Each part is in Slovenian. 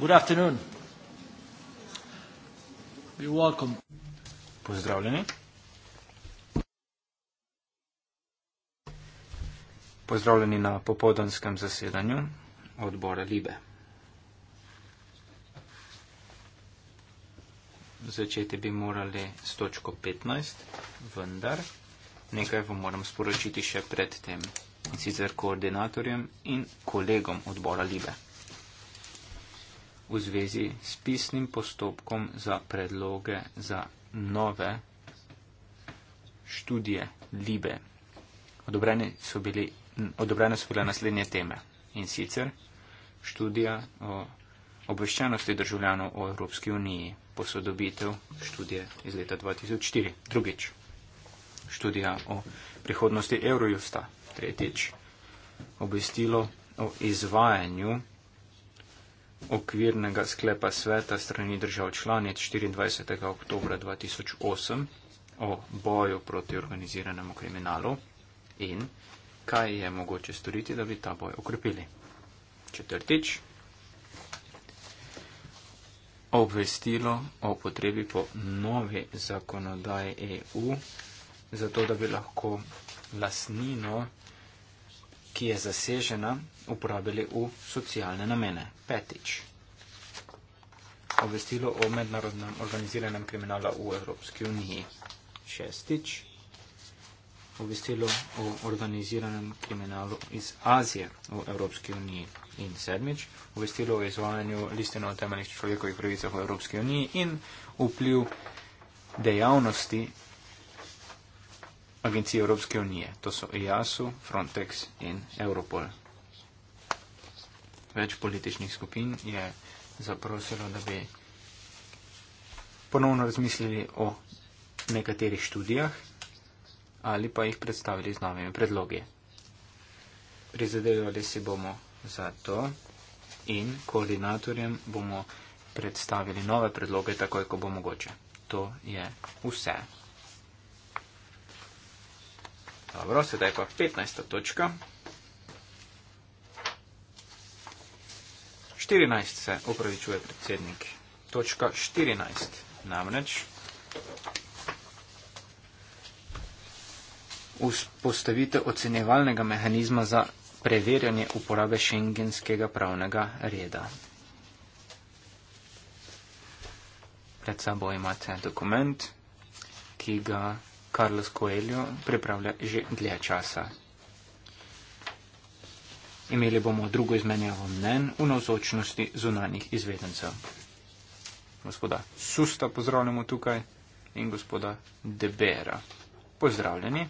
Good afternoon. Be welcome. Pozdravljeni. Pozdravljeni na popodanskem zasedanju odbora Libe. Začeti bi morali s točko 15, vendar nekaj vam moram sporočiti še pred tem, sicer koordinatorjem in kolegom odbora Libe v zvezi s pisnim postopkom za predloge za nove študije Libe. Odobrene so, bili, odobrene so bile naslednje teme in sicer študija o obveščenosti državljanov o Evropski uniji, posodobitev študije iz leta 2004, drugič študija o prihodnosti Eurojusta, tretjič obvestilo o izvajanju okvirnega sklepa sveta strani držav članic 24. oktober 2008 o boju proti organiziranemu kriminalu in kaj je mogoče storiti, da bi ta boj okrepili. Četrtič. Obvestilo o potrebi po novi zakonodaji EU, zato da bi lahko lasnino ki je zasežena, uporabili v socialne namene. Petič. Obvestilo o mednarodnem organiziranem kriminala v Evropski uniji. Šestič. Obvestilo o organiziranem kriminalu iz Azije v Evropski uniji. In sedmič. Obvestilo o izvajanju listine o temeljnih človekovih pravicah v Evropski uniji in vpliv dejavnosti agencije Evropske unije. To so EASU, Frontex in Europol. Več političnih skupin je zaprosilo, da bi ponovno razmislili o nekaterih študijah ali pa jih predstavili z novimi predlogi. Prizadevali si bomo za to in koordinatorjem bomo predstavili nove predloge takoj, ko bo mogoče. To je vse. Dobro, sedaj pa 15. točka. 14 se upravičuje predsednik. Točka 14. Namreč vzpostavitev ocenevalnega mehanizma za preverjanje uporabe šengenskega pravnega reda. Pred sabo imate dokument, ki ga Carlos Coelho pripravlja že dlje časa. Imeli bomo drugo izmenjavo mnen v navzočnosti zunanjih izvedencev. Gospoda Susta pozdravljamo tukaj in gospoda Debera. Pozdravljeni.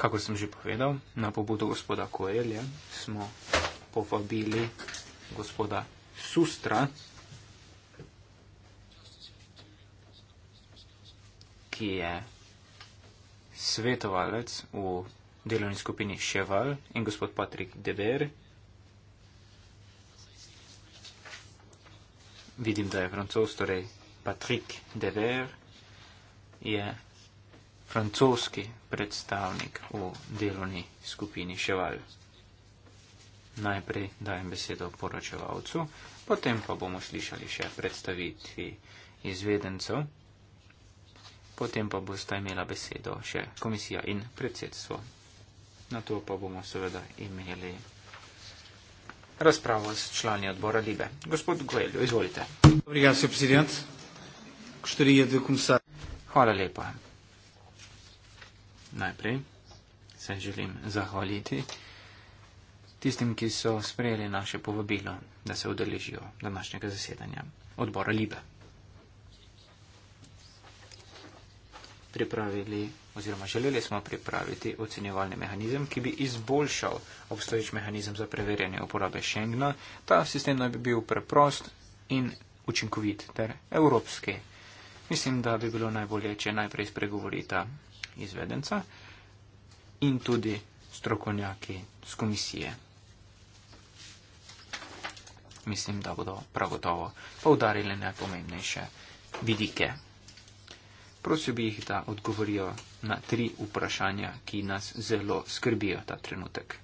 Kako sem že povedal, na pobudo gospoda Koelja smo povabili gospoda Sustra. ki je svetovalec v delovni skupini Ševal in gospod Patrik Deber. Vidim, da je francos, torej Patrik Dever je francoski predstavnik v delovni skupini Ševal. Najprej dajem besedo poročevalcu, potem pa bomo slišali še predstavitvi izvedencev potem pa bosta imela besedo še komisija in predsedstvo. Na to pa bomo seveda imeli razpravo s člani odbora Libe. Gospod Gojeljo, izvolite. Hvala lepa. Najprej se želim zahvaliti tistim, ki so sprejeli naše povabilo, da se udeležijo današnjega zasedanja odbora Libe. pripravili oziroma želeli smo pripraviti ocenjevalni mehanizem, ki bi izboljšal obstoječ mehanizem za preverjanje uporabe Schengna. Ta sistem naj bi bil preprost in učinkovit ter evropski. Mislim, da bi bilo najbolje, če najprej spregovorita izvedenca in tudi strokovnjaki z komisije. Mislim, da bodo prav gotovo poudarili najpomembnejše vidike prosil bi jih, da odgovorijo na tri vprašanja, ki nas zelo skrbijo ta trenutek.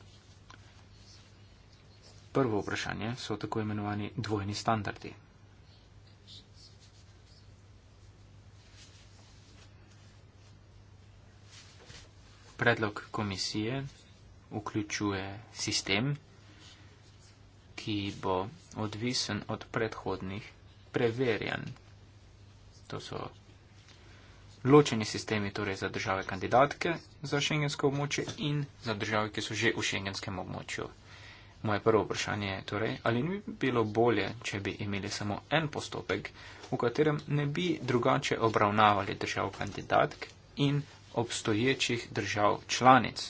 Prvo vprašanje so tako imenovani dvojni standardi. Predlog komisije vključuje sistem, ki bo odvisen od predhodnih preverjanj. To so ločeni sistemi torej za države kandidatke za šengensko območje in za države, ki so že v šengenskem območju. Moje prvo vprašanje je torej, ali ni bilo bolje, če bi imeli samo en postopek, v katerem ne bi drugače obravnavali držav kandidatk in obstoječih držav članic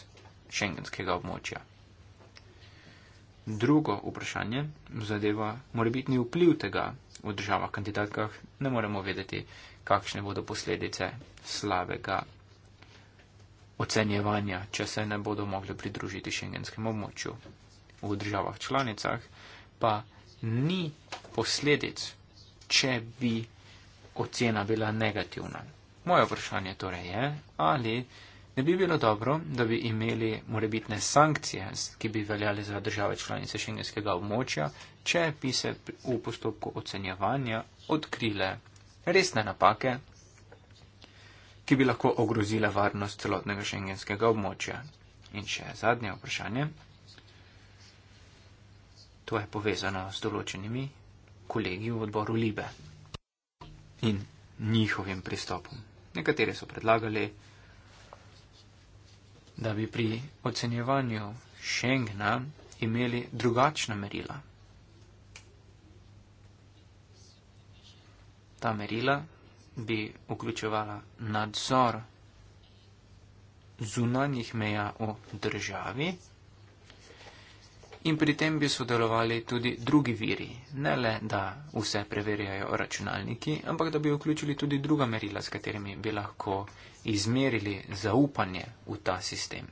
šengenskega območja. Drugo vprašanje zadeva morebitni vpliv tega v državah kandidatkah, ne moremo vedeti, kakšne bodo posledice slabega ocenjevanja, če se ne bodo mogli pridružiti šengenskemu območju. V državah članicah pa ni posledic, če bi ocena bila negativna. Moje vprašanje torej je, ali ne bi bilo dobro, da bi imeli morebitne sankcije, ki bi veljali za države članice šengenskega območja, če bi se v postopku ocenjevanja odkrile resne napake, ki bi lahko ogrozila varnost celotnega šengenskega območja. In še zadnje vprašanje. To je povezano s določenimi kolegi v odboru Libe in njihovim pristopom. Nekateri so predlagali, da bi pri ocenjevanju Schengna imeli drugačna merila. ta merila bi vključevala nadzor zunanjih meja v državi in pri tem bi sodelovali tudi drugi viri, ne le da vse preverjajo računalniki, ampak da bi vključili tudi druga merila, s katerimi bi lahko izmerili zaupanje v ta sistem.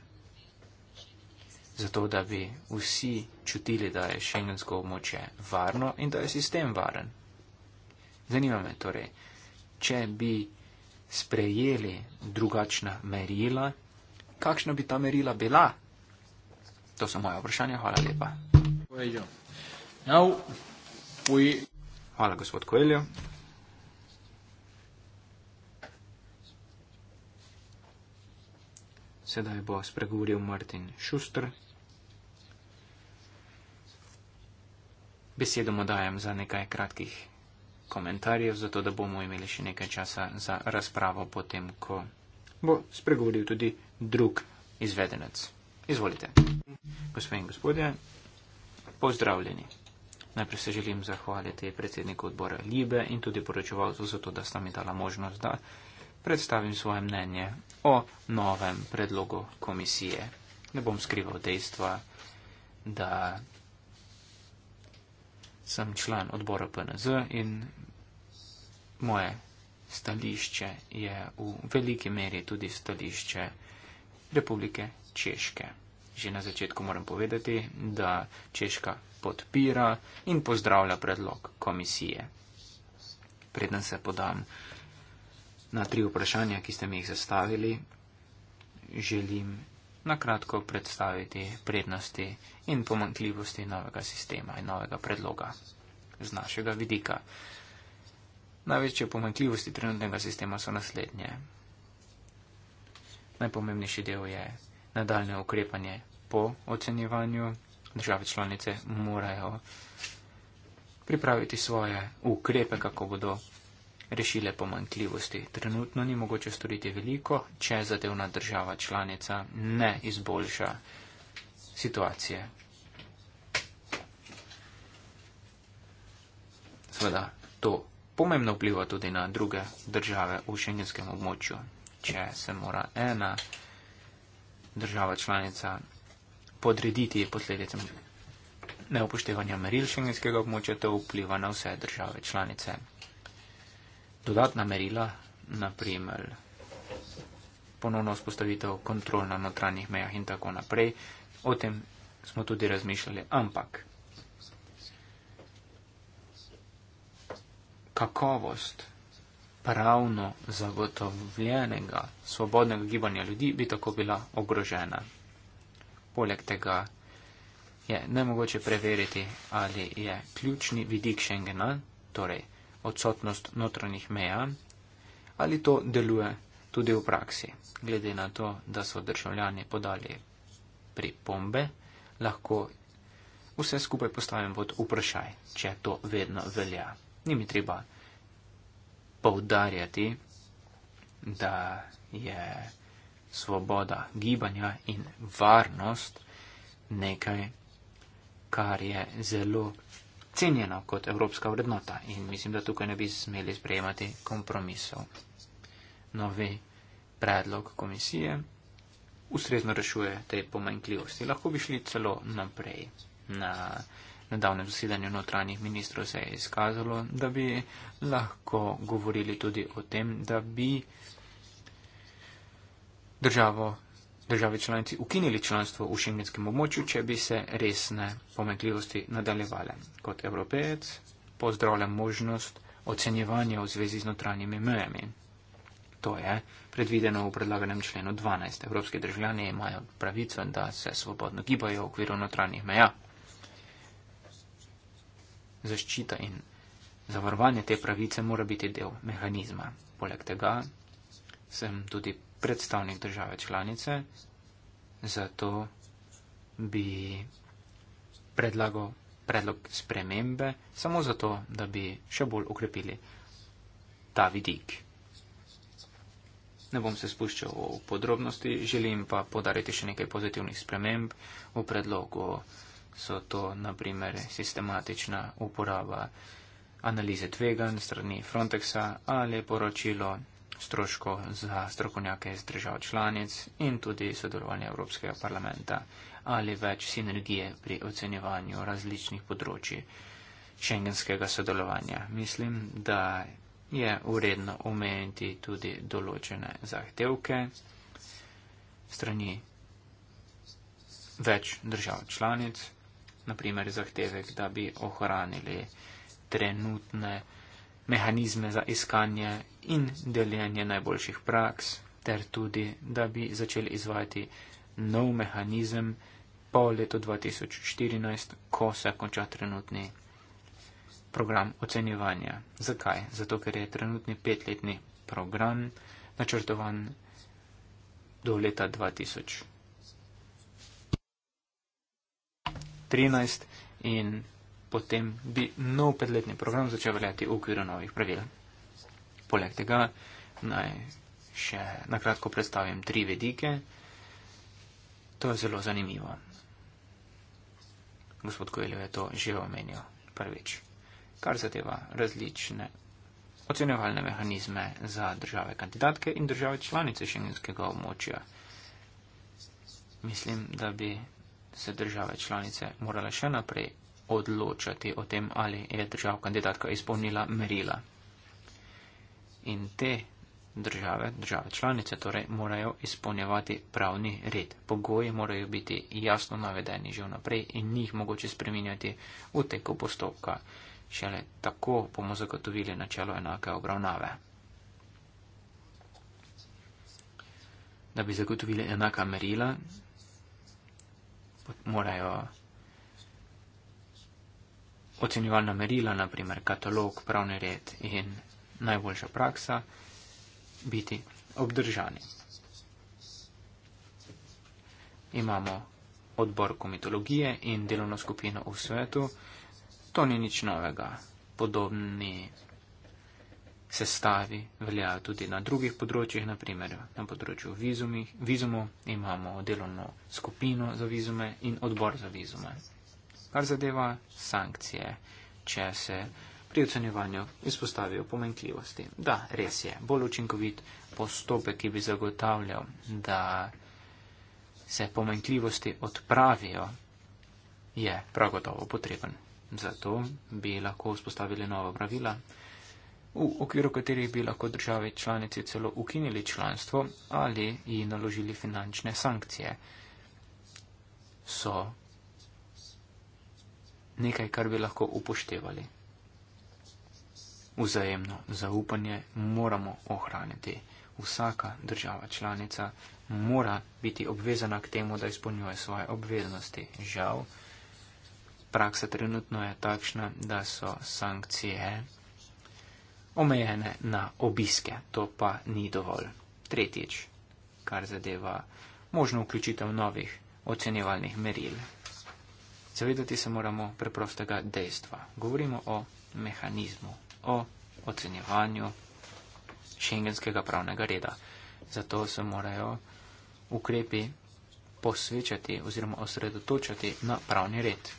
Zato, da bi vsi čutili, da je šengensko območje varno in da je sistem varen. Zanima me torej, če bi sprejeli drugačna merila, kakšna bi ta merila bila? To so moje vprašanje, hvala lepa. Hvala, gospod Koeljo. Sedaj bo spregovoril Martin Šuster. Besedo mu dajem za nekaj kratkih komentarjev, zato da bomo imeli še nekaj časa za razpravo potem, ko bo spregovoril tudi drug izvedenec. Izvolite. Gospod in gospodje, pozdravljeni. Najprej se želim zahvaliti predsedniku odbora Libe in tudi poročevalcu za to, da sta mi dala možnost, da predstavim svoje mnenje o novem predlogu komisije. Ne bom skrival dejstva, da sem član odbora PNZ in moje stališče je v veliki meri tudi stališče Republike Češke. Že na začetku moram povedati, da Češka podpira in pozdravlja predlog komisije. Preden se podam na tri vprašanja, ki ste mi jih zastavili, želim nakratko predstaviti prednosti in pomankljivosti novega sistema in novega predloga z našega vidika. Največje pomankljivosti trenutnega sistema so naslednje. Najpomembnejši del je nadaljne ukrepanje po ocenjevanju. Države članice morajo pripraviti svoje ukrepe, kako bodo rešile pomankljivosti. Trenutno ni mogoče storiti veliko, če zadevna država članica ne izboljša situacije. Sveda to pomembno vpliva tudi na druge države v šengenskem območju, če se mora ena država članica podrediti posledicam neupoštevanja meril šengenskega območja, to vpliva na vse države članice. Dodatna merila, naprimer ponovno vzpostavitev kontrol na notranjih mejah in tako naprej, o tem smo tudi razmišljali, ampak kakovost pravno zagotovljenega svobodnega gibanja ljudi bi tako bila ogrožena. Poleg tega je nemogoče preveriti, ali je ključni vidik Schengena, torej odsotnost notranjih meja, ali to deluje tudi v praksi. Glede na to, da so državljani podali pripombe, lahko vse skupaj postavim pod vprašaj, če to vedno velja ni mi treba poudarjati, da je svoboda gibanja in varnost nekaj, kar je zelo cenjeno kot evropska vrednota in mislim, da tukaj ne bi smeli sprejemati kompromisov. Novi predlog komisije ustrezno rešuje te pomanjkljivosti. Lahko bi šli celo naprej na nedavnem zasedanju notranjih ministrov se je izkazalo, da bi lahko govorili tudi o tem, da bi državo, države članici ukinili članstvo v šengenskem območju, če bi se resne pomekljivosti nadaljevale. Kot evropejec pozdravljam možnost ocenjevanja v zvezi z notranjimi mejami. To je predvideno v predlaganem členu 12. Evropski državljani imajo pravico, da se svobodno gibajo v okviru notranjih meja zaščita in zavarovanje te pravice mora biti del mehanizma. Poleg tega sem tudi predstavnik države članice, zato bi predlagal predlog spremembe samo zato, da bi še bolj ukrepili ta vidik. Ne bom se spuščal v podrobnosti, želim pa podariti še nekaj pozitivnih sprememb v predlogu so to, na primer, sistematična uporaba analize tvegan strani Frontexa ali poročilo stroško za strokovnjake iz držav članic in tudi sodelovanje Evropskega parlamenta ali več sinergije pri ocenjevanju različnih področji šengenskega sodelovanja. Mislim, da je uredno omeniti tudi določene zahtevke strani več držav članic naprimer zahtevek, da bi ohranili trenutne mehanizme za iskanje in deljenje najboljših praks, ter tudi, da bi začeli izvajati nov mehanizem po letu 2014, ko se konča trenutni program ocenjevanja. Zakaj? Zato, ker je trenutni petletni program načrtovan do leta 2014. 2013 in potem bi nov petletni program začel veljati v okviru novih pravil. Poleg tega naj še nakratko predstavim tri vedike. To je zelo zanimivo. Gospod Kojeljev je to že omenil prvič. Kar zadeva različne ocenjevalne mehanizme za države kandidatke in države članice šengenskega območja. Mislim, da bi se države članice morale še naprej odločati o tem, ali je država kandidatka izpolnila merila. In te države, države članice, torej morajo izpolnjevati pravni red. Pogoji morajo biti jasno navedeni že vnaprej in njih mogoče spreminjati v teku postopka. Šele tako bomo zagotovili načelo enake obravnave. Da bi zagotovili enaka merila, morajo ocenjevalna merila, naprimer katalog, pravni red in najboljša praksa, biti obdržani. Imamo odbor komitologije in delovno skupino v svetu. To ni nič novega. Podobni sestavi veljajo tudi na drugih področjih, naprimer na področju vizumov imamo delovno skupino za vizume in odbor za vizume. Kar zadeva sankcije, če se pri ocenjevanju izpostavijo pomenkljivosti. Da, res je, bolj učinkovit postopek, ki bi zagotavljal, da se pomenkljivosti odpravijo, je prav gotovo potreben. Zato bi lahko vzpostavili nova pravila v okviru katerih bi lahko države članice celo ukinili članstvo ali ji naložili finančne sankcije. So nekaj, kar bi lahko upoštevali. Vzajemno zaupanje moramo ohraniti. Vsaka država članica mora biti obvezana k temu, da izpolnjuje svoje obveznosti. Žal, praksa trenutno je takšna, da so sankcije omejene na obiske, to pa ni dovolj. Tretjič, kar zadeva možno vključitev novih ocenjevalnih meril. Zavedati se moramo preprostega dejstva. Govorimo o mehanizmu, o ocenjevanju šengenskega pravnega reda. Zato se morajo ukrepi posvečati oziroma osredotočati na pravni red.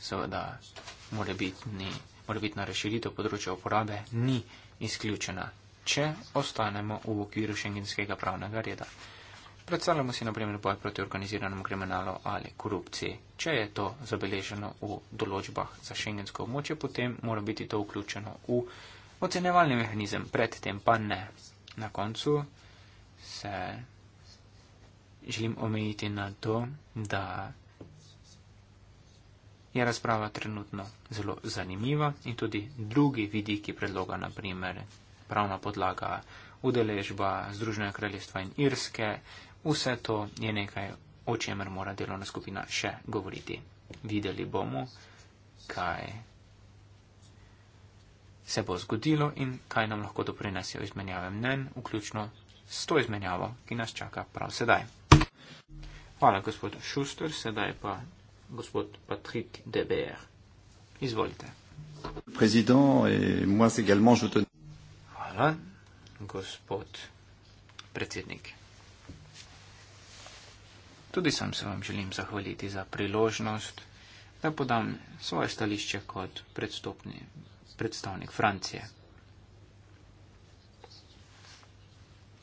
Seveda, morebitni morbitna rešitev področja uporabe ni izključena, če ostanemo v okviru šengenskega pravnega reda. Predstavljamo si, na primer, boj proti organiziranemu kriminalu ali korupciji. Če je to zabeleženo v določbah za šengensko območje, potem mora biti to vključeno v ocenevalni mehanizem, predtem pa ne. Na koncu se želim omejiti na to, da je razprava trenutno zelo zanimiva in tudi drugi vidiki predloga, naprimer pravna podlaga, udeležba Združenega kraljestva in Irske, vse to je nekaj, o čemer mora delovna skupina še govoriti. Videli bomo, kaj se bo zgodilo in kaj nam lahko doprinesejo izmenjave mnen, vključno s to izmenjavo, ki nas čaka prav sedaj. Hvala, gospod Šuster, sedaj pa gospod Patrick Deber. Izvolite. Hvala, gospod predsednik. Tudi sam se vam želim zahvaliti za priložnost, da podam svoje stališče kot predstavnik Francije.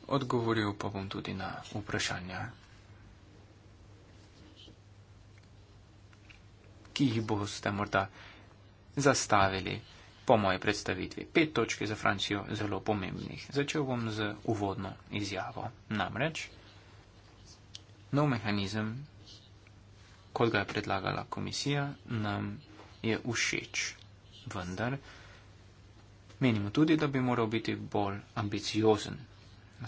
Odgovoril pa bom tudi na vprašanja ki jih boste morda zastavili po moji predstavitvi. Pet točk je za Francijo zelo pomembnih. Začel bom z uvodno izjavo. Namreč, nov mehanizem, kot ga je predlagala komisija, nam je všeč. Vendar, menimo tudi, da bi moral biti bolj ambiciozen,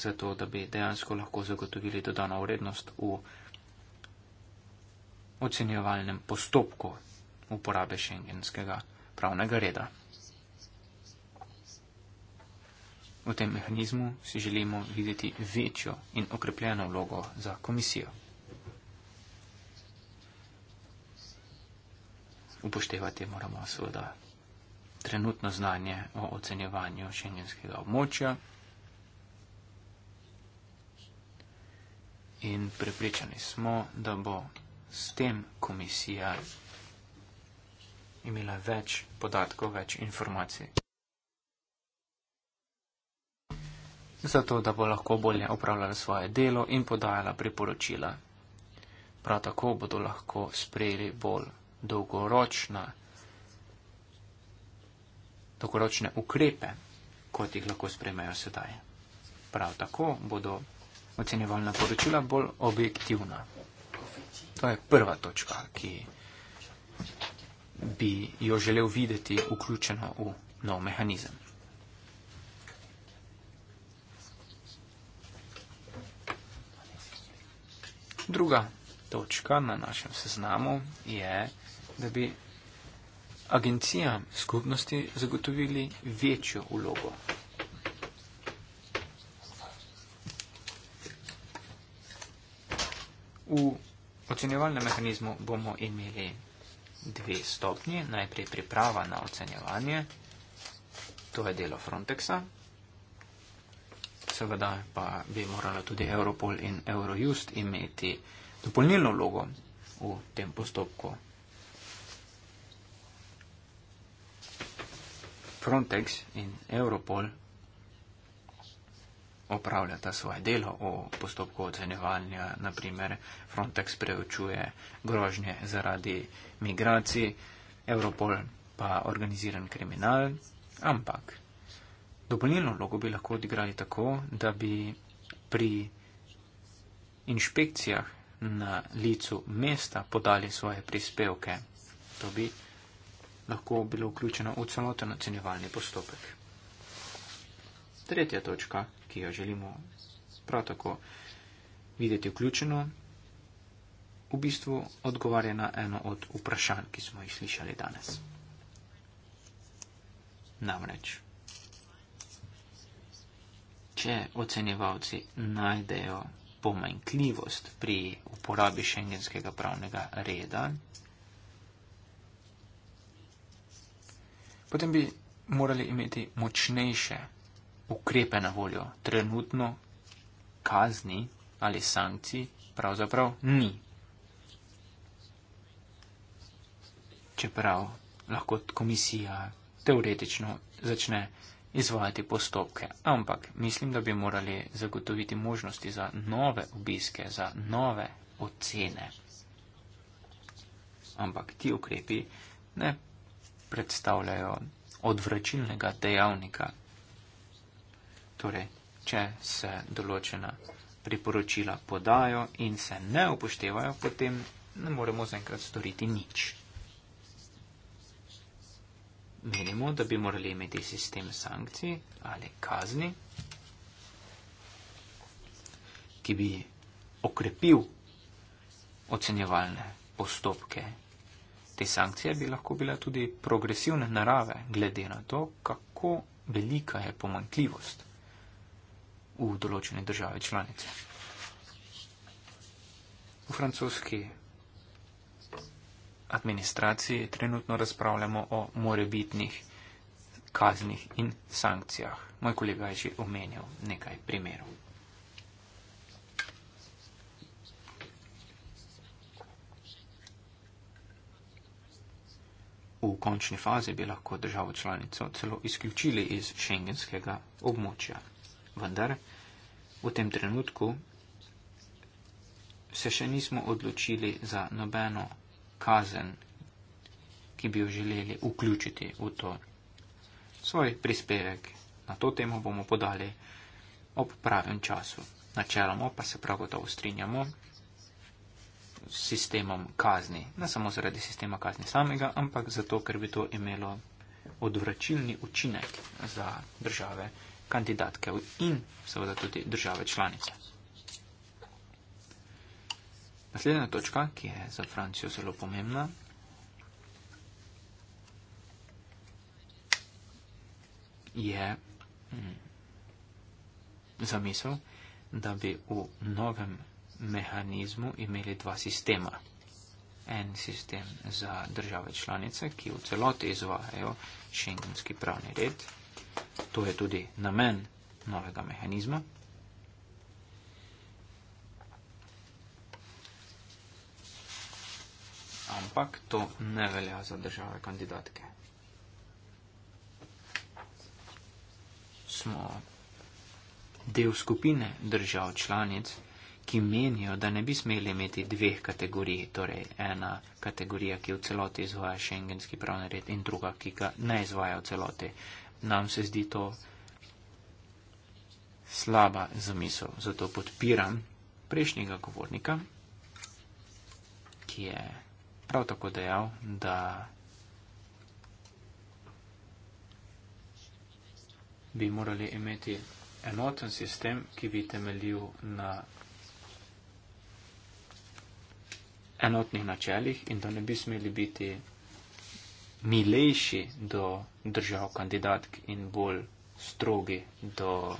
zato da bi dejansko lahko zagotovili dodano vrednost v ocenjevalnem postopku uporabe šengenskega pravnega reda. V tem mehanizmu si želimo videti večjo in okrepljeno vlogo za komisijo. Upoštevati moramo seveda trenutno znanje o ocenjevanju šengenskega območja in prepričani smo, da bo s tem komisija imela več podatkov, več informacij. Zato, da bo lahko bolje upravljala svoje delo in podajala priporočila. Prav tako bodo lahko sprejeli bolj dolgoročna, dolgoročne ukrepe, kot jih lahko sprejmejo sedaj. Prav tako bodo ocenjevalna poročila bolj objektivna dejstva je prva točka, ki bi jo želel videti vključeno v nov mehanizem. Druga točka na našem seznamu je, da bi agencijam skupnosti zagotovili večjo ulogo. V ocenjevalnem mehanizmu bomo imeli dve stopnji. Najprej priprava na ocenjevanje, to je delo Frontexa. Seveda pa bi morala tudi Europol in Eurojust imeti dopolnilno logo v tem postopku. Frontex in Europol opravlja ta svoje delo v postopku ocenevanja, naprimer Frontex preučuje grožnje zaradi migracij, Europol pa organiziran kriminal, ampak dopolnilno vlogo bi lahko odigrali tako, da bi pri inšpekcijah na licu mesta podali svoje prispevke. To bi lahko bilo vključeno v celoten ocenevalni postopek. Tretja točka ki jo želimo prav tako videti vključeno, v bistvu odgovarja na eno od vprašanj, ki smo jih slišali danes. Namreč, če ocenjevalci najdejo pomanjkljivost pri uporabi šengenskega pravnega reda, potem bi morali imeti močnejše ukrepe na voljo. Trenutno kazni ali sankcij pravzaprav ni. Čeprav lahko komisija teoretično začne izvajati postopke, ampak mislim, da bi morali zagotoviti možnosti za nove obiske, za nove ocene. Ampak ti ukrepi ne predstavljajo odvračilnega dejavnika Torej, če se določena priporočila podajo in se ne upoštevajo, potem ne moremo zaenkrat storiti nič. Menimo, da bi morali imeti sistem sankcij ali kazni, ki bi okrepil ocenjevalne postopke. Te sankcije bi lahko bila tudi progresivne narave, glede na to, kako velika je pomankljivost v določene države članice. V francoski administraciji trenutno razpravljamo o morebitnih kaznih in sankcijah. Moj kolega je že omenjal nekaj primerov. V končni fazi bi lahko državo članico celo izključili iz šengenskega območja vendar v tem trenutku se še nismo odločili za nobeno kazen, ki bi jo želeli vključiti v to. Svoj prispevek na to temo bomo podali ob pravem času. Načeloma pa se prav gotovo strinjamo s sistemom kazni. Ne samo zaradi sistema kazni samega, ampak zato, ker bi to imelo odvračilni učinek za države, kandidatke in seveda tudi države članice. Naslednja točka, ki je za Francijo zelo pomembna, je mm, zamisel, da bi v novem mehanizmu imeli dva sistema. En sistem za države članice, ki v celoti izvajajo šengenski pravni red To je tudi namen novega mehanizma. Ampak to ne velja za države kandidatke. Smo del skupine držav članic, ki menijo, da ne bi smeli imeti dveh kategorij, torej ena kategorija, ki v celoti izvaja šengenski pravni red in druga, ki ga ne izvaja v celoti nam se zdi to slaba zamisel. Zato podpiram prejšnjega govornika, ki je prav tako dejal, da bi morali imeti enoten sistem, ki bi temeljil na enotnih načelih in da ne bi smeli biti milejši do držav kandidatk in bolj strogi do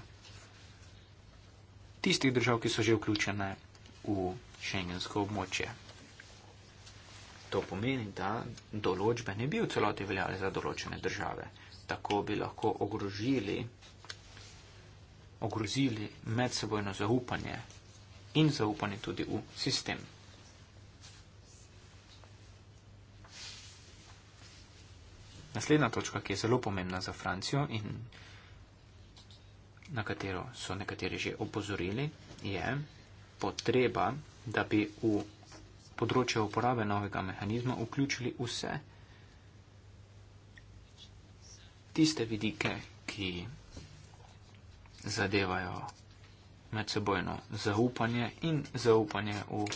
tistih držav, ki so že vključene v šengensko območje. To pomeni, da določbe ne bi v celoti veljale za določene države. Tako bi lahko ogrožili, ogrozili medsebojno zaupanje in zaupanje tudi v sistem. Naslednja točka, ki je zelo pomembna za Francijo in na katero so nekateri že opozorili, je potreba, da bi v področje uporabe novega mehanizma vključili vse tiste vidike, ki zadevajo medsebojno zaupanje in zaupanje v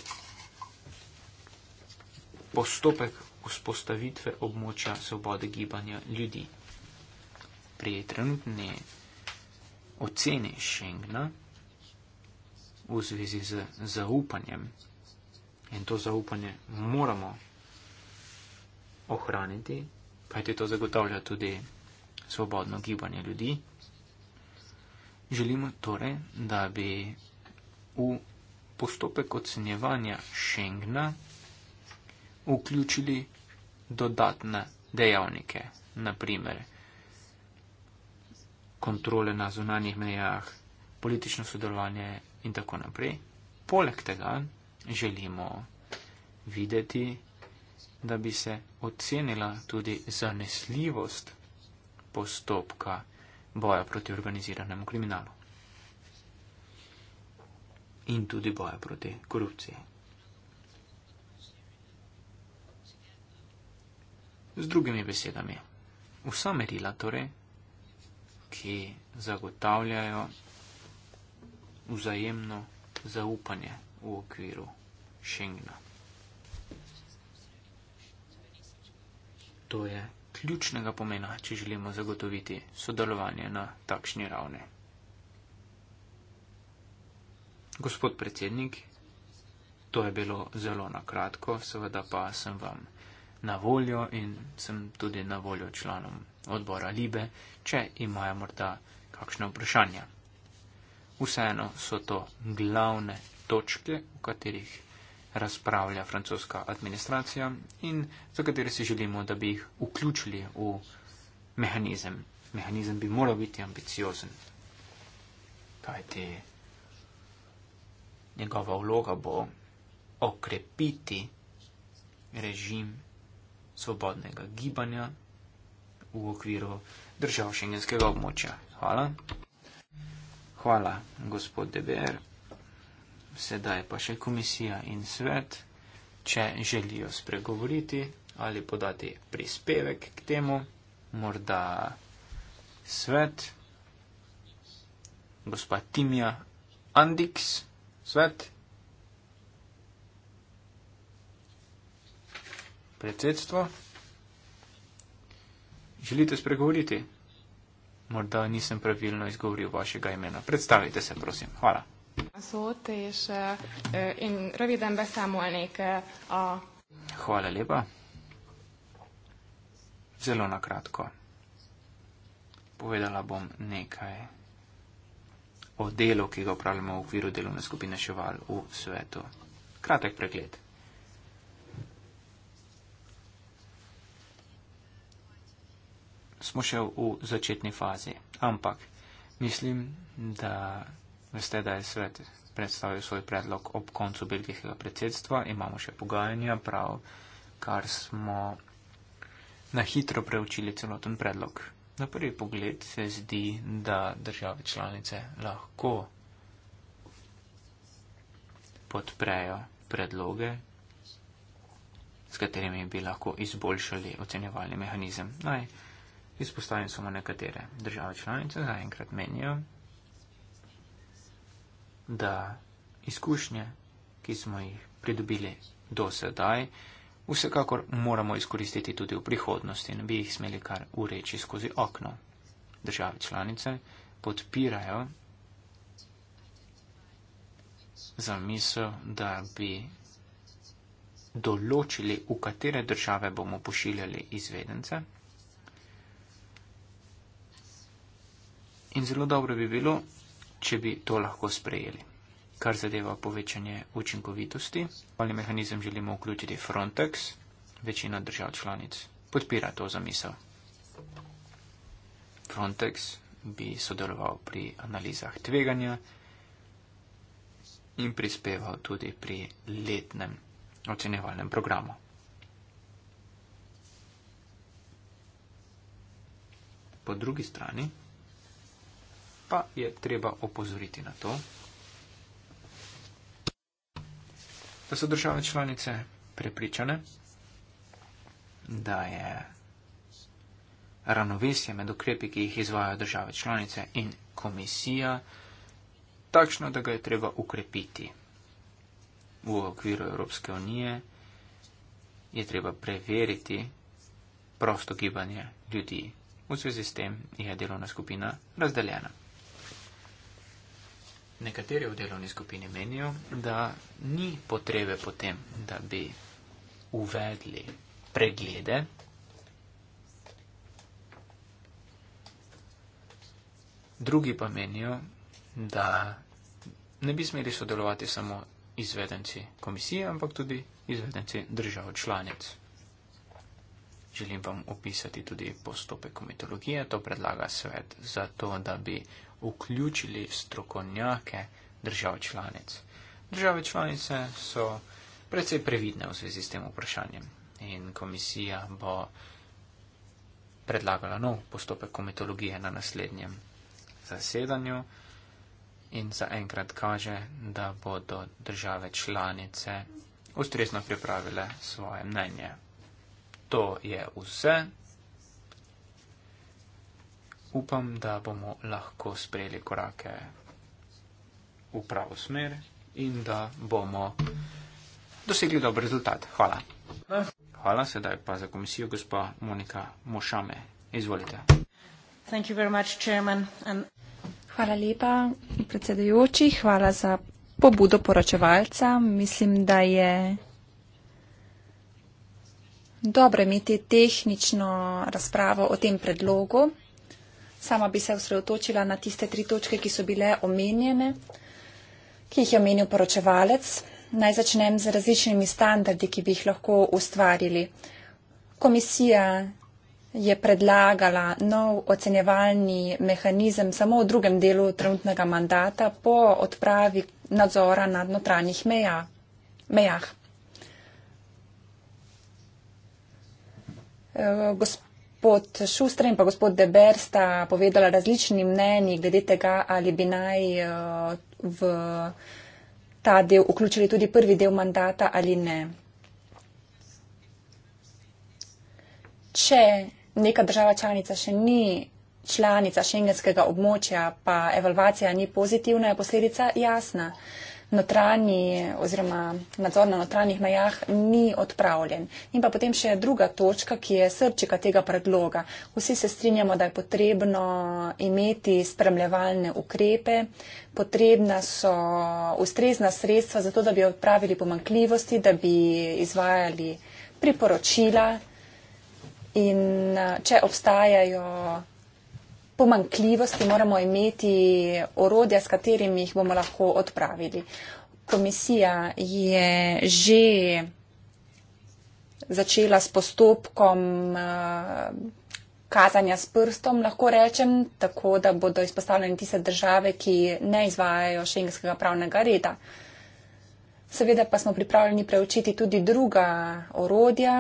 postopek vzpostavitve območja svobode gibanja ljudi. Pri trenutni oceni Schengna v zvezi z zaupanjem in to zaupanje moramo ohraniti, kajti to zagotavlja tudi svobodno gibanje ljudi. Želimo torej, da bi v postopek ocenjevanja Schengna vključili dodatne dejavnike, naprimer kontrole na zunanjih mejah, politično sodelovanje in tako naprej. Poleg tega želimo videti, da bi se ocenila tudi zanesljivost postopka boja proti organiziranemu kriminalu in tudi boja proti korupciji. Z drugimi besedami, vsa merila torej, ki zagotavljajo vzajemno zaupanje v okviru Schengena. To je ključnega pomena, če želimo zagotoviti sodelovanje na takšni ravni. Gospod predsednik, to je bilo zelo na kratko, seveda pa sem vam na voljo in sem tudi na voljo članom odbora Libe, če imajo morda kakšne vprašanja. Vseeno so to glavne točke, v katerih razpravlja francoska administracija in za katere si želimo, da bi jih vključili v mehanizem. Mehanizem bi moral biti ambiciozen, kajti njegova vloga bo okrepiti režim svobodnega gibanja v okviru držav šengenskega območja. Hvala. Hvala, gospod Deber. Sedaj pa še komisija in svet, če želijo spregovoriti ali podati prispevek k temu, morda svet, gospod Timija Andiks, svet. predsedstvo. Želite spregovoriti? Morda nisem pravilno izgovoril vašega imena. Predstavite se, prosim. Hvala. Eh, eh, eh, Hvala lepa. Zelo na kratko. Povedala bom nekaj o delu, ki ga upravljamo v okviru delovne skupine Ševal v svetu. Kratek pregled. smo še v začetni fazi. Ampak mislim, da veste, da je svet predstavil svoj predlog ob koncu belgijskega predsedstva. Imamo še pogajanja, prav kar smo na hitro preučili celoten predlog. Na prvi pogled se zdi, da države članice lahko podprejo predloge, s katerimi bi lahko izboljšali ocenjevalni mehanizem. Naj, no, Izpostavim samo nekatere države članice, zaenkrat menijo, da izkušnje, ki smo jih pridobili do sedaj, vsekakor moramo izkoristiti tudi v prihodnosti in bi jih smeli kar ureči skozi okno. Države članice podpirajo zamisel, da bi določili, v katere države bomo pošiljali izvedence In zelo dobro bi bilo, če bi to lahko sprejeli. Kar zadeva povečanje učinkovitosti, ali mehanizem želimo vključiti Frontex, večina držav članic podpira to zamisel. Frontex bi sodeloval pri analizah tveganja in prispeval tudi pri letnem ocenjevalnem programu. Po drugi strani pa je treba opozoriti na to, da so države članice prepričane, da je ravnovesje med ukrepi, ki jih izvajo države članice in komisija, takšno, da ga je treba ukrepiti. V okviru Evropske unije je treba preveriti prosto gibanje ljudi. V zvezi s tem je delovna skupina razdeljena. Nekateri v delovni skupini menijo, da ni potrebe potem, da bi uvedli preglede. Drugi pa menijo, da ne bi smeli sodelovati samo izvedenci komisije, ampak tudi izvedenci držav članic. Želim vam opisati tudi postopek komitologije, to predlaga svet, zato da bi vključili strokovnjake držav članic. Države članice so predvsej previdne v zvezi s tem vprašanjem in komisija bo predlagala nov postopek komitologije na naslednjem zasedanju in zaenkrat kaže, da bodo države članice ustrezno pripravile svoje mnenje. To je vse upam, da bomo lahko sprejeli korake v pravo smer in da bomo dosegli dober rezultat. Hvala. Hvala sedaj pa za komisijo, gospa Monika Mošame. Izvolite. Hvala lepa, predsedujoči. Hvala za pobudo poročevalca. Mislim, da je dobro imeti tehnično razpravo o tem predlogu sama bi se osredotočila na tiste tri točke, ki so bile omenjene, ki jih je omenil poročevalec. Naj začnem z različnimi standardi, ki bi jih lahko ustvarili. Komisija je predlagala nov ocenjevalni mehanizem samo v drugem delu trenutnega mandata po odpravi nadzora nad notranjih meja, mejah. E, gosp, gospod Šustr in pa gospod Deber sta povedala različni mnenji glede tega, ali bi naj eh, v ta del vključili tudi prvi del mandata ali ne. Če neka država članica še ni članica šengenskega območja, pa evalvacija ni pozitivna, je posledica jasna notranji oziroma nadzor na notranjih mejah ni odpravljen. In pa potem še druga točka, ki je srčika tega predloga. Vsi se strinjamo, da je potrebno imeti spremljevalne ukrepe, potrebna so ustrezna sredstva za to, da bi odpravili pomankljivosti, da bi izvajali priporočila in eh, če obstajajo pomankljivosti moramo imeti orodja, s katerimi jih bomo lahko odpravili. Komisija je že začela s postopkom eh, kazanja s prstom, lahko rečem, tako da bodo izpostavljene tiste države, ki ne izvajajo šengenskega pravnega reda. Seveda pa smo pripravljeni preučiti tudi druga orodja,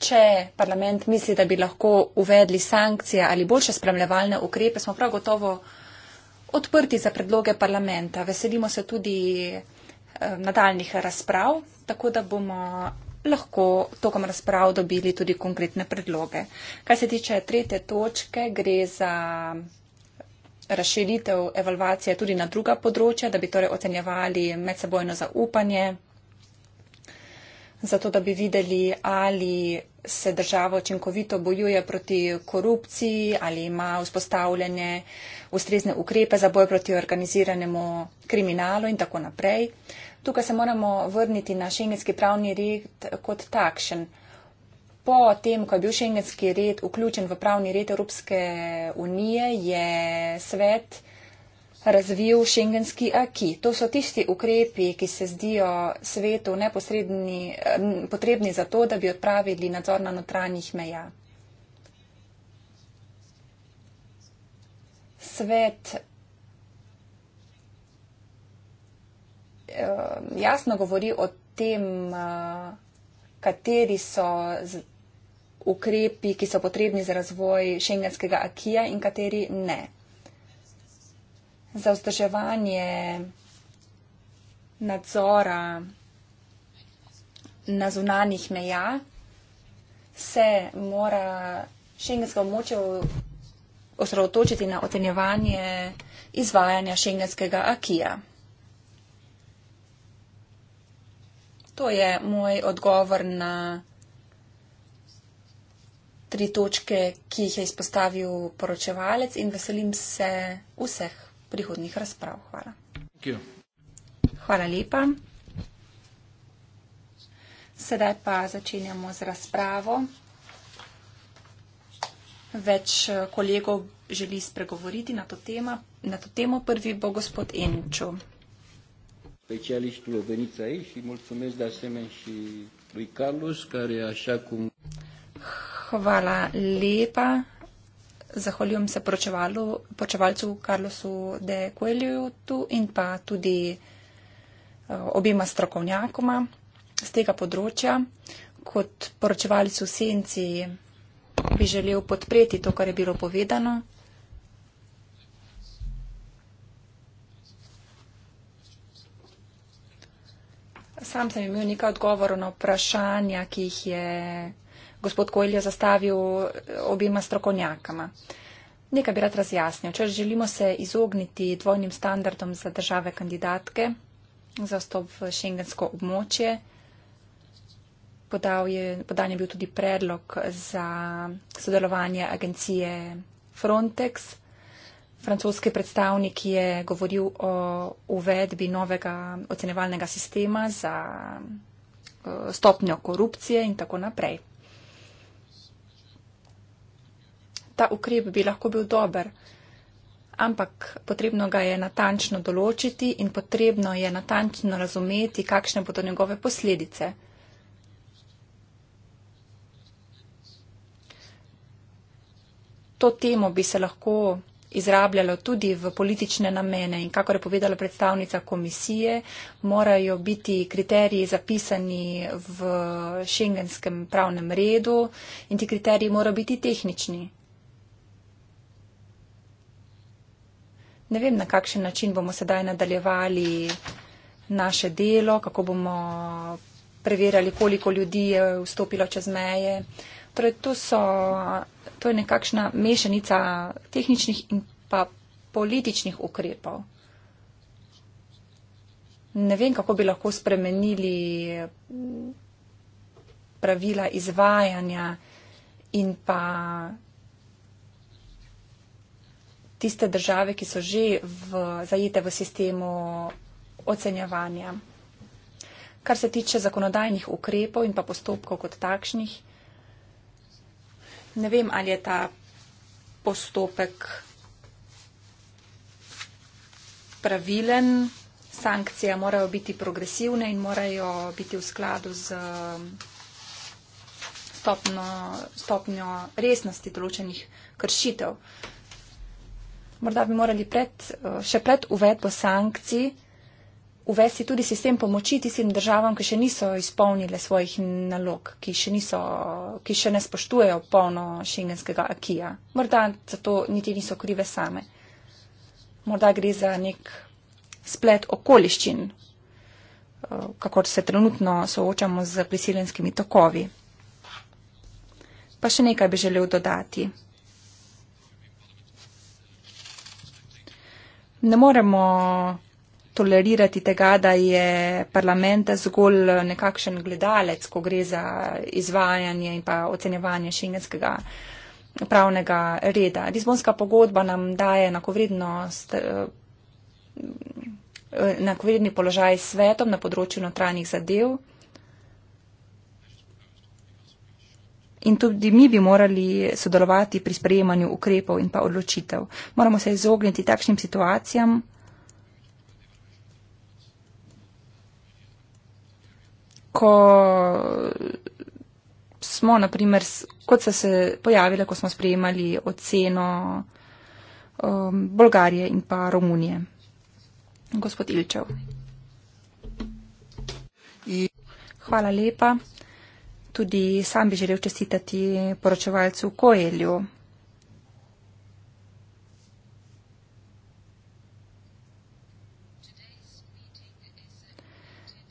če parlament misli, da bi lahko uvedli sankcije ali boljše spremljevalne ukrepe, smo prav gotovo odprti za predloge parlamenta. Veselimo se tudi eh, nadaljnih razprav, tako da bomo lahko tokom razprav dobili tudi konkretne predloge. Kaj se tiče trete točke, gre za razširitev evalvacije tudi na druga področja, da bi torej ocenjevali medsebojno zaupanje, zato da bi videli, ali se država očinkovito bojuje proti korupciji ali ima vzpostavljene ustrezne ukrepe za boj proti organiziranemu kriminalu in tako naprej. Tukaj se moramo vrniti na šengenski pravni red kot takšen. Po tem, ko je bil šengenski red vključen v pravni red Evropske unije, je svet razvil šengenski aki. To so tisti ukrepi, ki se zdijo svetu neposredni eh, potrebni za to, da bi odpravili nadzor na notranjih meja. Svet eh, jasno govori o tem, eh, kateri so ukrepi, ki so potrebni za razvoj šengenskega akija in kateri ne za vzdrževanje nadzora na zunanjih meja, se mora šengensko območje osredotočiti na ocenjevanje izvajanja šengenskega akija. To je moj odgovor na tri točke, ki jih je izpostavil poročevalec in veselim se vseh prihodnih razprav. Hvala. Hvala lepa. Sedaj pa začenjamo z razpravo. Več eh, kolegov želi spregovoriti na to, tema, na to temo. Prvi bo gospod Enču. Hvala lepa zahvaljujem se poročevalcu Karlosu de Coeliju tu in pa tudi eh, obima strokovnjakoma z tega področja. Kot poročevalec v senci bi želel podpreti to, kar je bilo povedano. Sam sem imel nekaj odgovorov na vprašanja, ki jih je gospod Kojl je zastavil eh, obima strokovnjakama. Nekaj bi rad razjasnil. Če želimo se izogniti dvojnim standardom za države kandidatke za vstop v šengensko območje, podal je, podan je bil tudi predlog za sodelovanje agencije Frontex. Francoski predstavnik je govoril o uvedbi novega ocenevalnega sistema za eh, stopnjo korupcije in tako naprej. ta ukrep bi lahko bil dober, ampak potrebno ga je natančno določiti in potrebno je natančno razumeti, kakšne bodo njegove posledice. To temo bi se lahko izrabljalo tudi v politične namene in kako je povedala predstavnica komisije, morajo biti kriteriji zapisani v šengenskem pravnem redu in ti kriteriji morajo biti tehnični. ne vem, na kakšen način bomo sedaj nadaljevali naše delo, kako bomo preverjali, koliko ljudi je vstopilo čez meje. Torej, to, so, to je nekakšna mešanica tehničnih in pa političnih ukrepov. Ne vem, kako bi lahko spremenili pravila izvajanja in pa tiste države, ki so že v, zajete v sistemu ocenjevanja. Kar se tiče zakonodajnih ukrepov in pa postopkov kot takšnih, ne vem, ali je ta postopek pravilen. Sankcije morajo biti progresivne in morajo biti v skladu z um, stopno, stopnjo resnosti določenih kršitev morda bi morali pred, eh, še pred uvedbo sankcij uvesti tudi sistem pomoči tistim državam, ki še niso izpolnile svojih nalog, ki še, niso, ki še ne spoštujejo polno šengenskega akija. Morda za to niti niso krive same. Morda gre za nek splet okoliščin, eh, kako se trenutno soočamo z prisiljenskimi tokovi. Pa še nekaj bi želel dodati. ne moremo tolerirati tega, da je parlament zgolj nekakšen gledalec, ko gre za izvajanje in pa ocenjevanje šengenskega pravnega reda. Lizbonska pogodba nam daje enakovrednost, eh, enakovredni položaj svetom na področju notranjih zadev, In tudi mi bi morali sodelovati pri sprejemanju ukrepov in pa odločitev. Moramo se izogniti takšnim situacijam. Ko smo, naprimer, kot so se pojavile, ko smo sprejemali oceno um, Bolgarije in pa Romunije. Gospod Ilčev. Hvala lepa tudi sam bi želel čestitati poročevalcu Koelju.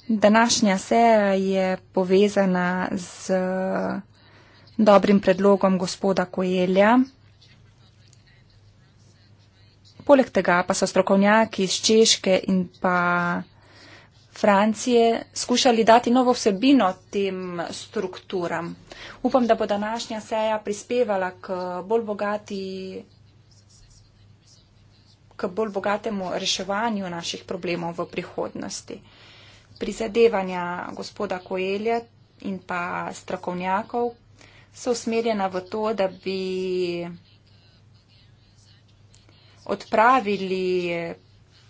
Današnja seja je povezana z dobrim predlogom gospoda Koelja. Poleg tega pa so strokovnjaki iz Češke in pa Francije skušali dati novo vsebino tem strukturam. Upam, da bo današnja seja prispevala k bolj bogati k bolj bogatemu reševanju naših problemov v prihodnosti. Prizadevanja gospoda Koelja in pa strokovnjakov so usmerjena v to, da bi odpravili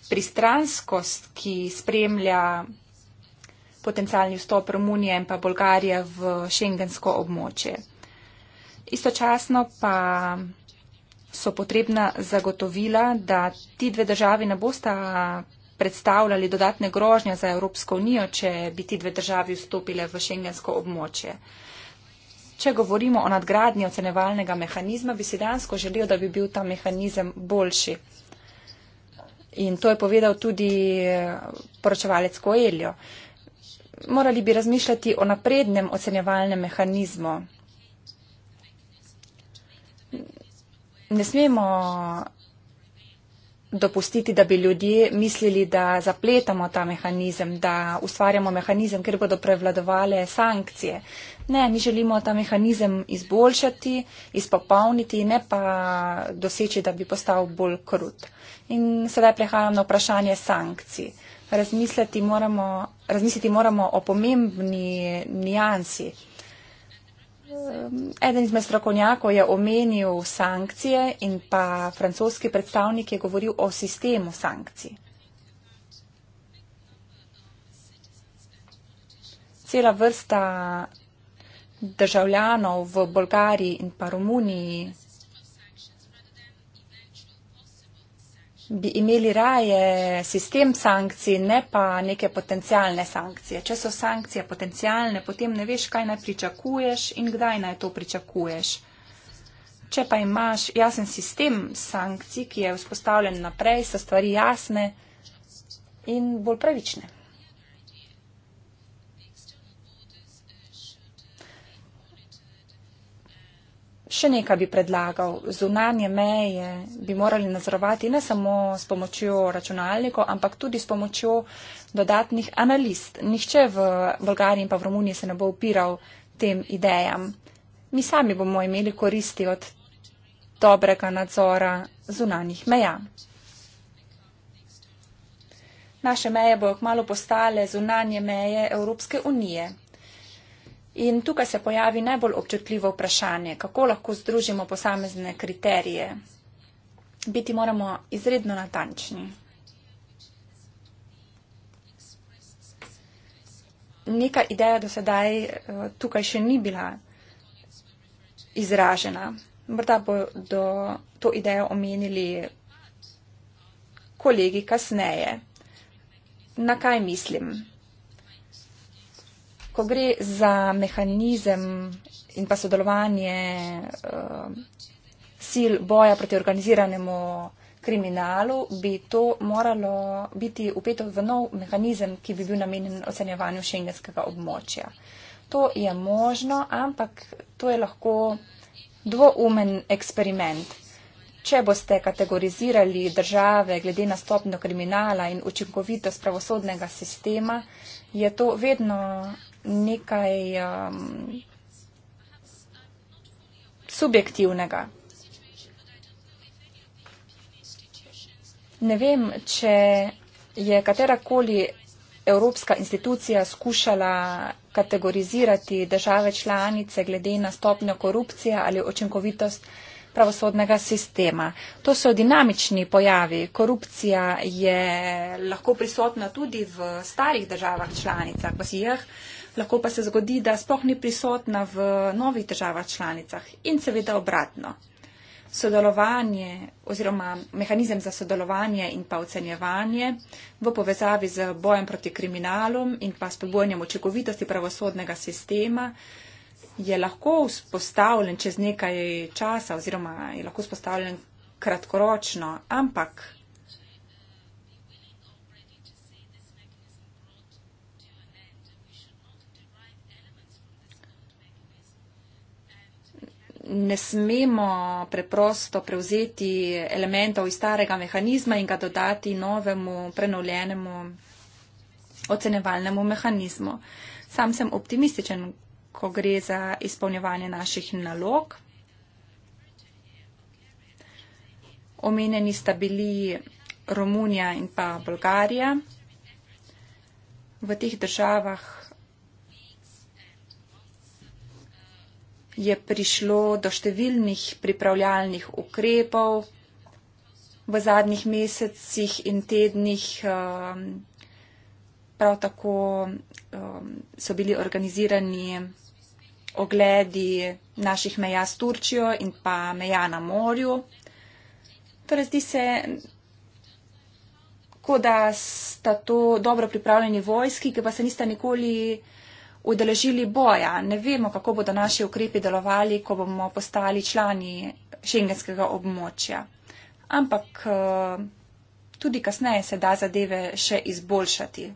pristranskost, ki spremlja potencialni vstop Romunije in pa Bolgarije v šengensko območje. Istočasno pa so potrebna zagotovila, da ti dve državi ne bosta predstavljali dodatne grožnje za Evropsko unijo, če bi ti dve državi vstopile v šengensko območje. Če govorimo o nadgradnji ocenevalnega mehanizma, bi si dansko želel, da bi bil ta mehanizem boljši. In to je povedal tudi eh, poročevalec Koeljo. Morali bi razmišljati o naprednem ocenjevalnem mehanizmu. Ne smemo dopustiti, da bi ljudje mislili, da zapletamo ta mehanizem, da ustvarjamo mehanizem, ker bodo prevladovale sankcije. Ne, mi želimo ta mehanizem izboljšati, izpopolniti, ne pa doseči, da bi postal bolj krut. In sedaj prehajam na vprašanje sankcij. Razmisliti moramo, razmisliti moramo o pomembni nijansi Eden izmed strokovnjakov je omenil sankcije in pa francoski predstavnik je govoril o sistemu sankcij. Cela vrsta državljanov v Bolgariji in pa Romuniji bi imeli raje sistem sankcij, ne pa neke potencijalne sankcije. Če so sankcije potencijalne, potem ne veš, kaj naj pričakuješ in kdaj naj to pričakuješ. Če pa imaš jasen sistem sankcij, ki je vzpostavljen naprej, so stvari jasne in bolj pravične. Še nekaj bi predlagal. Zunanje meje bi morali nazorovati ne samo s pomočjo računalnikov, ampak tudi s pomočjo dodatnih analiz. Nihče v Bolgariji in pa v Romuniji se ne bo upiral tem idejam. Mi sami bomo imeli koristi od dobrega nadzora zunanjih meja. Naše meje bojo kmalo postale zunanje meje Evropske unije. In tukaj se pojavi najbolj občutljivo vprašanje, kako lahko združimo posamezne kriterije. Biti moramo izredno natančni. Neka ideja do sedaj eh, tukaj še ni bila izražena. Morda bodo to idejo omenili kolegi kasneje. Na kaj mislim? ko gre za mehanizem in pa sodelovanje uh, sil boja proti organiziranemu kriminalu, bi to moralo biti upeto v nov mehanizem, ki bi bil namenjen ocenjevanju šengenskega območja. To je možno, ampak to je lahko dvoumen eksperiment. Če boste kategorizirali države glede na stopno kriminala in učinkovitost pravosodnega sistema, je to vedno nekaj um, subjektivnega. Ne vem, če je katerakoli evropska institucija skušala kategorizirati države članice glede na stopnjo korupcije ali očinkovitost pravosodnega sistema. To so dinamični pojavi. Korupcija je lahko prisotna tudi v starih državah članicah, v Sijah, lahko pa se zgodi, da sploh ni prisotna v novih državah članicah in seveda obratno. Sodelovanje oziroma mehanizem za sodelovanje in pa ocenjevanje v povezavi z bojem proti kriminalom in pa spodbojanjem očekovitosti pravosodnega sistema je lahko vzpostavljen čez nekaj časa oziroma je lahko vzpostavljen kratkoročno, ampak ne smemo preprosto prevzeti elementov iz starega mehanizma in ga dodati novemu prenovljenemu ocenevalnemu mehanizmu. Sam sem optimističen, ko gre za izpolnjevanje naših nalog. Omenjeni sta bili Romunija in pa Bolgarija. V teh državah je prišlo do številnih pripravljalnih ukrepov v zadnjih mesecih in tednih. Um, prav tako um, so bili organizirani ogledi naših meja s Turčijo in pa meja na morju. Torej zdi se, kot da sta to dobro pripravljeni vojski, ki pa se nista nikoli udeležili boja. Ne vemo, kako bodo naši ukrepi delovali, ko bomo postali člani šengenskega območja. Ampak eh, tudi kasneje se da zadeve še izboljšati.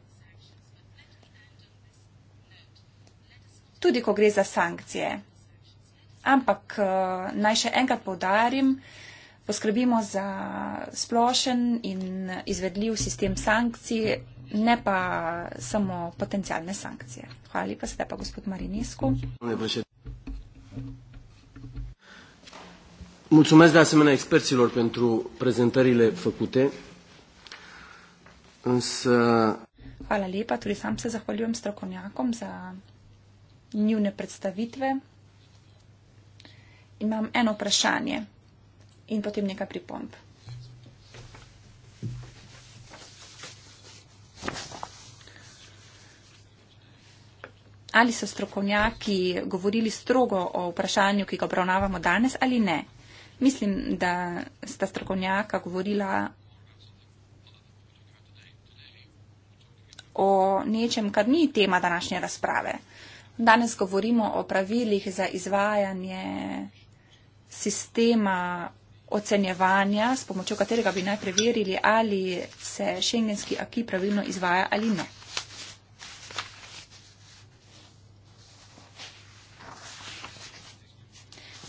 Tudi, ko gre za sankcije. Ampak eh, naj še enkrat povdarim, poskrbimo za splošen in izvedljiv sistem sankcij, ne pa samo potencijalne sankcije. Hvala lepa, sedaj pa gospod Marinesku. Mulțumesc de asemenea experților pentru prezentările făcute. Însă... Hvala lepa, tudi sam se zahvaljujem strokovnjakom za njune predstavitve. Imam eno vprašanje in potem nekaj pripomb. ali so strokovnjaki govorili strogo o vprašanju, ki ga obravnavamo danes ali ne. Mislim, da sta strokovnjaka govorila o nečem, kar ni tema današnje razprave. Danes govorimo o pravilih za izvajanje sistema ocenjevanja, s pomočjo katerega bi naj preverili, ali se šengenski aki pravilno izvaja ali ne.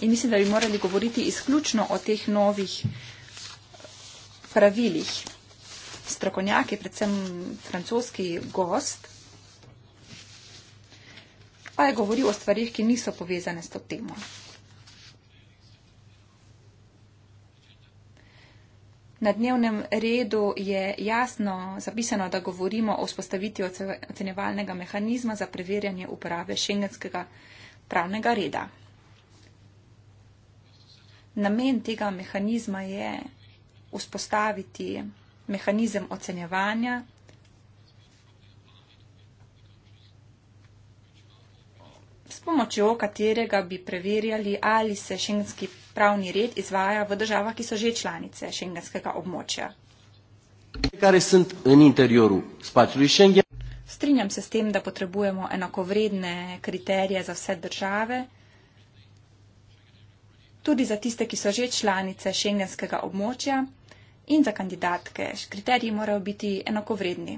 in mislim, da bi morali govoriti izključno o teh novih eh, pravilih. Strokonjak je predvsem francoski gost, pa je govoril o stvarih, ki niso povezane s to temo. Na dnevnem redu je jasno zapisano, da govorimo o spostavitvi ocenjevalnega mehanizma za preverjanje uporabe šengenskega pravnega reda namen tega mehanizma je vzpostaviti mehanizem ocenjevanja, s pomočjo katerega bi preverjali, ali se šengenski pravni red izvaja v državah, ki so že članice šengenskega območja. Strinjam se s tem, da potrebujemo enakovredne kriterije za vse države tudi za tiste, ki so že članice šengenskega območja in za kandidatke. Kriteriji morajo biti enakovredni.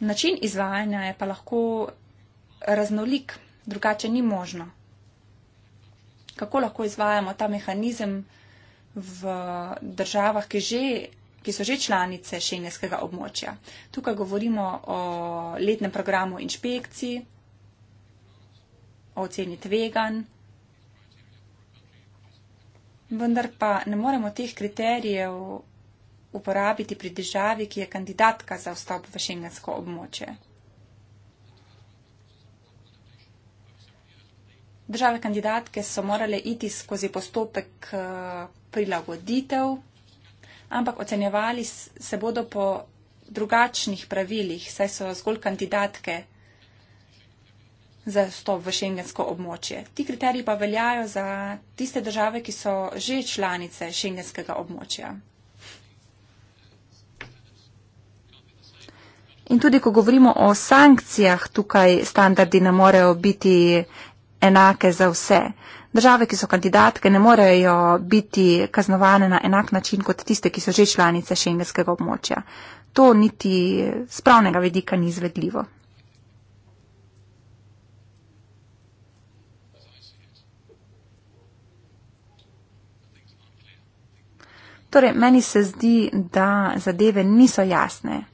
Način izvajanja je pa lahko raznolik, drugače ni možno. Kako lahko izvajamo ta mehanizem v državah, ki že ki so že članice šengenskega območja. Tukaj govorimo o letnem programu inšpekcij, o oceni tvegan, vendar pa ne moremo teh kriterijev uporabiti pri državi, ki je kandidatka za vstop v šengensko območje. Države kandidatke so morale iti skozi postopek eh, prilagoditev ampak ocenjevali se bodo po drugačnih pravilih, saj so zgolj kandidatke za vstop v šengensko območje. Ti kriteriji pa veljajo za tiste države, ki so že članice šengenskega območja. In tudi, ko govorimo o sankcijah, tukaj standardi ne morejo biti enake za vse. Uh, Države, ki so kandidatke, ne morejo biti kaznovane na enak način kot tiste, ki so že članice šengenskega območja. To niti z pravnega vedika ni izvedljivo. Torej, meni se zdi, da zadeve niso jasne.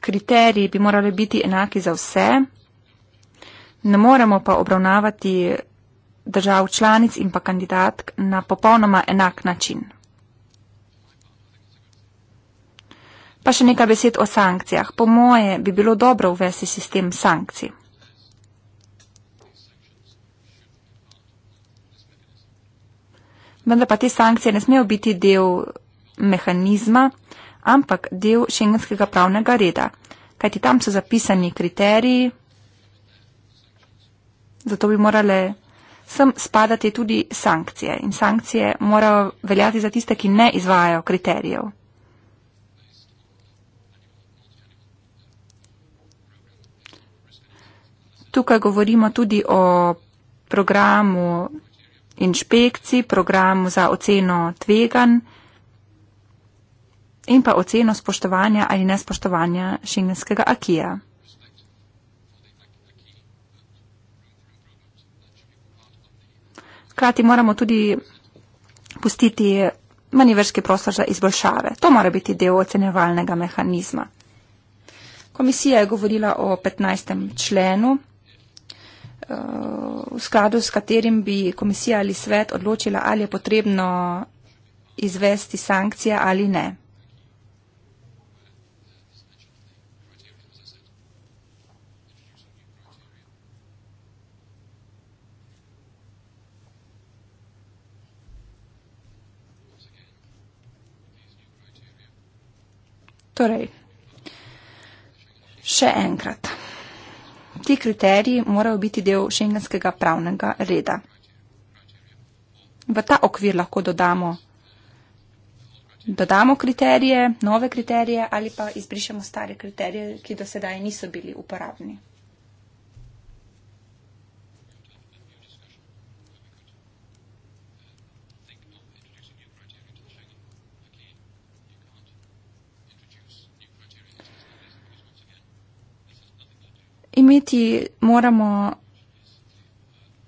kriteriji bi morali biti enaki za vse, ne moremo pa obravnavati držav članic in pa kandidatk na popolnoma enak način. Pa še nekaj besed o sankcijah. Po moje bi bilo dobro uvesti sistem sankcij. Vendar pa te sankcije ne smejo biti del mehanizma, ampak del šengenskega pravnega reda, kajti tam so zapisani kriteriji, zato bi morale sem spadati tudi sankcije in sankcije morajo veljati za tiste, ki ne izvajajo kriterijev. Tukaj govorimo tudi o programu inšpekcij, programu za oceno tveganj in pa oceno spoštovanja ali nespoštovanja šengenskega akija. Hkrati moramo tudi pustiti manjverski prostor za izboljšave. To mora biti del ocenevalnega mehanizma. Komisija je govorila o 15. členu, eh, v skladu s katerim bi komisija ali svet odločila, ali je potrebno izvesti sankcije ali ne. Torej, še enkrat. Ti kriteriji morajo biti del šengenskega pravnega reda. V ta okvir lahko dodamo, dodamo kriterije, nove kriterije ali pa izbrišemo stare kriterije, ki do sedaj niso bili uporabni. imeti moramo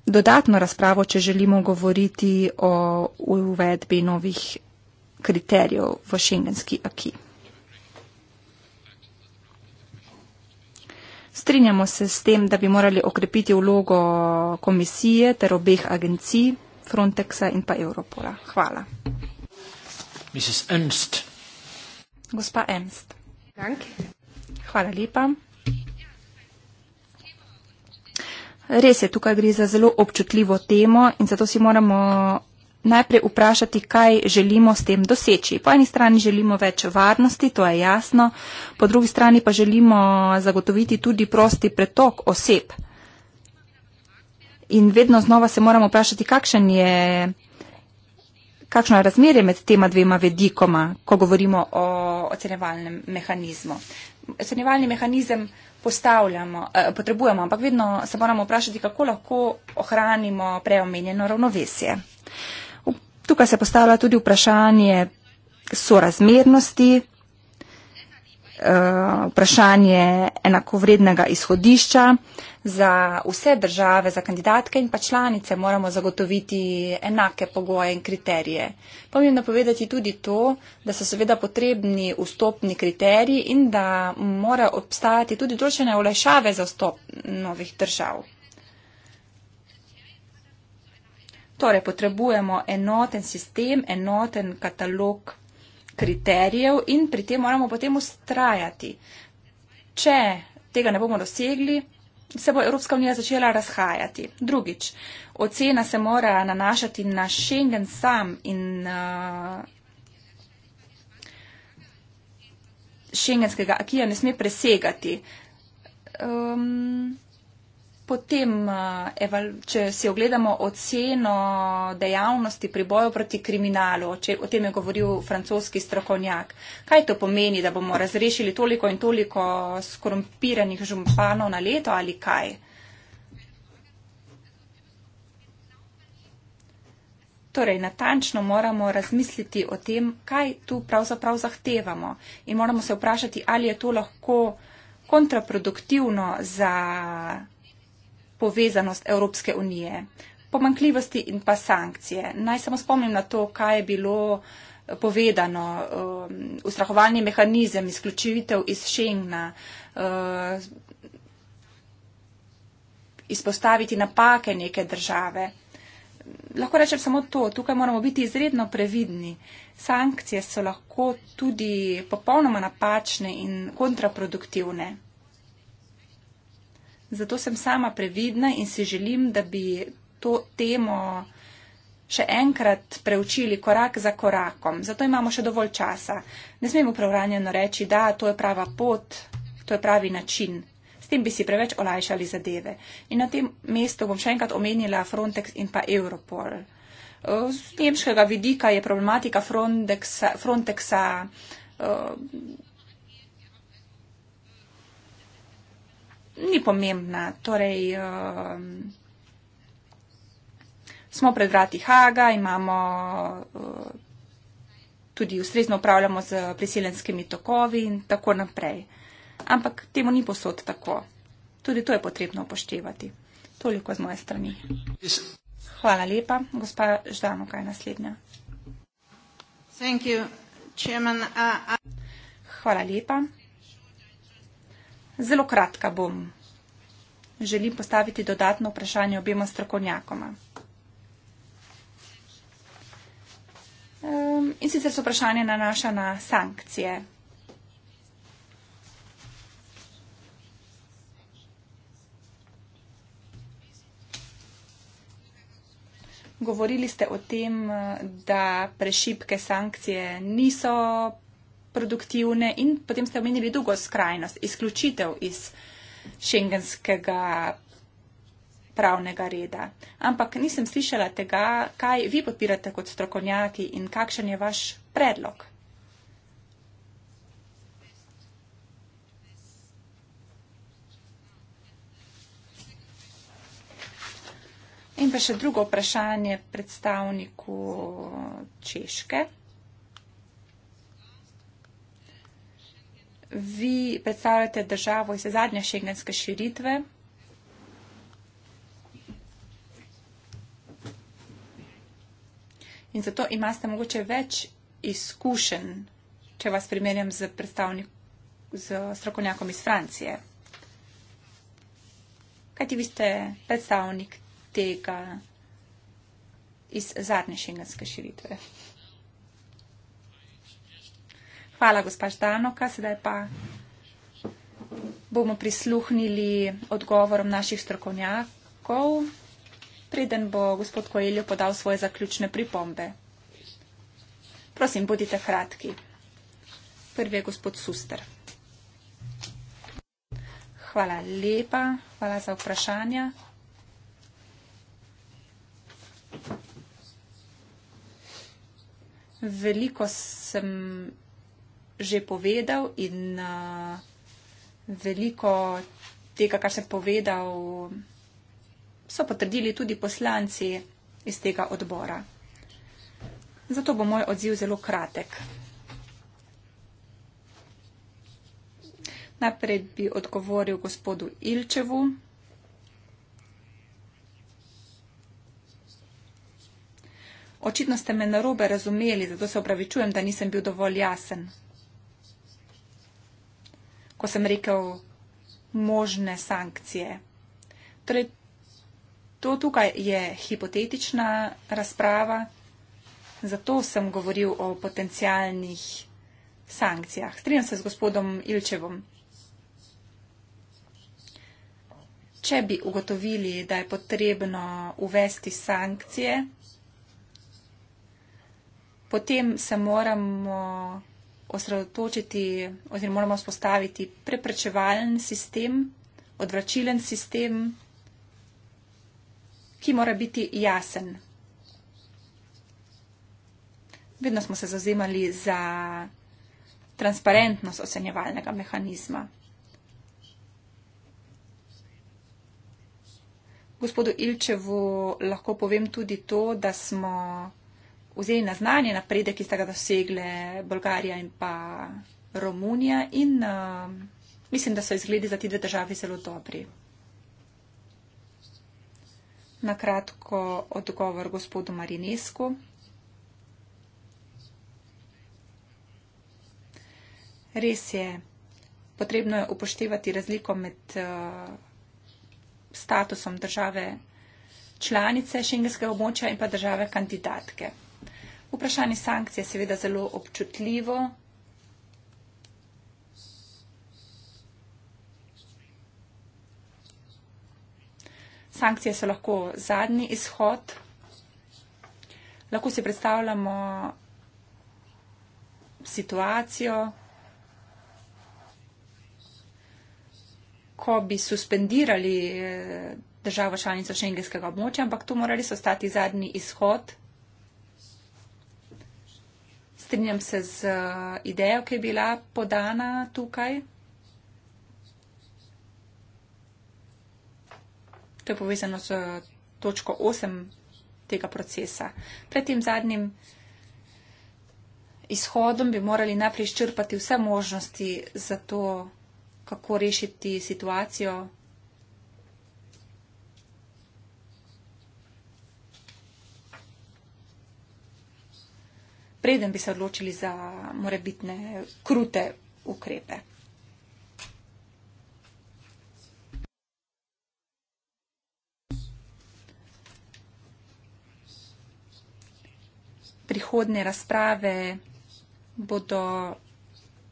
dodatno razpravo, če želimo govoriti o uvedbi novih kriterijev v šengenski aki. Strinjamo se s tem, da bi morali okrepiti vlogo komisije ter obeh agencij, Frontexa in pa Europola. Hvala. Gospa Ernst. Dank. Hvala lepa. Res je, tukaj gre za zelo občutljivo temo in zato si moramo najprej vprašati, kaj želimo s tem doseči. Po eni strani želimo več varnosti, to je jasno, po drugi strani pa želimo zagotoviti tudi prosti pretok oseb. In vedno znova se moramo vprašati, kakšen je. Kakšno je razmerje med tema dvema vedikoma, ko govorimo o ocenevalnem mehanizmu? ocenjevalni mehanizem postavljamo, eh, potrebujemo, ampak vedno se moramo vprašati, kako lahko ohranimo preomenjeno ravnovesje. Tukaj se postavlja tudi vprašanje sorazmernosti, eh, vprašanje enakovrednega izhodišča. Eh, za vse države, za kandidatke in pa članice moramo zagotoviti enake pogoje in kriterije. Pomembno povedati tudi to, da so seveda potrebni vstopni kriteriji in da mora obstajati tudi določene olajšave za vstop novih držav. Torej, potrebujemo enoten sistem, enoten katalog kriterijev in pri tem moramo potem ustrajati. Če tega ne bomo dosegli, se bo Evropska unija začela razhajati. Drugič, ocena se mora nanašati na Schengen sam in uh, eh, šengenskega akija ne sme presegati. Um, potem, eh, če si ogledamo oceno dejavnosti pri boju proti kriminalu, o tem je govoril francoski strokovnjak, kaj to pomeni, da bomo razrešili toliko in toliko skorumpiranih županov na leto ali kaj? Torej, natančno moramo razmisliti o tem, kaj tu pravzaprav zahtevamo in moramo se vprašati, ali je to lahko kontraproduktivno za povezanost Evropske unije, pomankljivosti in pa sankcije. Naj samo spomnim na to, kaj je bilo eh, povedano, um, ustrahovalni mehanizem, izključitev iz Schengna, eh, izpostaviti napake neke države. Lahko rečem samo to, tukaj moramo biti izredno previdni. Sankcije so lahko tudi popolnoma napačne in kontraproduktivne. Zato sem sama previdna in si želim, da bi to temo še enkrat preučili korak za korakom. Zato imamo še dovolj časa. Ne smemo preuranjeno reči, da to je prava pot, to je pravi način. S tem bi si preveč olajšali zadeve. In na tem mestu bom še enkrat omenila Frontex in pa Europol. Z nemškega vidika je problematika Frontexa, Frontexa ni pomembna. Torej, uh, smo pred vrati Haga, imamo uh, tudi ustrezno upravljamo z priseljenskimi tokovi in tako naprej. Ampak temu ni posod tako. Tudi to je potrebno upoštevati. Toliko z moje strani. Hvala lepa. Gospa Ždano, kaj je naslednja? Uh, Hvala lepa. Zelo kratka bom. Želim postaviti dodatno vprašanje obema strokovnjakoma. In sicer se vprašanje nanaša na sankcije. Govorili ste o tem, eh, da prešipke sankcije niso produktivne in potem ste omenili drugo skrajnost, izključitev iz šengenskega pravnega reda. Ampak nisem slišala tega, kaj vi podpirate kot strokovnjaki in kakšen je vaš predlog. In pa še drugo vprašanje predstavniku Češke. vi predstavljate državo iz zadnje šengenske širitve. In zato imate mogoče več izkušenj, če vas primerjam z, z strokovnjakom iz Francije. Kajti vi ste predstavnik tega iz zadnje šengenske širitve. Hvala, gospa Ždanoka. Sedaj pa bomo prisluhnili odgovorom naših strokovnjakov, preden bo gospod Koeljo podal svoje zaključne pripombe. Prosim, bodite kratki. Prvi je gospod Suster. Hvala lepa, hvala za vprašanja. Veliko sem že povedal in uh, veliko tega, kar sem povedal, so potrdili tudi poslanci iz tega odbora. Zato bo moj odziv zelo kratek. Najprej bi odgovoril gospodu Ilčevu. Očitno ste me narobe razumeli, zato se opravičujem, da nisem bil dovolj jasen ko sem rekel možne sankcije. Torej, to tukaj je hipotetična razprava, zato sem govoril o potencijalnih sankcijah. Strinjam se z gospodom Ilčevom. Če bi ugotovili, da je potrebno uvesti sankcije, potem se moramo osredotočiti oziroma moramo spostaviti preprečevalen sistem, odvračilen sistem, ki mora biti jasen. Vedno smo se zazemali za transparentnost ocenjevalnega mehanizma. Gospodu Ilčevu lahko povem tudi to, da smo vzeli na znanje napredek, ki sta ga dosegle Bolgarija in pa Romunija in uh, mislim, da so izgledi za ti dve državi zelo dobri. Na kratko odgovor gospodu Marinesku. Res je, potrebno je upoštevati razliko med uh, statusom države članice šengenskega območja in pa države kandidatke. Vprašanje sankcij je seveda zelo občutljivo. Sankcije so lahko zadnji izhod. Lahko si predstavljamo situacijo, ko bi suspendirali eh, državo članico šengenskega območja, ampak to morali so stati zadnji izhod strinjam se z eh, idejo, ki je bila podana tukaj. To je povezano z eh, točko 8 tega procesa. Pred tem zadnjim izhodom bi morali najprej izčrpati vse možnosti za to, kako rešiti situacijo preden bi se odločili za morebitne krute ukrepe. Prihodne razprave bodo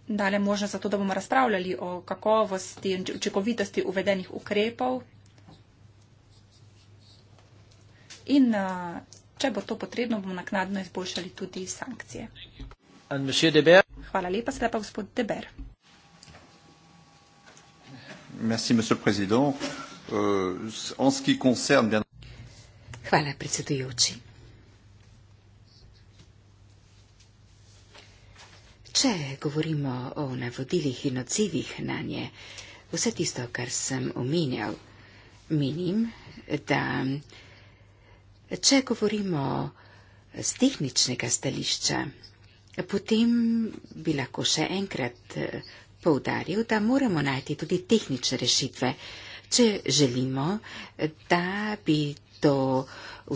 dale možnost za to, da bomo razpravljali o kakovosti in učinkovitosti uvedenih ukrepov in uh, Če bo to potrebno, bomo naknadno izboljšali tudi sankcije. Hvala lepa, sedaj pa gospod Deber. Euh, Hvala, predsedujoči. Če govorimo o navodilih in odzivih na nje, vse tisto, kar sem omenjal, menim, da. Če govorimo z tehničnega stališča, potem bi lahko še enkrat eh, poudaril, da moramo najti tudi tehnične rešitve, če želimo, da bi to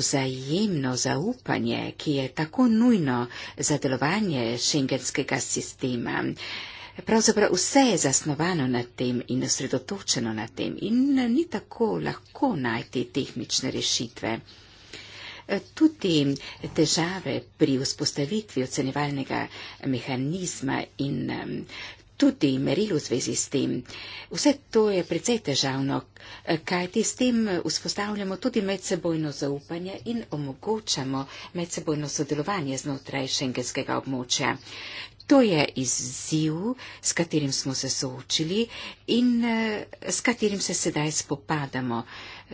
vzajemno zaupanje, ki je tako nujno za delovanje šengenskega sistema, pravzaprav vse je zasnovano na tem in osredotočeno na tem in ni tako lahko najti tehnične rešitve tudi težave pri vzpostavitvi ocenevalnega mehanizma in tudi merilo v zvezi s tem. Vse to je precej težavno, kajti s tem vzpostavljamo tudi medsebojno zaupanje in omogočamo medsebojno sodelovanje znotraj šengenskega območja. To je izziv, s katerim smo se soočili in s katerim se sedaj spopadamo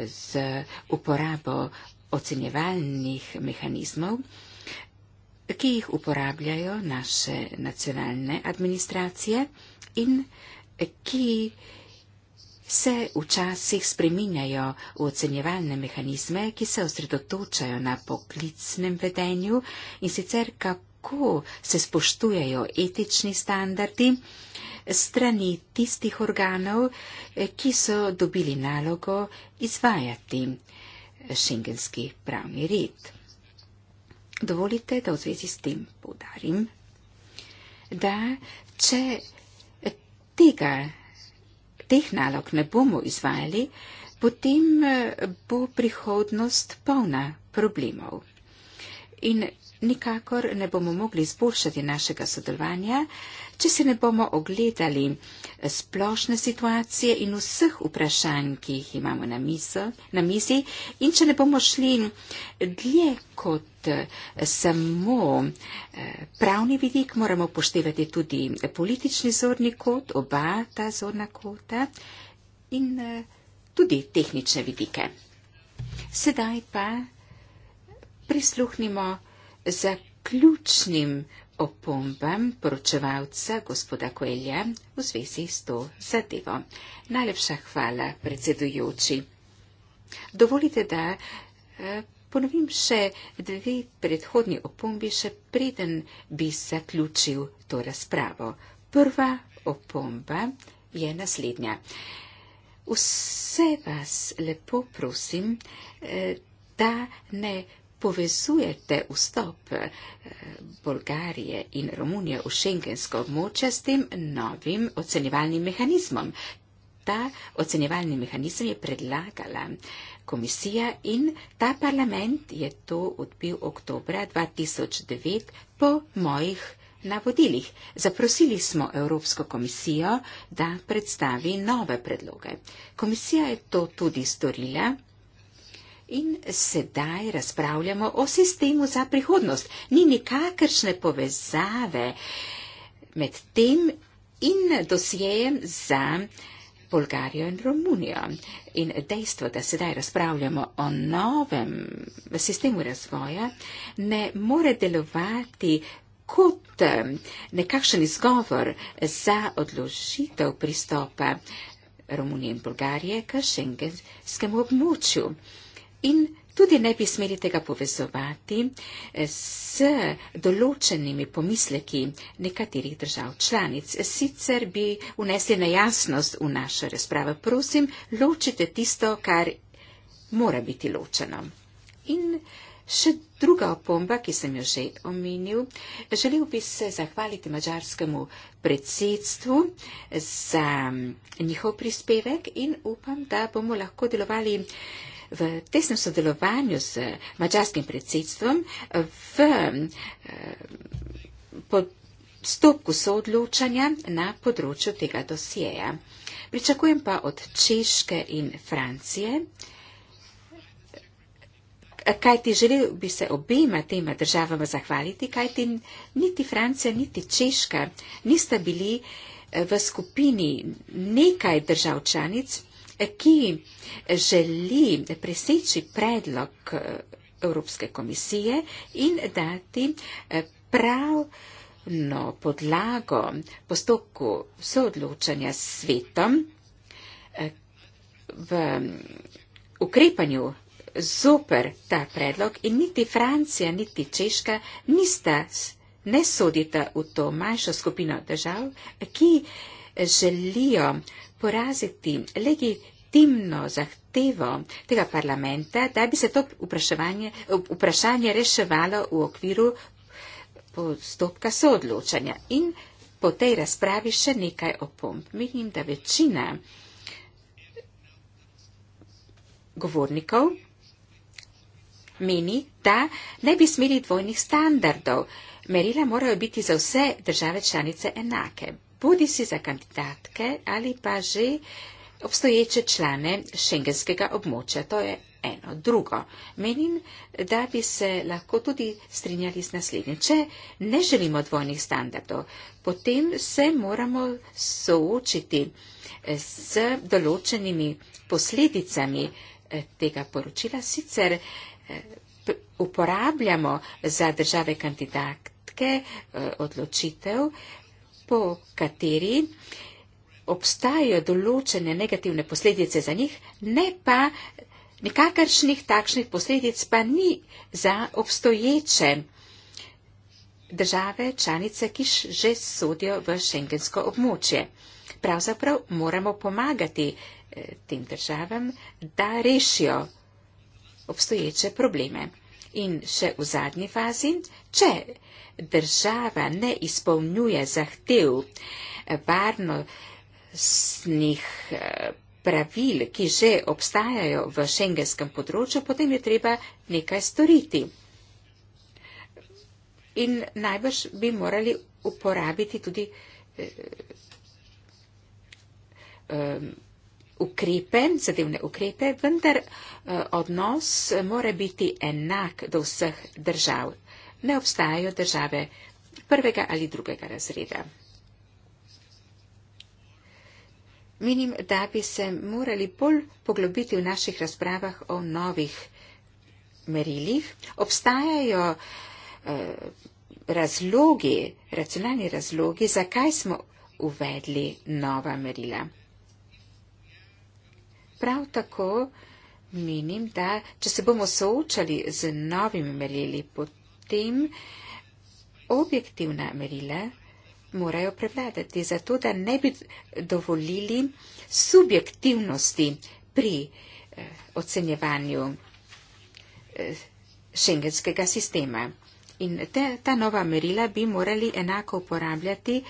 z uporabo ocenjevalnih mehanizmov, ki jih uporabljajo naše nacionalne administracije in ki se včasih spreminjajo v ocenjevalne mehanizme, ki se osredotočajo na poklicnem vedenju in sicer kako se spoštujejo etični standardi strani tistih organov, ki so dobili nalogo izvajati šengenski pravni red. Dovolite, da v zvezi s tem povdarim, da če tega, teh nalog ne bomo izvajali, potem bo prihodnost polna problemov in nikakor ne bomo mogli izboljšati našega sodelovanja, če se ne bomo ogledali splošne situacije in vseh vprašanj, ki jih imamo na, miso, na mizi in če ne bomo šli dlje kot eh, samo eh, pravni vidik, moramo poštevati tudi politični zorni kot, oba ta zorna kota in eh, tudi tehnične vidike. Sedaj pa prisluhnimo zaključnim opombam poročevalca gospoda Koelja v zvezi s to zadevo. Najlepša hvala, predsedujoči. Dovolite, da eh, ponovim še dve predhodni opombi, še preden bi zaključil to razpravo. Prva opomba je naslednja. Vse vas lepo prosim, eh, da ne povezujete vstop eh, Bolgarije in Romunije v šengensko območje s tem novim ocenjevalnim mehanizmom. Ta ocenjevalni mehanizem je predlagala komisija in ta parlament je to odbil oktobra 2009 po mojih navodilih. Zaprosili smo Evropsko komisijo, da predstavi nove predloge. Komisija je to tudi storila. In sedaj razpravljamo o sistemu za prihodnost. Ni nikakršne povezave med tem in dosjejem za Bolgarijo in Romunijo. In dejstvo, da sedaj razpravljamo o novem sistemu razvoja, ne more delovati kot eh, nekakšen izgovor za odložitev pristopa Romunije in Bolgarije k šengenskemu območju in tudi ne bi smeli tega povezovati eh, s določenimi pomisleki nekaterih držav članic. Sicer bi unesli nejasnost v našo razpravo. Prosim, ločite tisto, kar mora biti ločeno. In še druga opomba, ki sem jo že omenil. Želel bi se zahvaliti mađarskemu predsedstvu za njihov prispevek in upam, da bomo lahko delovali v tesnem sodelovanju z mačarskim predsedstvom v eh, postopku soodločanja na področju tega dosjeja. Pričakujem pa od Češke in Francije, kajti želel bi se obema tema državama zahvaliti, kajti niti Francija, niti Češka nista bili eh, v skupini nekaj držav članic, ki želi preseči predlog eh, Evropske komisije in dati eh, pravno podlago postopku soodločanja s svetom eh, v ukrepanju zoper ta predlog in niti Francija, niti Češka nista, ne sodita v to manjšo skupino držav, ki želijo poraziti legitimno zahtevo tega parlamenta, da bi se to vprašanje, vprašanje reševalo v okviru postopka soodločanja. In po tej razpravi še nekaj opomb. Menim, da večina govornikov meni, da ne bi smeli dvojnih standardov. Merila morajo biti za vse države članice enake bodi si za kandidatke ali pa že obstoječe člane šengenskega območja. To je eno. Drugo, menim, da bi se lahko tudi strinjali s naslednjim. Če ne želimo dvojnih standardov, potem se moramo soočiti eh, z določenimi posledicami eh, tega poročila. Sicer eh, uporabljamo za države kandidatke odločitev, po kateri obstajajo določene negativne posledice za njih, ne pa nikakršnih takšnih posledic pa ni za obstoječe države članice, ki že sodijo v šengensko območje. Pravzaprav moramo pomagati eh, tem državam, da rešijo obstoječe probleme. In še v zadnji fazi, če država ne izpolnjuje zahtev varnostnih eh, pravil, ki že obstajajo v šengenskem področju, potem je treba nekaj storiti. In najbrž bi morali uporabiti tudi. Eh, eh, ukrepe, zadevne ukrepe, vendar eh, odnos eh, mora biti enak do vseh držav. Ne obstajajo države prvega ali drugega razreda. Menim, da bi se morali bolj poglobiti v naših razpravah o novih merilih. Obstajajo eh, razlogi, racionalni razlogi, zakaj smo uvedli nova merila. Prav tako menim, da če se bomo soočali z novimi merili, potem objektivna merila morajo prevladati, zato da ne bi dovolili subjektivnosti pri eh, ocenjevanju eh, šengenskega sistema. In te, ta nova merila bi morali enako uporabljati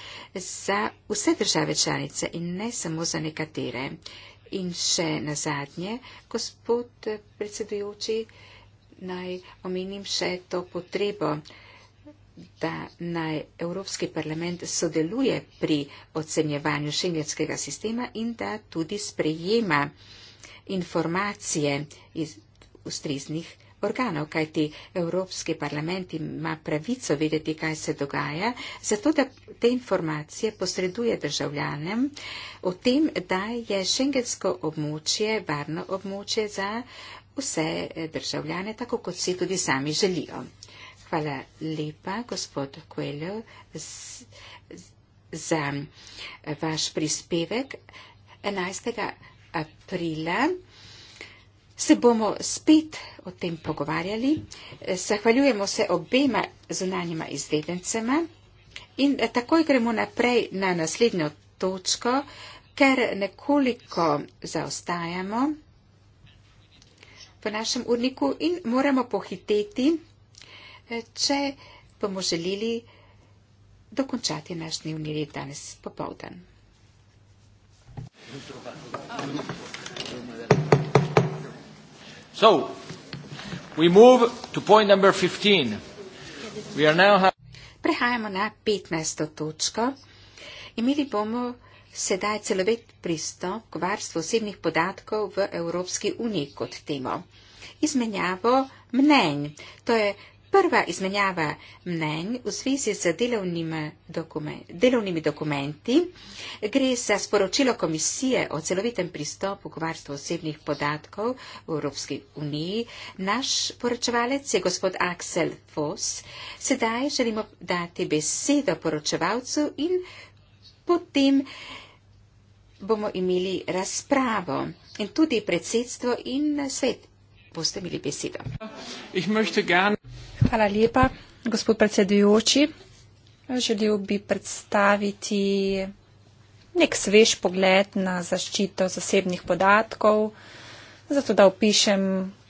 za vse države članice in ne samo za nekatere. In še na zadnje, gospod predsedujoči, naj omenim še to potrebo, da naj Evropski parlament sodeluje pri ocenjevanju šengenskega sistema in da tudi sprejema informacije iz ustriznih organov, kajti Evropski parlament ima pravico vedeti, kaj se dogaja, zato da te informacije posreduje državljanem o tem, da je šengensko območje varno območje za vse državljane, tako kot si tudi sami želijo. Hvala lepa, gospod Kuelo, za vaš prispevek 11. aprila se bomo spet o tem pogovarjali. E, zahvaljujemo se obema zunanjima izvedencema in e, takoj gremo naprej na naslednjo točko, ker nekoliko zaostajamo v našem urniku in moramo pohiteti, e, če bomo želeli dokončati naš dnevni red danes popovdan. So, we move to point number 15. We are now Prehajamo na 15. točko. Imeli bomo sedaj celovit pristop k varstvu osebnih podatkov v Evropski uniji kot temo. Izmenjavo mnenj. To je Prva izmenjava mnenj v svisi z delovnimi, dokumen, delovnimi dokumenti gre za sporočilo komisije o celovitem pristopu k varstvu osebnih podatkov v Evropski uniji. Naš poročevalec je gospod Aksel Foss. Sedaj želimo dati besedo poročevalcu in potem bomo imeli razpravo in tudi predsedstvo in svet. Boste imeli besedo. Hvala lepa, gospod predsedujoči. Želel bi predstaviti nek svež pogled na zaščito zasebnih podatkov, zato da opišem,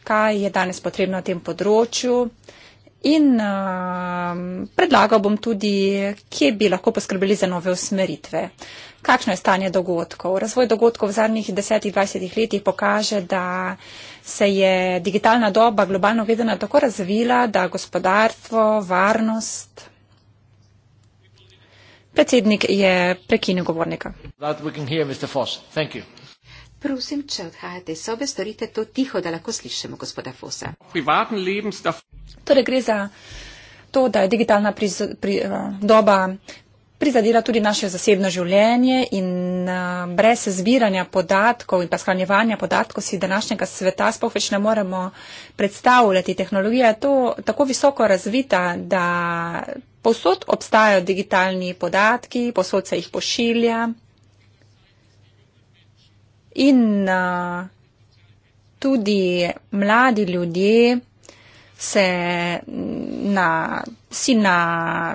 kaj je danes potrebno na tem področju. Uh, In uh, predlagal bom tudi, kje bi lahko poskrbeli za nove usmeritve. Kakšno je stanje dogodkov? Razvoj dogodkov v zadnjih 10-20 letih pokaže, da se je digitalna doba globalno gledana tako razvila, da gospodarstvo, varnost. Predsednik je prekinil govornika. Prosim, če odhajate iz sobe, storite to tiho, da lahko slišimo gospoda Fosa. Torej gre za to, da je digitalna priz, pri, eh, doba prizadela tudi naše zasebno življenje in eh, brez zbiranja podatkov in pa shranjevanja podatkov si današnjega sveta sploh več ne moremo predstavljati. Tehnologija je to tako visoko razvita, da posod obstajajo digitalni podatki, posod se jih pošilja, In tudi mladi ljudje se na, si na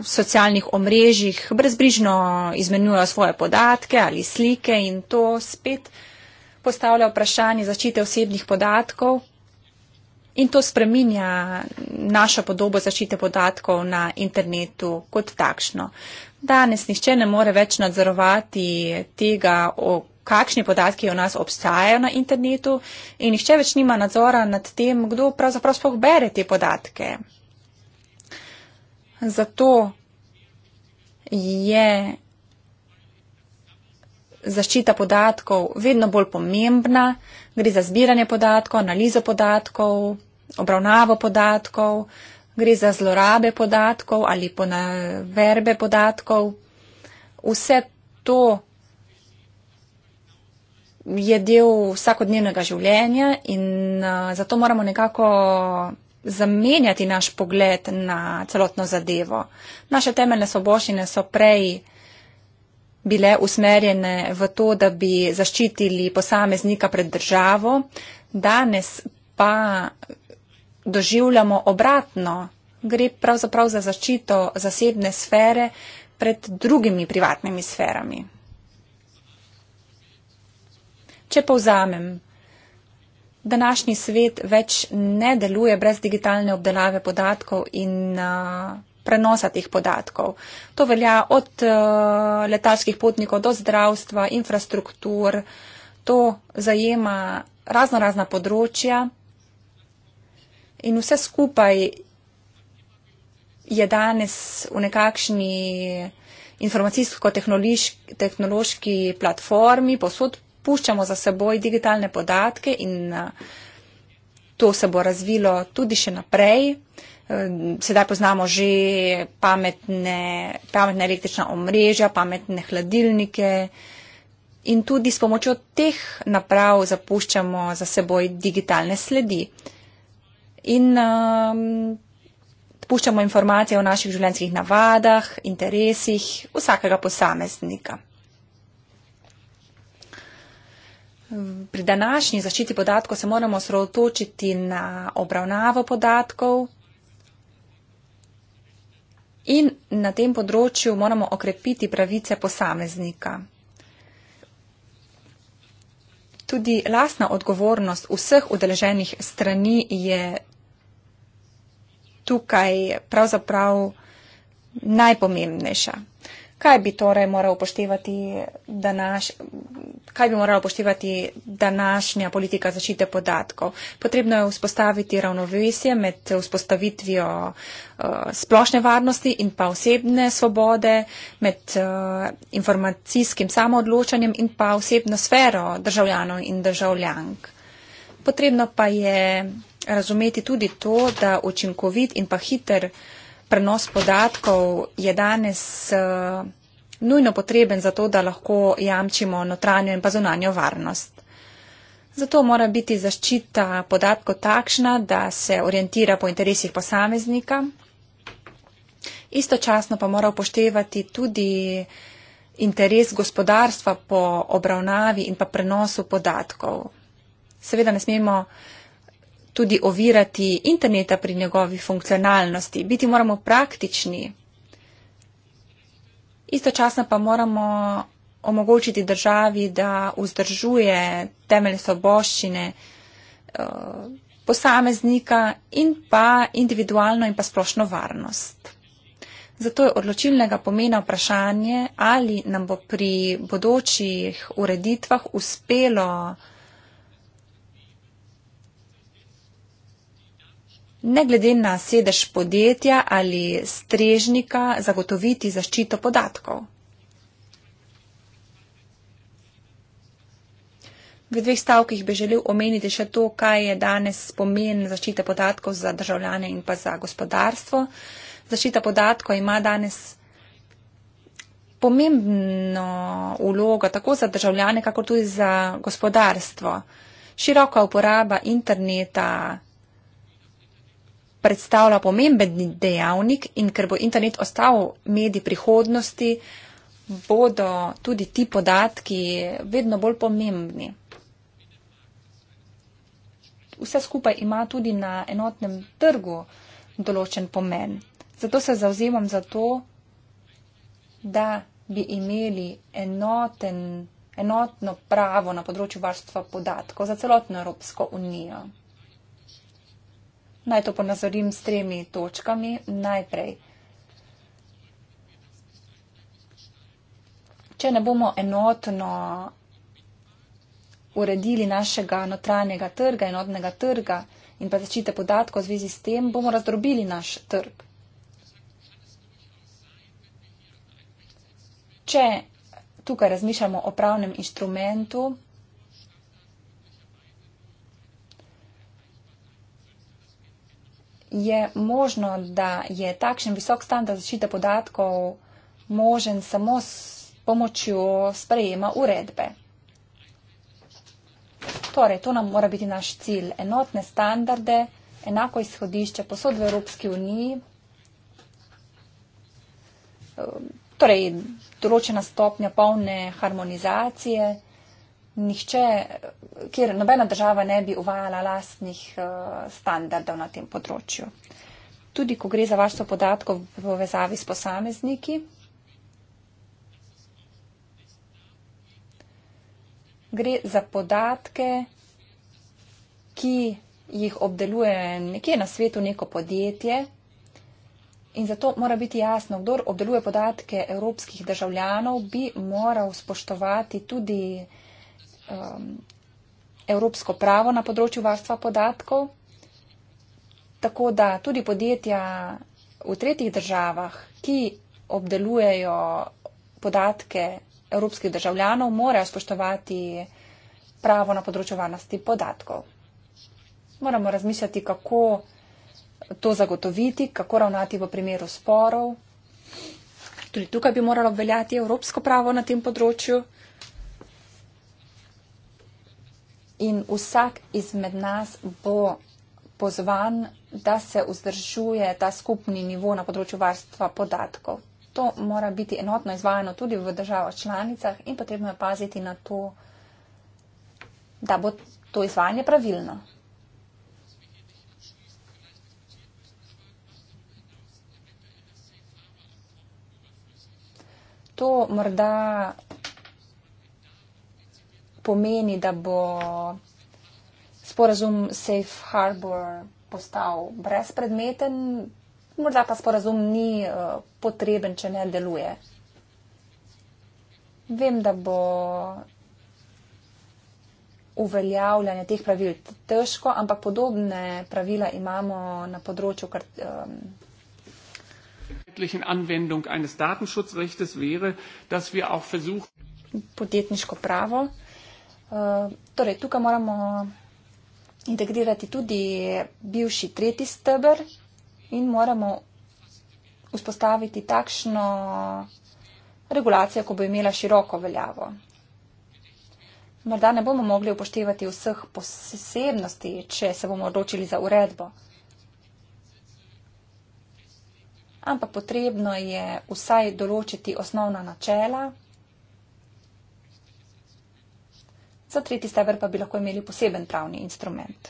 socialnih omrežjih brezbrižno izmenjujejo svoje podatke ali slike in to spet postavlja vprašanje zaščite osebnih podatkov in to spreminja našo podobo zaščite podatkov na internetu kot takšno. Danes nišče ne more več nadzorovati tega, kakšni podatki o nas obstajajo na internetu in nišče več nima nadzora nad tem, kdo pravzaprav sploh bere te podatke. Zato je zaščita podatkov vedno bolj pomembna, gre za zbiranje podatkov, analizo podatkov, obravnavo podatkov, gre za zlorabe podatkov ali ponaverbe podatkov. Vse to je del vsakodnevnega življenja in uh, zato moramo nekako zamenjati naš pogled na celotno zadevo. Naše temeljne soboščine so prej bile usmerjene v to, da bi zaščitili posameznika pred državo, danes pa doživljamo obratno. Gre pravzaprav za zaščito zasebne sfere pred drugimi privatnimi sferami. Če povzamem, današnji svet več ne deluje brez digitalne obdelave podatkov in prenosa teh podatkov. To velja od letalskih potnikov do zdravstva, infrastruktur, to zajema razno razna področja in vse skupaj je danes v nekakšni informacijsko-tehnološki platformi, posod puščamo za seboj digitalne podatke in eh, to se bo razvilo tudi še naprej. Eh, sedaj poznamo že pametne, pametne električna omrežja, pametne hladilnike in tudi s pomočjo teh naprav zapuščamo za seboj digitalne sledi. In um, puščamo informacije o naših življenjskih navadah, interesih vsakega posameznika. Pri današnji zaščiti podatkov se moramo sredotočiti na obravnavo podatkov in na tem področju moramo okrepiti pravice posameznika. Tudi lastna odgovornost vseh udeleženih strani je tukaj pravzaprav najpomembnejša kaj bi torej moral upoštevati, da naš. Kaj bi morala poštevati današnja politika zaščite podatkov? Potrebno je vzpostaviti ravnovesje med vzpostavitvijo uh, splošne varnosti in pa osebne svobode, med uh, informacijskim samoodločanjem in pa osebno sfero državljanov in državljank. Potrebno pa je razumeti tudi to, da učinkovit in pa hiter. Uh, prenos podatkov je danes uh, nujno potreben za to, da lahko jamčimo notranjo in pa zunanjo varnost. Zato mora biti zaščita podatkov takšna, da se orientira po interesih posameznika. Istočasno pa mora upoštevati tudi interes gospodarstva po obravnavi in pa prenosu podatkov. Seveda ne smemo. Uh, tudi ovirati interneta pri njegovi funkcionalnosti. Biti moramo praktični. Istočasno pa moramo omogočiti državi, da vzdržuje temelj soboščine eh, posameznika in pa individualno in pa splošno varnost. Zato je odločilnega pomena vprašanje, ali nam bo pri bodočih ureditvah uspelo ne glede na sedež podjetja ali strežnika, zagotoviti zaščito podatkov. V dveh stavkih bi želel omeniti še to, kaj je danes pomen zaščite podatkov za državljane in pa za gospodarstvo. Zaščita podatkov ima danes pomembno ulogo tako za državljane, kako tudi za gospodarstvo. Široka uporaba interneta, predstavlja pomemben dejavnik in ker bo internet ostal medij prihodnosti, bodo tudi ti podatki vedno bolj pomembni. Vse skupaj ima tudi na enotnem trgu določen pomen. Zato se zauzemam za to, da bi imeli enoten, enotno pravo na področju varstva podatkov za celotno Evropsko unijo. Naj to ponazorim s tremi točkami. Najprej, če ne bomo enotno uredili našega notranjega trga, enotnega trga in pa začite podatko v zvezi s tem, bomo razdrobili naš trg. Če tukaj razmišljamo o pravnem inštrumentu, je možno, da je takšen visok standard zaščite podatkov možen samo s pomočjo sprejema uredbe. Torej, to nam mora biti naš cilj. Enotne standarde, enako izhodišče posod v Evropski uniji, ehm, torej določena stopnja polne harmonizacije nihče, kjer nobena država ne bi uvajala lastnih eh, standardov na tem področju. Tudi, ko gre za varstvo podatkov v povezavi s posamezniki, gre za podatke, ki jih obdeluje nekje na svetu neko podjetje. In zato mora biti jasno, kdor obdeluje podatke evropskih državljanov, bi moral spoštovati tudi um, evropsko pravo na področju varstva podatkov. Tako da tudi podjetja v tretjih državah, ki obdelujejo podatke evropskih državljanov, morajo spoštovati pravo na področju varnosti podatkov. Moramo razmišljati, kako to zagotoviti, kako ravnati v primeru sporov. Tudi tukaj bi moralo veljati evropsko pravo na tem področju. in vsak izmed nas bo pozvan, da se vzdržuje ta skupni nivo na področju varstva podatkov. To mora biti enotno izvajano tudi v državah članicah in potrebno je paziti na to, da bo to izvajanje pravilno. To morda pomeni, da bo sporazum Safe Harbor postal brezpredmeten, morda pa sporazum ni eh, potreben, če ne deluje. Vem, da bo uveljavljanje teh pravil težko, ampak podobne pravila imamo na področju. Kar, um, Anwendung eines Datenschutzrechts wäre, dass wir auch versuchen, podjetniško pravo, torej, tukaj moramo integrirati tudi bivši tretji stebr in moramo vzpostaviti takšno regulacijo, ko bo imela široko veljavo. Morda ne bomo mogli upoštevati vseh posebnosti, če se bomo odločili za uredbo. Ampak potrebno je vsaj določiti osnovna načela za tretji steber pa bi lahko imeli poseben pravni instrument.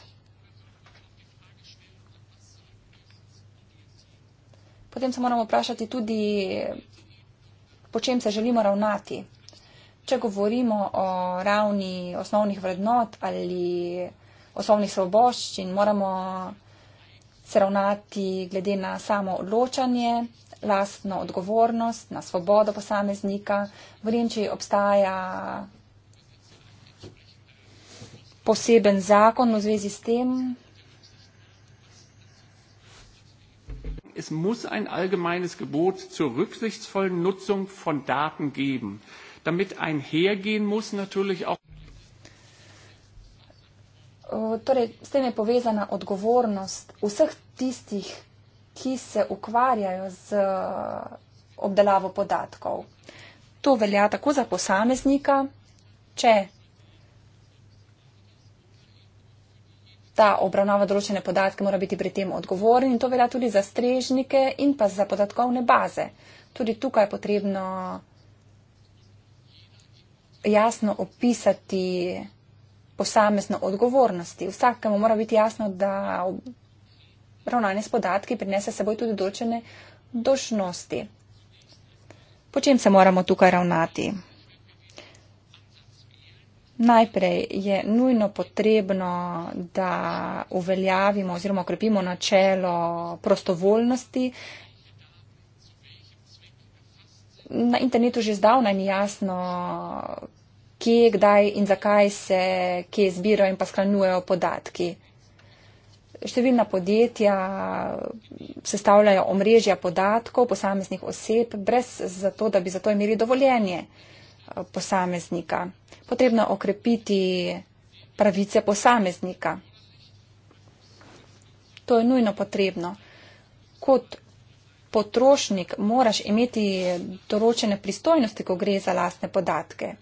Potem se moramo vprašati tudi, po čem se želimo ravnati. Če govorimo o ravni osnovnih vrednot ali osnovnih svoboščin, moramo se ravnati glede na samo odločanje, lastno odgovornost, na svobodo posameznika. Vrinči obstaja poseben zakon v zvezi s tem? Es muss ein allgemeines Gebot zur rücksichtsvollen Nutzung von Daten geben, damit einhergehen muss natürlich auch. Torej, s tem je povezana odgovornost vseh tistih, ki se ukvarjajo z obdelavo podatkov. To velja tako za posameznika, če da obravnava določene podatke, mora biti pri tem odgovoren in to velja tudi za strežnike in pa za podatkovne baze. Tudi tukaj je potrebno jasno opisati posamezno odgovornosti. Vsakemu mora biti jasno, da ravnanje s podatki prinese seboj tudi določene dožnosti. Po čem se moramo tukaj ravnati? Najprej je nujno potrebno, da uveljavimo oziroma okrepimo načelo prostovoljnosti. Na internetu že zdavna ni jasno, kje, kdaj in zakaj se kje zbirajo in pa skranjujejo podatki. Številna podjetja sestavljajo omrežja podatkov posameznih oseb, brez za to, da bi za to imeli dovoljenje posameznika. Potrebno okrepiti pravice posameznika. To je nujno potrebno. Kot potrošnik moraš imeti določene pristojnosti, ko gre za lastne podatke.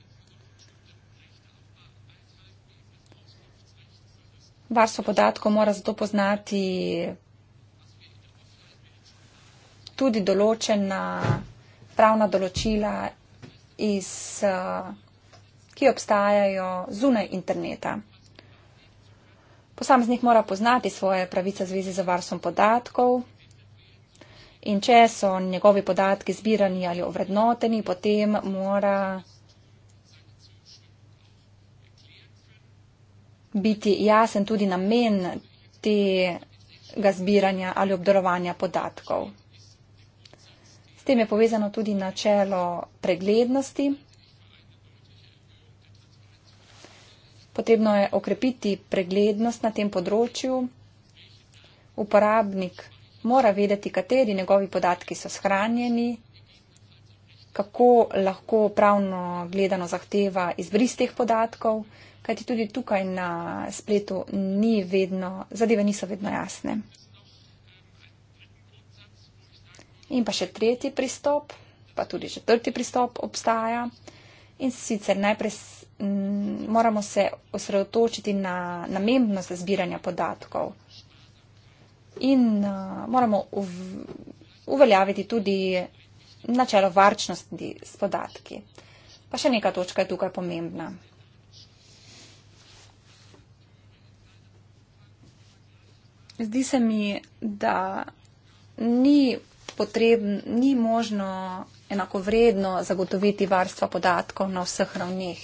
Varstvo podatkov mora zato poznati tudi določena pravna določila iz, eh, ki obstajajo zunaj interneta. Posameznik mora poznati svoje pravice v zvezi z varstvom podatkov in če so njegovi podatki zbirani ali ovrednoteni, potem mora biti jasen tudi namen tega zbiranja ali obdorovanja podatkov. S tem je povezano tudi načelo preglednosti. Potrebno je okrepiti preglednost na tem področju. Uporabnik mora vedeti, kateri njegovi podatki so shranjeni, kako lahko pravno gledano zahteva izbris teh podatkov, kajti tudi tukaj na spletu ni vedno, zadeve niso vedno jasne. In pa še tretji pristop, pa tudi četrti pristop obstaja. In sicer najprej moramo se osredotočiti na namembnost zbiranja podatkov. In uh, moramo uv uveljaviti tudi načelo varčnosti s podatki. Pa še neka točka je tukaj pomembna. Zdi se mi, da ni potrebno, ni možno enako vredno zagotoviti varstva podatkov na vseh ravneh.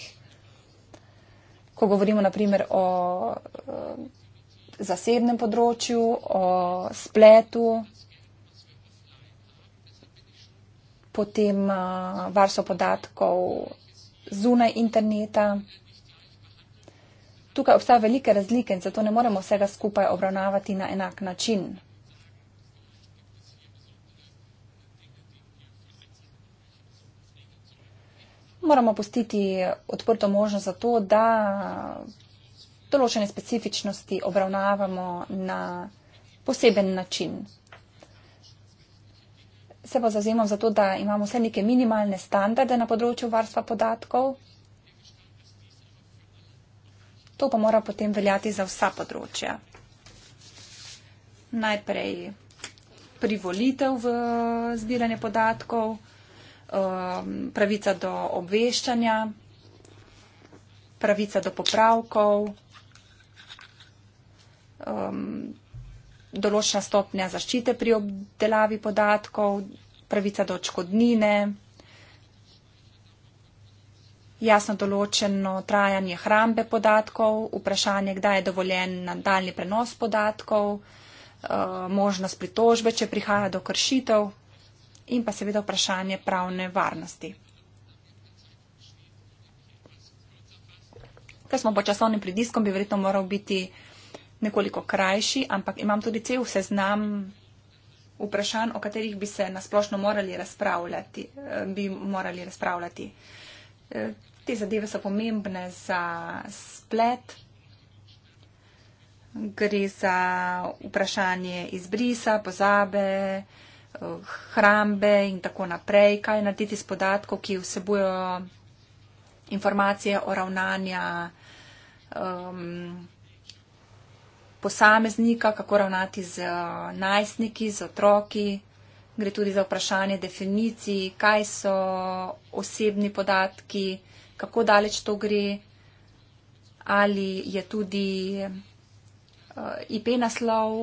Ko govorimo naprimer o zasebnem področju, o spletu, potem varstvo podatkov zunaj interneta. Tukaj obstaja velike razlike in zato ne moremo vsega skupaj obravnavati na enak način. moramo pustiti odprto možnost za to, da določene specifičnosti obravnavamo na poseben način. Se pa zazemam za to, da imamo vse neke minimalne standarde na področju varstva podatkov. To pa mora potem veljati za vsa področja. Najprej privolitev v zbiranje podatkov. Um, pravica do obveščanja, pravica do popravkov, um, določena stopnja zaščite pri obdelavi podatkov, pravica do očkodnine, jasno določeno trajanje hrambe podatkov, vprašanje, kdaj je dovoljen nadaljni prenos podatkov, uh, možnost pritožbe, če prihaja do kršitev in pa seveda vprašanje pravne varnosti. Ker smo po časovnem pritiskom, bi verjetno moral biti nekoliko krajši, ampak imam tudi cel seznam vprašanj, o katerih bi se nasplošno morali razpravljati. Eh, bi morali razpravljati. Eh, te zadeve so pomembne za splet, gre za vprašanje izbrisa, pozabe, Eh, hrambe in tako naprej, kaj narediti s podatkov, ki vsebujo informacije o ravnanja um, posameznika, kako ravnati z eh, najstniki, z otroki. Gre tudi za vprašanje definicij, kaj so osebni podatki, kako daleč to gre, ali je tudi uh, eh, IP naslov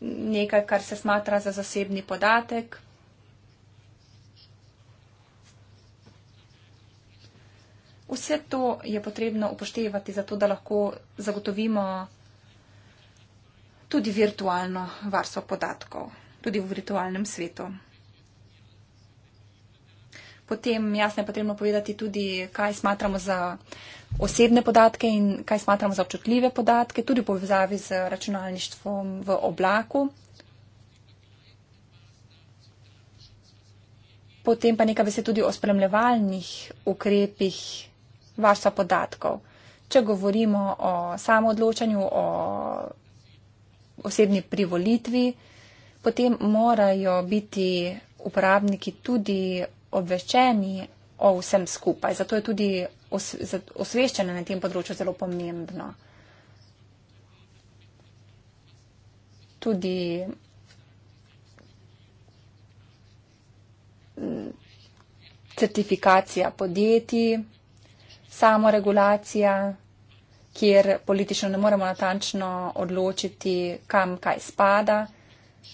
nekaj, kar se smatra za zasebni podatek. Vse to je potrebno upoštevati, zato da lahko zagotovimo tudi virtualno varstvo podatkov, tudi v virtualnem svetu. Potem jasno je potrebno povedati tudi, kaj smatramo za osebne podatke in kaj smatramo za občutljive podatke, tudi v povezavi z računalništvom v oblaku. Potem pa nekaj besed tudi o spremljevalnih ukrepih varstva podatkov. Če govorimo o samoodločanju, o osebni privolitvi, potem morajo biti uporabniki tudi obveščeni o vsem skupaj. Zato je tudi os, osveščanje na tem področju zelo pomembno. Tudi certifikacija podjetij, samoregulacija, kjer politično ne moremo natančno odločiti, kam kaj spada,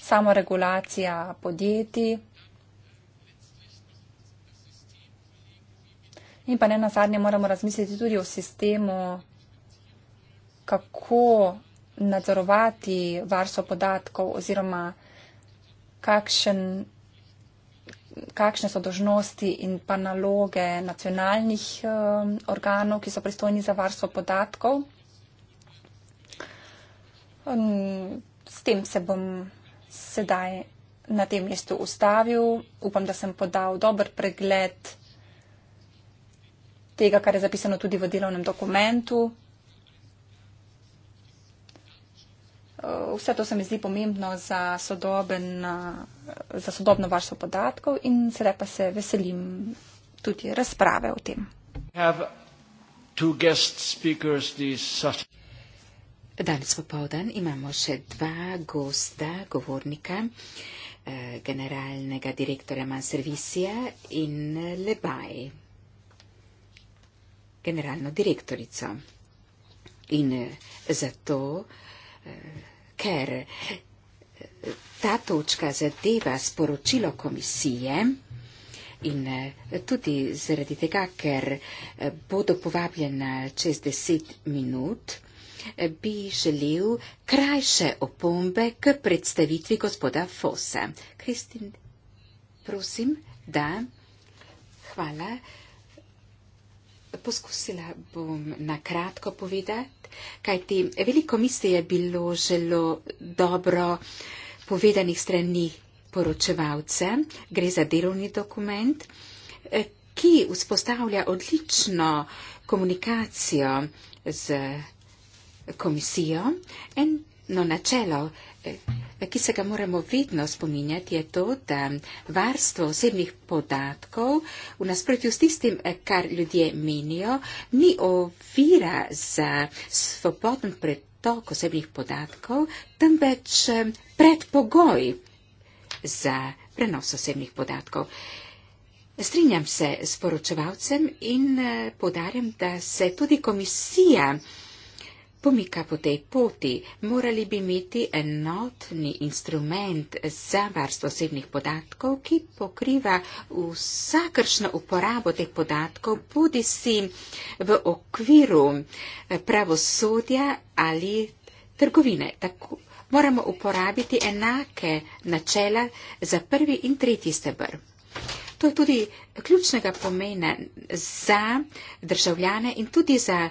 samoregulacija podjetij. In pa ne na zadnje moramo razmisliti tudi o sistemu, kako nadzorovati varstvo podatkov oziroma kakšen, kakšne so dožnosti in pa naloge nacionalnih um, organov, ki so pristojni za varstvo podatkov. Um, s tem se bom sedaj na tem mestu ustavil. Upam, da sem podal dober pregled tega, kar je zapisano tudi v delovnem dokumentu. Vse to se mi zdi pomembno za, sodoben, za sodobno varstvo podatkov in sedaj pa se veselim tudi razprave o tem. Danes popovdan imamo še dva gosta, govornika, eh, generalnega direktorja Manservisija in Lebaj generalno direktorico. In eh, zato, eh, ker eh, ta točka zadeva sporočilo komisije in tudi zaradi tega, ker bodo povabljena čez deset minut, bi želel krajše opombe k predstavitvi gospoda Fosa. Kristin, prosim, da. Hvala. Poskusila bom na kratko povedati, kajti veliko misli je bilo zelo dobro povedanih strani poročevalce. Gre za delovni dokument, eh, ki vzpostavlja odlično komunikacijo z komisijo. Eno načelo eh, ki se ga moramo vedno spominjati, je to, da varstvo osebnih podatkov v nasprotju s tistim, kar ljudje menijo, ni ovira za svoboden pretok osebnih podatkov, temveč eh, predpogoj za prenos osebnih podatkov. Strinjam se s poročevalcem in eh, podarjam, da se tudi komisija pomika po tej poti, morali bi imeti enotni instrument za varstvo osebnih podatkov, ki pokriva vsakršno uporabo teh podatkov, bodi si v okviru eh, pravosodja ali trgovine. Tako moramo uporabiti enake načela za prvi in tretji stebr. To je tudi ključnega pomena za državljane in tudi za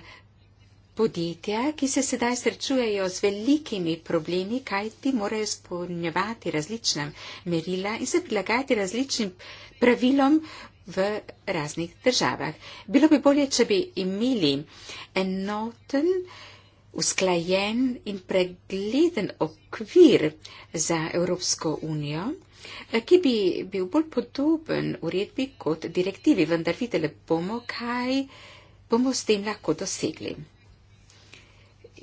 Podjetja, ki se sedaj srečujejo z velikimi problemi, kaj ti morajo spolnjevati različna merila in se prilagajati različnim pravilom v raznih državah. Bilo bi bolje, če bi imeli enoten, usklajen in pregleden okvir za Evropsko unijo, ki bi bil bolj podoben uredbi kot direktivi, vendar videli bomo, kaj bomo s tem lahko dosegli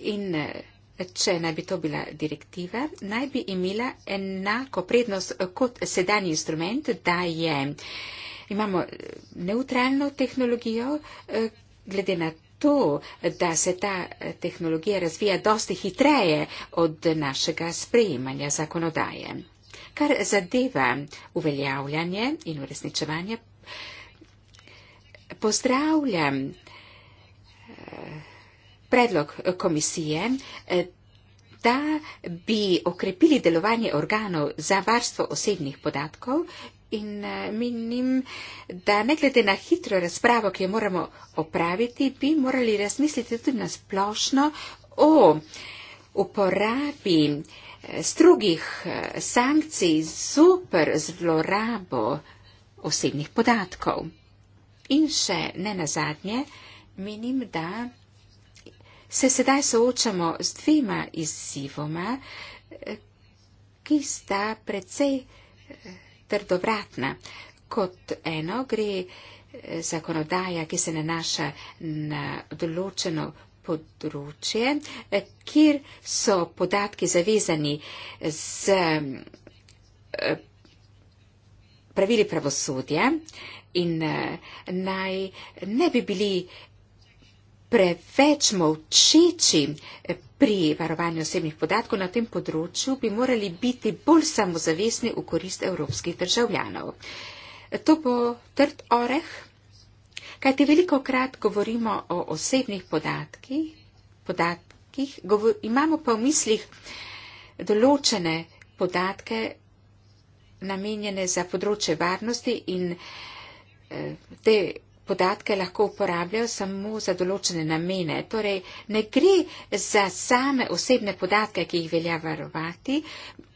in eh, če naj bi to bila direktiva, naj bi imela enako prednost kot sedanji instrument, da je, imamo eh, neutralno tehnologijo, eh, glede na to, da se ta tehnologija razvija dosti hitreje od našega sprejemanja zakonodaje. Kar zadeva uveljavljanje in uresničevanje, pozdravljam predlog eh, komisije, eh, da bi okrepili delovanje organov za varstvo osebnih podatkov in eh, menim, da ne glede na hitro razpravo, ki jo moramo opraviti, bi morali razmisliti tudi na splošno o uporabi strogih sankcij zoper zlorabo osebnih podatkov. In še ne nazadnje, menim, da se sedaj soočamo z dvema izzivoma, eh, ki sta precej eh, trdovratna. Kot eno gre eh, zakonodaja, ki se nanaša na določeno področje, kjer so podatki zavezani z pravili pravosodja in naj ne bi bili preveč molčeči eh, pri varovanju osebnih podatkov na tem področju, bi morali biti bolj samozavestni v korist evropskih državljanov. To bo trd oreh, kajti veliko krat govorimo o osebnih podatkih, podatkih govor, imamo pa v mislih določene podatke namenjene za področje varnosti in eh, te podatke lahko uporabljajo samo za določene namene. Torej, ne gre za same osebne podatke, ki jih velja varovati.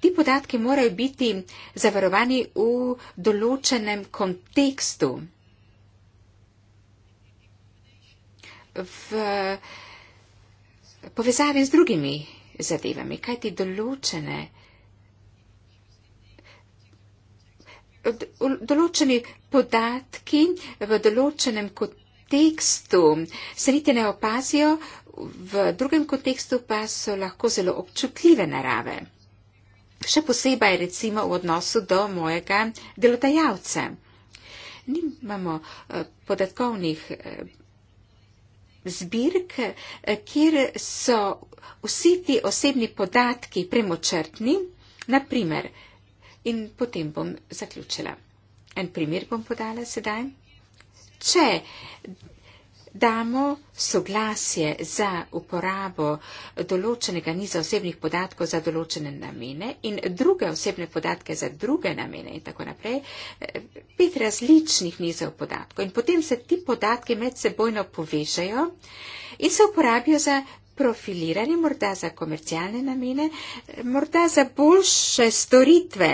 Ti podatki morajo biti zavarovani v določenem kontekstu. V povezavi z drugimi zadevami, kajti določene. Določeni podatki v določenem kontekstu se niti ne opazijo, v drugem kontekstu pa so lahko zelo občutljive narave. Še posebej recimo v odnosu do mojega delodajalca. Nimamo eh, podatkovnih eh, zbirk, eh, kjer so vsi ti osebni podatki premočrtni, naprimer, in potem bom zaključila. En primer bom podala sedaj. Če damo soglasje za uporabo določenega niza osebnih podatkov za določene namene in druge osebne podatke za druge namene in tako naprej, pet različnih nizov podatkov in potem se ti podatki medsebojno povežajo in se uporabijo za profilirani morda za komercialne namene, morda za boljše storitve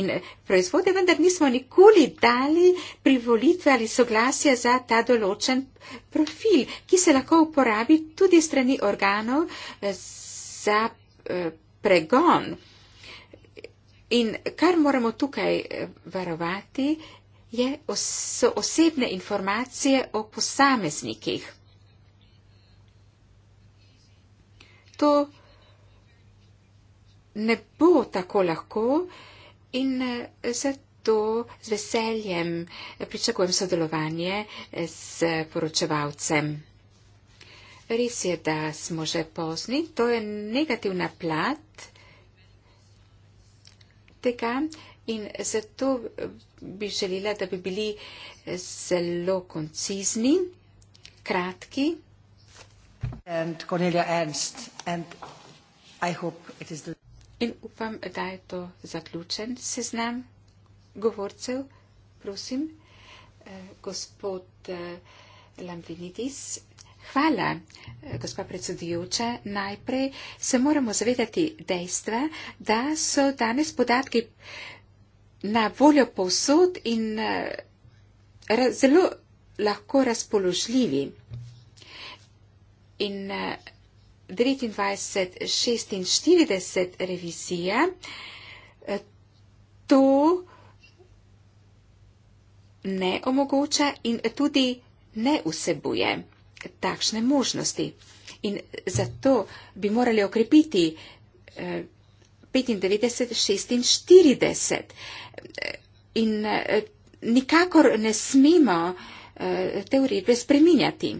in proizvode, vendar nismo nikoli dali privolitve ali soglasja za ta določen profil, ki se lahko uporabi tudi strani organov eh, za eh, pregon. In kar moramo tukaj eh, varovati, je, so osebne informacije o posameznikih. zato ne bo tako lahko in eh, zato z veseljem eh, pričakujem sodelovanje eh, s poročevalcem. Res je, da smo že pozni, to je negativna plat tega in zato bi želela, da bi bili zelo koncizni, kratki. And Cornelia Ernst. And I hope it is the... In upam, da je to zaključen seznam govorcev. Prosim, eh, gospod eh, Lambinidis. Hvala, eh, gospa predsedujoča. Najprej se moramo zavedati dejstva, da so danes podatki na voljo povsod in zelo lahko razpoložljivi in 23-46 eh, revizije. Eh, to ne omogoča in tudi ne vsebuje takšne možnosti. In zato bi morali okrepiti 95-46. Eh, in nikakor ne smemo te uredbe spreminjati.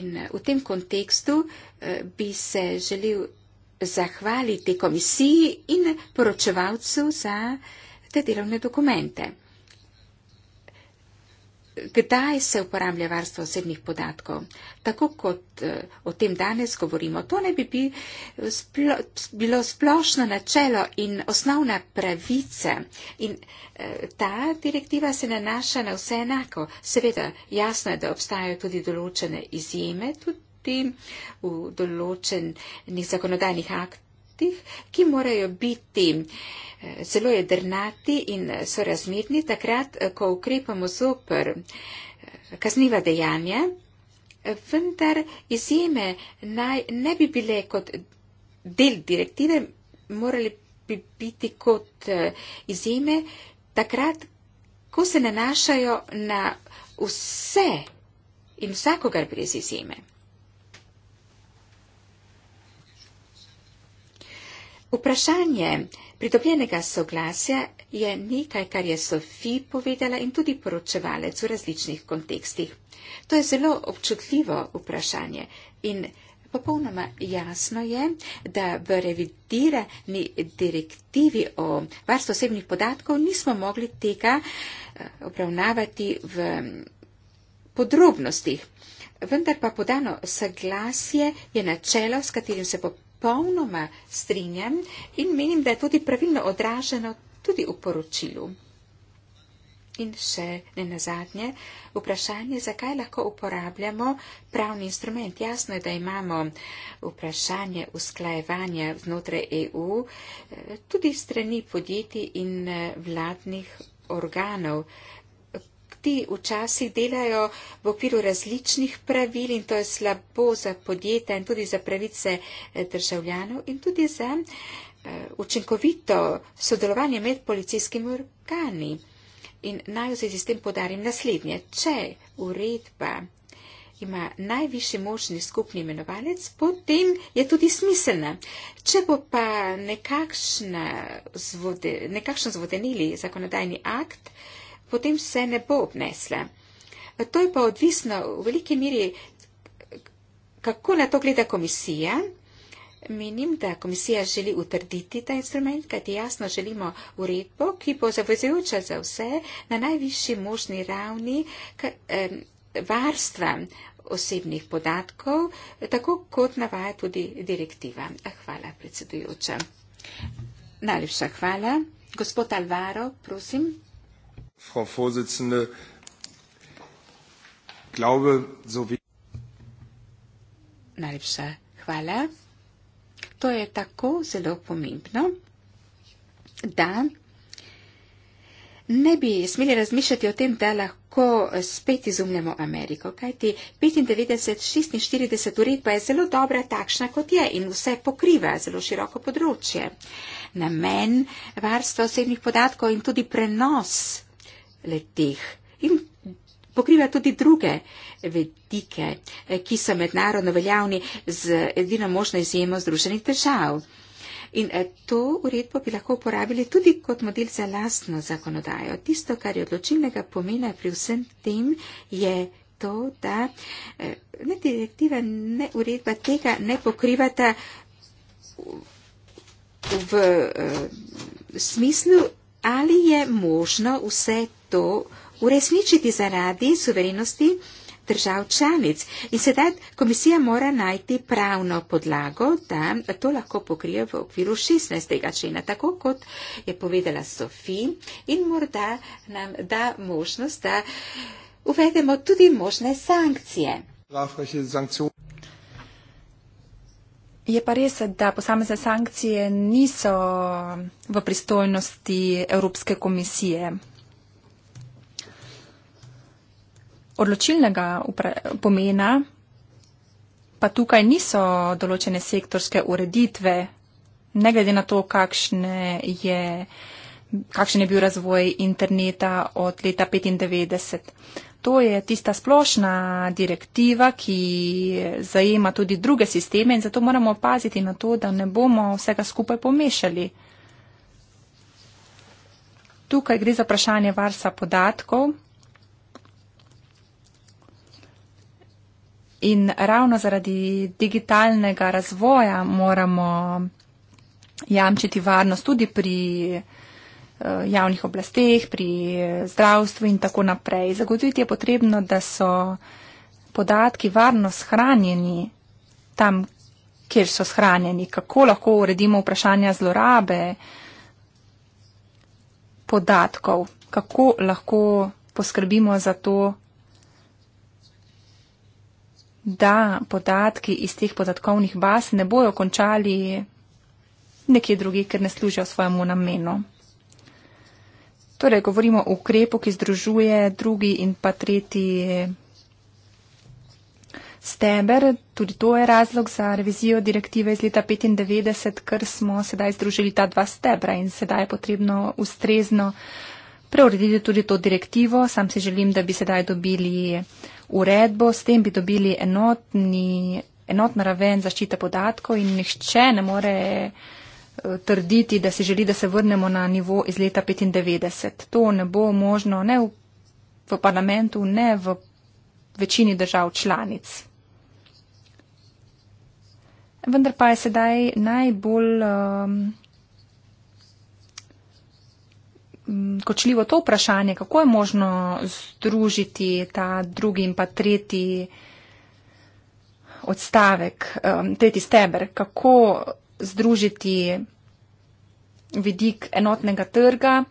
In eh, v tem kontekstu eh, bi se želel zahvaliti komisiji in poročevalcu za te delovne dokumente kdaj se uporablja varstvo osebnih podatkov. Tako kot eh, o tem danes govorimo, to ne bi eh, bilo splošno načelo in osnovna pravice. In eh, ta direktiva se nanaša na vse enako. Seveda, jasno je, da obstajajo tudi določene izjeme, tudi v določenih zakonodajnih aktih kotih, ki morajo biti eh, zelo jedrnati in sorazmerni takrat, eh, ko ukrepamo zopr eh, kazniva dejanja, vendar izjeme naj ne bi bile kot del direktive, morali bi biti kot izjeme takrat, ko se nanašajo na vse in vsakogar brez izjeme. Vprašanje pridobljenega soglasja je nekaj, kar je Sofi povedala in tudi poročevalec v različnih kontekstih. To je zelo občutljivo vprašanje in popolnoma jasno je, da v revidirani direktivi o varstvu osebnih podatkov nismo mogli tega eh, obravnavati v podrobnostih. Vendar pa podano soglasje je načelo, s katerim se popolnoma popolnoma strinjam in menim, da je tudi pravilno odraženo tudi v poročilu. In še ne nazadnje, vprašanje, zakaj lahko uporabljamo pravni instrument. Jasno je, da imamo vprašanje usklajevanja znotraj EU eh, tudi strani podjetij in eh, vladnih organov podjetji včasih delajo v okviru različnih pravil in to je slabo za podjetja in tudi za pravice eh, državljanov in tudi za eh, učinkovito sodelovanje med policijskimi organi. In naj v zvezi s tem podarim naslednje. Če uredba ima najvišji možni skupni imenovalec, potem je tudi smiselna. Če bo pa nekakšen zvode, zvodenili zakonodajni akt, eh, potem vse ne bo obnesle. To je pa odvisno v veliki miri, kako na to gleda komisija. Menim, da komisija želi utrditi ta instrument, kajti jasno želimo uredbo, ki bo zavezujoča za vse na najvišji možni ravni varstva osebnih podatkov, tako kot navaja tudi direktiva. Hvala, predsedujoča. Najlepša hvala. Gospod Alvaro, prosim. Frau Vorsitzende, glaube, so wie Najlepša hvala. To je tako zelo pomembno, da ne bi smeli razmišljati o tem, da lahko spet izumljamo Ameriko, kajti 95-46 uredba je zelo dobra takšna, kot je in vse pokriva zelo široko področje. Namen varstva osebnih podatkov in tudi prenos letih. In pokriva tudi druge vedike, eh, ki so mednarodno veljavni z edino možno izjemo združenih držav. In eh, to uredbo bi lahko uporabili tudi kot model za lastno zakonodajo. Tisto, kar je odločilnega pomena pri vsem tem, je to, da eh, ne direktiva, ne uredba tega ne pokrivata v, v, v smislu, ali je možno vse to uresničiti zaradi suverenosti držav članic. In sedaj komisija mora najti pravno podlago, da to lahko pokrije v okviru 16. člena, tako kot je povedala Sofi in morda nam da možnost, da uvedemo tudi možne sankcije. Je pa res, da posamezne sankcije niso v pristojnosti Evropske komisije. odločilnega pomena, pa tukaj niso določene sektorske ureditve, ne glede na to, je, kakšen je bil razvoj interneta od leta 1995. To je tista splošna direktiva, ki zajema tudi druge sisteme in zato moramo paziti na to, da ne bomo vsega skupaj pomešali. Tukaj gre za vprašanje varstva podatkov. In ravno zaradi digitalnega razvoja moramo jamčiti varnost tudi pri eh, javnih oblasteh, pri zdravstvu in tako naprej. Zagotoviti je potrebno, da so podatki varno shranjeni tam, kjer so shranjeni, kako lahko uredimo vprašanja zlorabe podatkov, kako lahko poskrbimo za to, da podatki iz teh podatkovnih baz ne bojo končali nekje drugi, ker ne služijo svojemu namenu. Torej, govorimo o ukrepu, ki združuje drugi in pa tretji steber. Tudi to je razlog za revizijo direktive iz leta 1995, ker smo sedaj združili ta dva stebra in sedaj je potrebno ustrezno preurediti tudi to direktivo. Sam si želim, da bi sedaj dobili. Uh, uredbo, s tem bi dobili enotni, enotna raven zaščite podatkov in nihče ne more eh, trditi, da si želi, da se vrnemo na nivo iz leta 95. To ne bo možno ne v, v parlamentu, ne v večini držav članic. Vendar pa je sedaj najbolj um, kočljivo to vprašanje, kako je možno združiti ta drugi in pa tretji odstavek, tretji steber, kako združiti vidik enotnega trga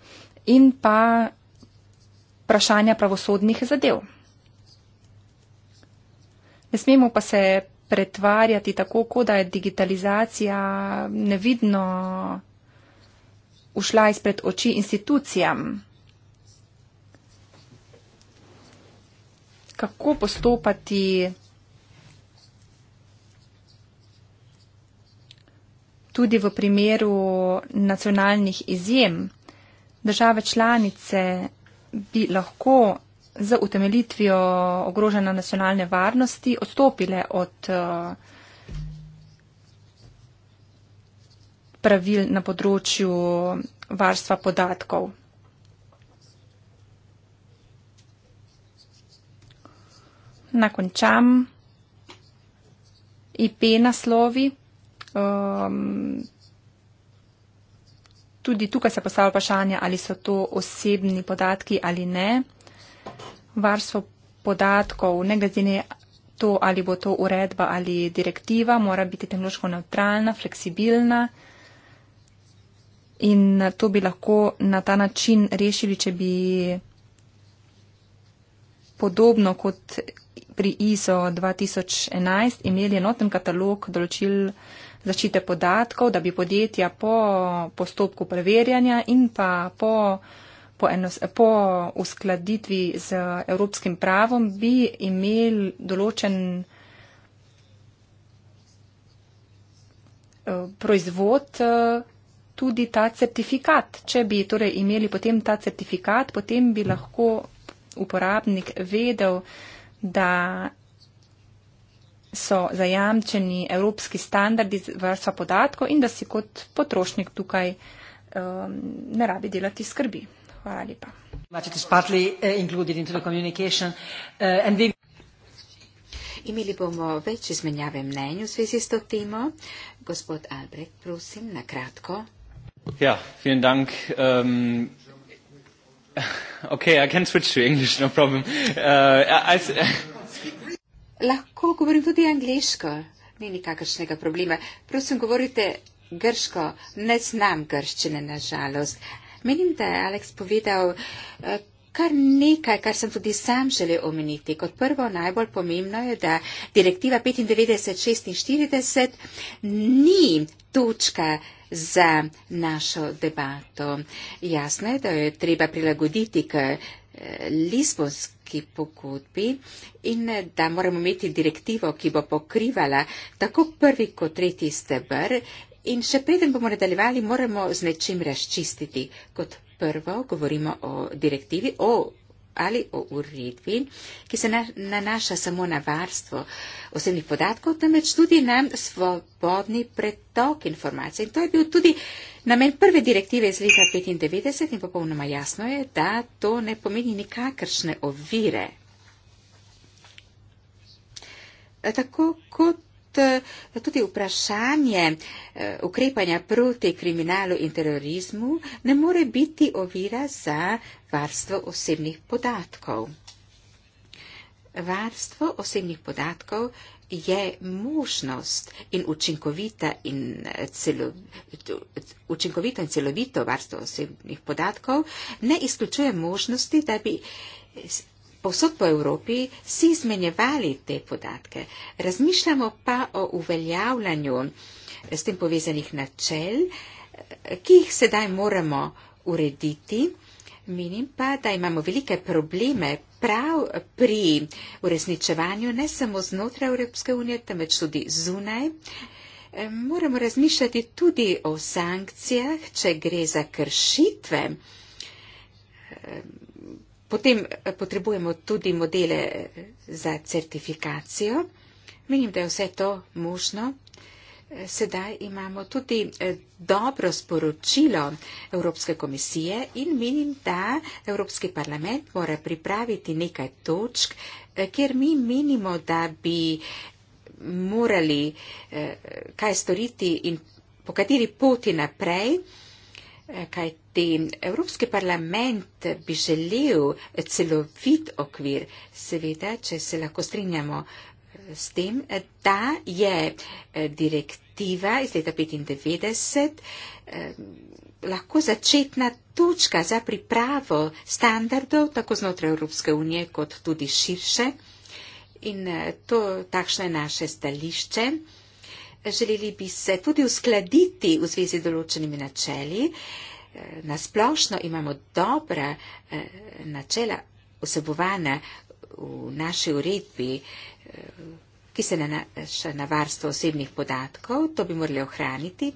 in pa vprašanja pravosodnih zadev. Ne smemo pa se pretvarjati tako, kot da je digitalizacija nevidno ušla izpred oči institucijam. Kako postopati, tudi v primeru nacionalnih izjem, države članice bi lahko z utemelitvijo ogrožena nacionalne varnosti odstopile od uh, pravil na področju varstva podatkov. Nakončam IP naslovi. Um, tudi tukaj se postavlja vprašanje, ali so to osebni podatki ali ne. Varstvo podatkov, ne glede na to, ali bo to uredba ali direktiva, mora biti tehnološko neutralna, fleksibilna in to bi lahko na ta način rešili, če bi podobno kot pri ISO 2011 imeli enoten katalog določil zaščite podatkov, da bi podjetja po postopku preverjanja in pa po, po, enos, po uskladitvi z evropskim pravom bi imeli določen eh, proizvod eh, tudi ta certifikat. Če bi torej imeli potem ta certifikat, potem bi lahko uporabnik vedel, da so zajamčeni evropski standardi varstva podatkov in da si kot potrošnik tukaj um, ne rabi delati skrbi. Hvala lepa. Uh, uh, imeli bomo več izmenjave mnenj v zvezi s to temo. Gospod Albrecht, prosim, na kratko. Ja, vielen Dank. Um, okay, I can switch to English, no problem. Uh, I, I, Lahko govorim tudi angliško, ni nikakršnega problema. Prosim, govorite grško, ne znam grščine, nažalost. Menim, da je Aleks povedal äh, kar nekaj, kar sem tudi sam želel omeniti. Kot prvo, najbolj pomembno je, da direktiva 95-46 ni točka za našo debato. Jasno je, da jo je treba prilagoditi k eh, Lisbonski pogodbi in eh, da moramo imeti direktivo, ki bo pokrivala tako prvi kot tretji stebr. In še preden bomo nadaljevali, moramo z nečim razčistiti. Kot prvo govorimo o direktivi, o ali o uredbi, ki se nanaša samo na varstvo osebnih podatkov, temveč tudi na svobodni pretok informacij. In to je bil tudi namen prve direktive iz leta 1995 in popolnoma jasno je, da to ne pomeni nikakršne ovire. Tako kot Eh, tudi vprašanje eh, ukrepanja proti kriminalu in terorizmu ne more biti ovira za varstvo osebnih podatkov. Varstvo osebnih podatkov je možnost in učinkovita in, eh, celo, učinkovita in celovito varstvo osebnih podatkov ne izključuje možnosti, da bi Povsod po Evropi si izmenjevali te podatke. Razmišljamo pa o uveljavljanju eh, s tem povezanih načel, eh, ki jih sedaj moramo urediti. Menim pa, da imamo velike probleme prav pri uresničevanju ne samo znotraj Evropske unije, temveč tudi zunaj. Eh, moramo razmišljati tudi o sankcijah, če gre za kršitve Potem eh, potrebujemo tudi modele eh, za certifikacijo. Menim, da je vse to možno. Eh, sedaj imamo tudi dobro sporočilo Evropske komisije in menim, da Evropski parlament mora pripraviti nekaj točk, kjer mi menimo, da bi morali kaj storiti in po kateri poti naprej kaj ti Evropski parlament bi želel celovit okvir, seveda, če se lahko strinjamo eh, s tem, eh, da je eh, direktiva iz leta 95 lahko začetna točka za pripravo standardov tako znotraj Evropske unije kot tudi širše. In to takšno je naše stališče. Želeli bi se tudi uskladiti v zvezi z določenimi načeli. Eh, Nasplošno imamo dobra eh, načela osebovane v naši uredbi, eh, ki se nanaša na varstvo osebnih podatkov. To bi morali ohraniti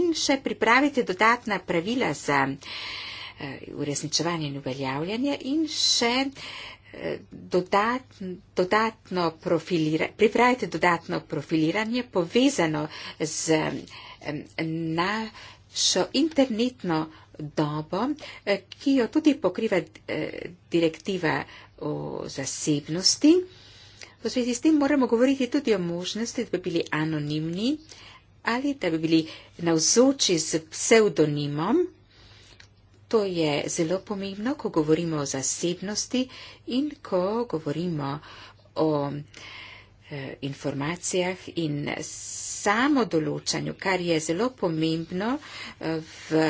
in še pripraviti dodatna pravila za uresničevanje in uveljavljanje in še dodatno, dodatno profiliranje, pripravite dodatno profiliranje povezano z našo internetno dobo, eh, ki jo tudi pokriva eh, direktiva o zasebnosti. V zvezi s tem moramo govoriti tudi o možnosti, da bi bili anonimni ali da bi bili navzoči s pseudonimom. To je zelo pomembno, ko govorimo o zasebnosti in ko govorimo o eh, informacijah in samo določanju, kar je zelo pomembno eh, v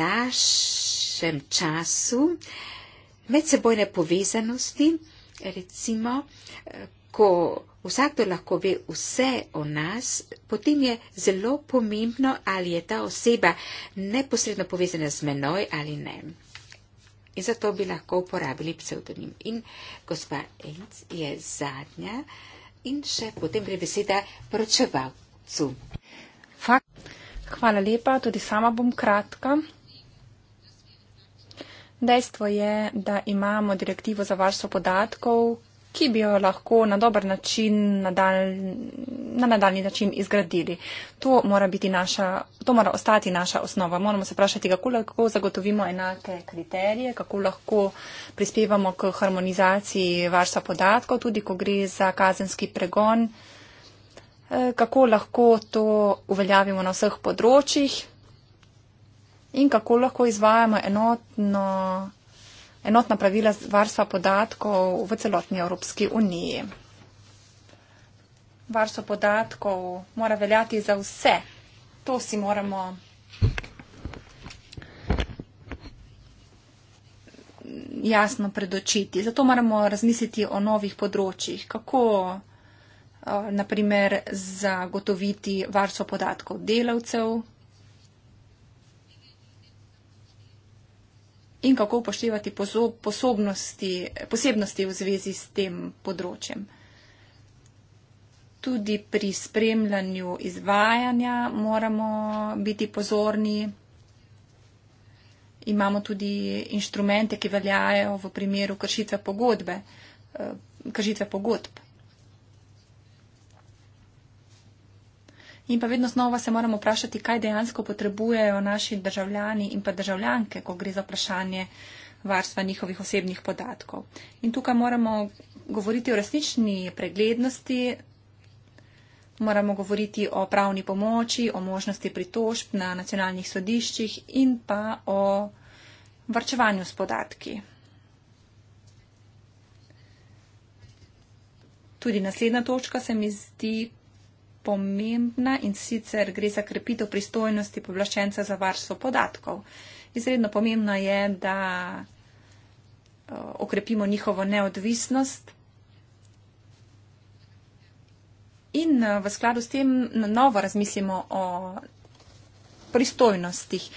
našem času medsebojne povezanosti, recimo, eh, ko vsakdo lahko ve vse o nas, potem je zelo pomembno, ali je ta oseba neposredno povezana z menoj ali ne. In zato bi lahko uporabili pseudonim. In gospa Enc je zadnja in še potem gre beseda poročevalcu. Hvala lepa, tudi sama bom kratka. Dejstvo je, da imamo direktivo za varstvo podatkov, ki bi jo lahko na dober način, nadal, na nadaljni način izgradili. To mora, naša, to mora ostati naša osnova. Moramo se vprašati, kako lahko zagotovimo enake kriterije, kako lahko prispevamo k harmonizaciji varstva podatkov, tudi ko gre za kazenski pregon, eh, kako lahko to uveljavimo na vseh področjih in kako lahko izvajamo enotno enotna pravila varstva podatkov v celotni Evropski uniji. Varstvo podatkov mora veljati za vse. To si moramo jasno predočiti. Zato moramo razmisliti o novih področjih, kako eh, naprimer zagotoviti varstvo podatkov delavcev, in kako upoštevati posebnosti v zvezi s tem področjem. Tudi pri spremljanju izvajanja moramo biti pozorni. Imamo tudi inštrumente, ki veljajo v primeru kršitve pogodbe, eh, kršitve pogodb. In pa vedno znova se moramo vprašati, kaj dejansko potrebujejo naši državljani in pa državljanke, ko gre za vprašanje varstva njihovih osebnih podatkov. In tukaj moramo govoriti o resnični preglednosti, moramo govoriti o pravni pomoči, o možnosti pritožb na nacionalnih sodiščih in pa o varčevanju s podatki. Tudi naslednja točka se mi zdi pomembna in sicer gre za krepitev pristojnosti povlaščenca za varstvo podatkov. Izredno pomembno je, da eh, okrepimo njihovo neodvisnost in eh, v skladu s tem novo razmislimo o pristojnostih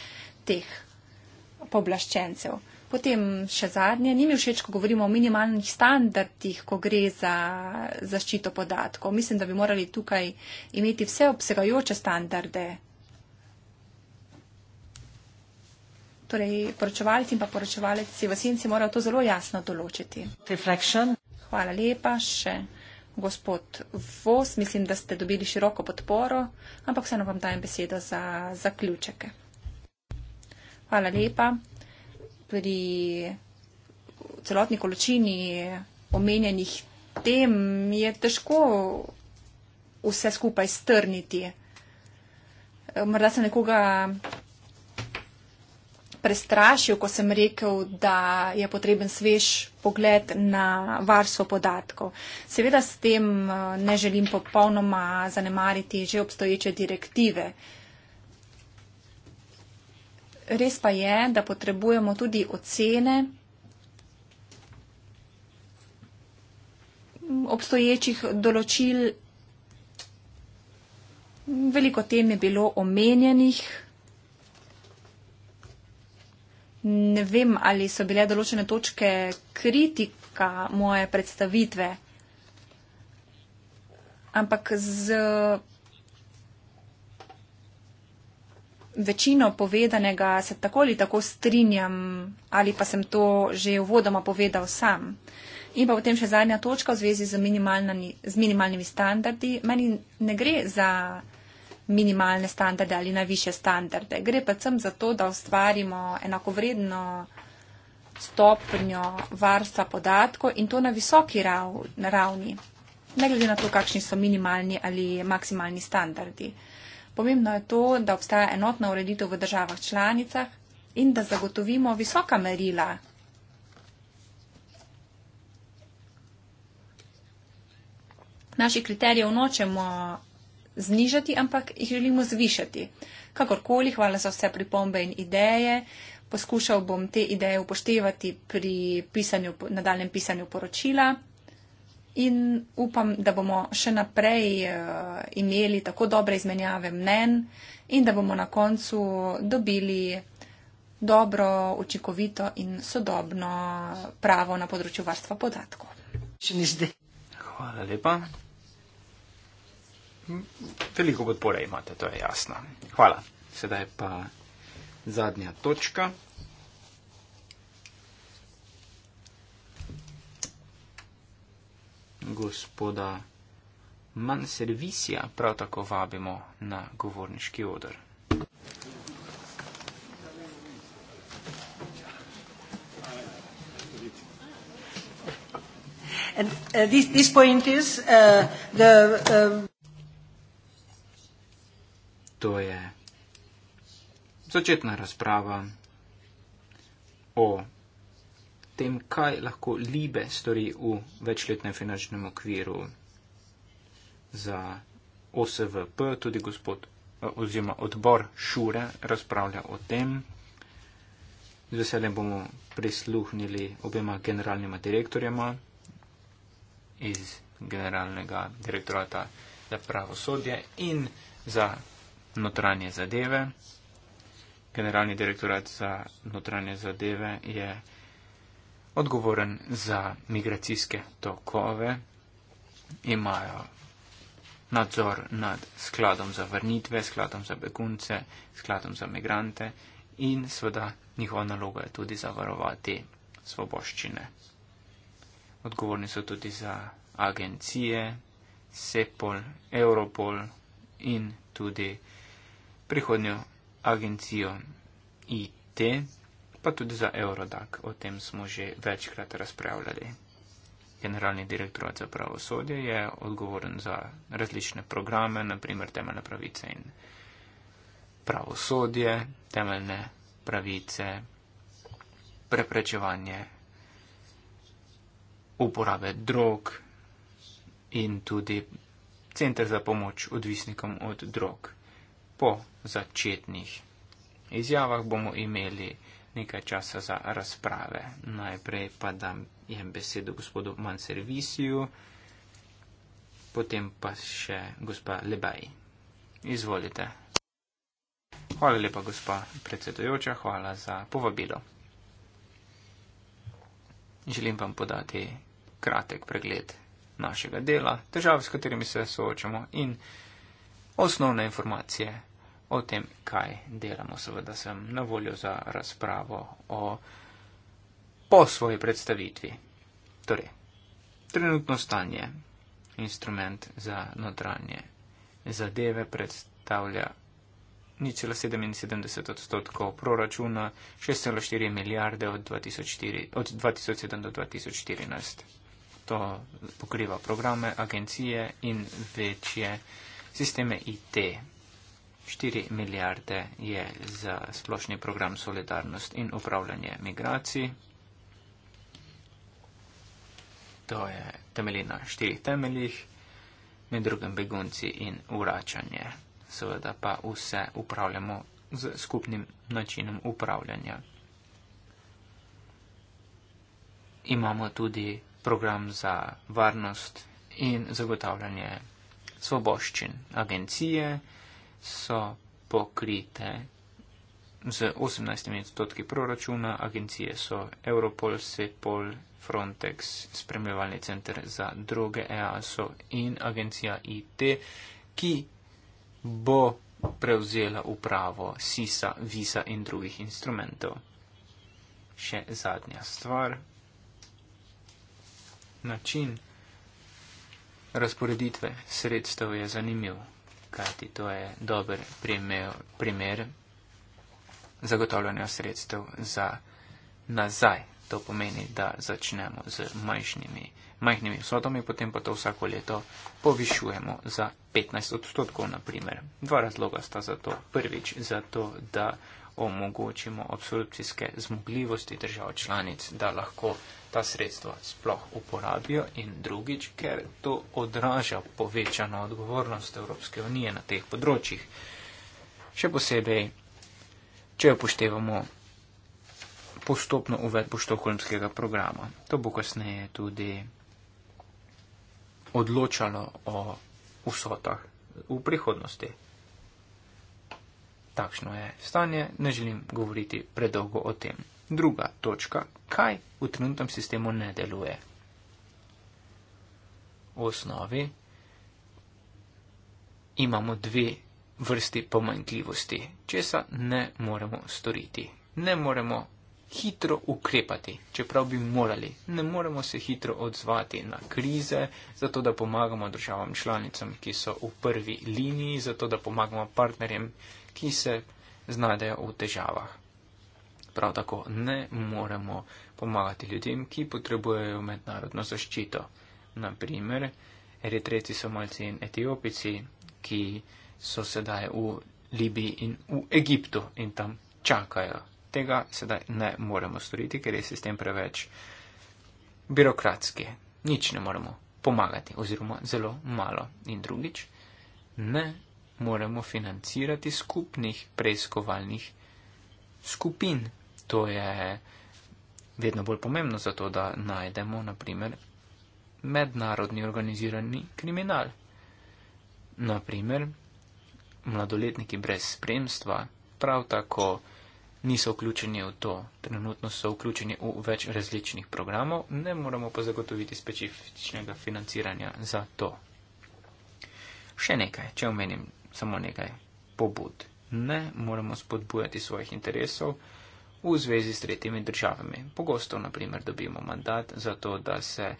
teh povlaščencev. Potem še zadnje, ni mi všeč, ko govorimo o minimalnih standardih, ko gre za zaščito podatkov. Mislim, da bi morali tukaj imeti vse obsegajoče standarde. Torej, poročevalec in pa poročevalec si v senci morajo to zelo jasno določiti. Reflection. Hvala lepa še. Gospod Vos, mislim, da ste dobili široko podporo, ampak vseeno vam dajem besedo za zaključek. Hvala lepa pri celotni količini omenjenih tem je težko vse skupaj strniti. Eh, morda sem nekoga prestrašil, ko sem rekel, da je potreben svež pogled na varstvo podatkov. Seveda s tem eh, ne želim popolnoma zanemariti že obstoječe direktive, res pa je, da potrebujemo tudi ocene obstoječih določil. Veliko tem je bilo omenjenih. Ne vem, ali so bile določene točke kritika moje predstavitve, ampak z. večino povedanega se tako ali tako strinjam ali pa sem to že uvodoma povedal sam. In pa potem še zadnja točka v zvezi z, z minimalnimi standardi. Meni ne gre za minimalne standarde ali najviše standarde. Gre predvsem za to, da ustvarimo enakovredno stopnjo varstva podatkov in to na visoki ravni, ne glede na to, kakšni so minimalni ali maksimalni standardi. Uh, Pomembno je to, da obstaja enotna ureditev v državah članicah in da zagotovimo visoka merila. Naših kriterijev nočemo znižati, ampak jih želimo zvišati. Kakorkoli, hvala za vse pripombe in ideje. Poskušal bom te ideje upoštevati pri pisanju, nadaljem pisanju poročila in upam, da bomo še naprej eh, imeli tako dobre izmenjave mnen in da bomo na koncu dobili dobro, učinkovito in sodobno pravo na področju varstva podatkov. Hvala lepa. Veliko podpore imate, to je jasno. Hvala. Sedaj pa zadnja točka. gospoda Manservisija prav tako vabimo na govorniški odr. And uh, this, this point is uh, the. Uh... To je začetna razprava o tem, kaj lahko Libe stori v večletnem finančnem okviru za OSVP, tudi gospod e, oziroma odbor Šure razpravlja o tem. Z veseljem bomo prisluhnili obema generalnima direktorjema iz generalnega direktorata za pravosodje in za notranje zadeve. Generalni direktorat za notranje zadeve je odgovoren za migracijske tokove, imajo nadzor nad skladom za vrnitve, skladom za begunce, skladom za migrante in seveda njihova naloga je tudi zavarovati svoboščine. Odgovorni so tudi za agencije, SEPOL, Europol in tudi prihodnjo agencijo IT, pa tudi za Eurodak. O tem smo že večkrat razpravljali. Generalni direktor za pravosodje je odgovoren za različne programe, naprimer temeljne pravice in pravosodje, temeljne pravice, preprečevanje uporabe drog in tudi center za pomoč odvisnikom od drog. Po začetnih izjavah bomo imeli nekaj časa za razprave. Najprej pa dam jem besedo gospodu Manservisiju, potem pa še gospa Lebaji. Izvolite. Hvala lepa, gospa predsedojoča, hvala za povabilo. Želim vam podati kratek pregled našega dela, težav, s katerimi se soočamo in osnovne informacije o tem, kaj delamo. Seveda sem na voljo za razpravo o po svoji predstavitvi. Torej, trenutno stanje instrument za notranje zadeve predstavlja nič cela 77 odstotkov proračuna, 6,4 milijarde od, 2004, od 2007 do 2014. To pokriva programe, agencije in večje sisteme IT, 4 milijarde je za splošni program Solidarnost in upravljanje migracij. To je temeljina na štirih temeljih, med drugim begunci in vračanje. Seveda pa vse upravljamo z skupnim načinom upravljanja. Imamo tudi program za varnost in zagotavljanje svoboščin agencije, so pokrite z 18 odstotki proračuna, agencije so Europol, Sepol, Frontex, spremljevalni center za droge EASO in agencija IT, ki bo prevzela upravo SISA, VISA in drugih instrumentov. Še zadnja stvar. Način razporeditve sredstev je zanimiv kajti to je dober primer, primer zagotovljanja sredstev za nazaj. To pomeni, da začnemo z majhnimi, majhnimi vsotami, potem pa to vsako leto povišujemo za 15 odstotkov, naprimer. Dva razloga sta za to. Prvič, zato, da omogočimo absorpcijske zmogljivosti držav članic, da lahko ta sredstva sploh uporabijo in drugič, ker to odraža povečano odgovornost Evropske unije na teh področjih. Še posebej, če upoštevamo postopno uvedbo štokholmskega programa. To bo kasneje tudi odločalo o vsotah v prihodnosti takšno je stanje, ne želim govoriti predolgo o tem. Druga točka, kaj v trenutnem sistemu ne deluje. V osnovi imamo dve vrsti pomanjkljivosti, česa ne moremo storiti. Ne moremo hitro ukrepati, čeprav bi morali. Ne moremo se hitro odzvati na krize, zato da pomagamo državam članicam, ki so v prvi liniji, zato da pomagamo partnerjem, ki se znajdejo v težavah. Prav tako ne moremo pomagati ljudem, ki potrebujejo mednarodno zaščito. Naprimer, eritreci somalci in etiopici, ki so sedaj v Libiji in v Egiptu in tam čakajo. Tega sedaj ne moremo storiti, ker je sistem preveč birokratski. Nič ne moremo pomagati oziroma zelo malo. In drugič, ne moramo financirati skupnih preiskovalnih skupin. To je vedno bolj pomembno za to, da najdemo naprimer mednarodni organizirani kriminal. Naprimer, mladoletniki brez spremstva prav tako niso vključeni v to. Trenutno so vključeni v več različnih programov, ne moramo pa zagotoviti specifičnega financiranja za to. Še nekaj, če omenim samo nekaj pobud. Ne moramo spodbujati svojih interesov v zvezi s tretjimi državami. Pogosto, na primer, dobimo mandat za to, da se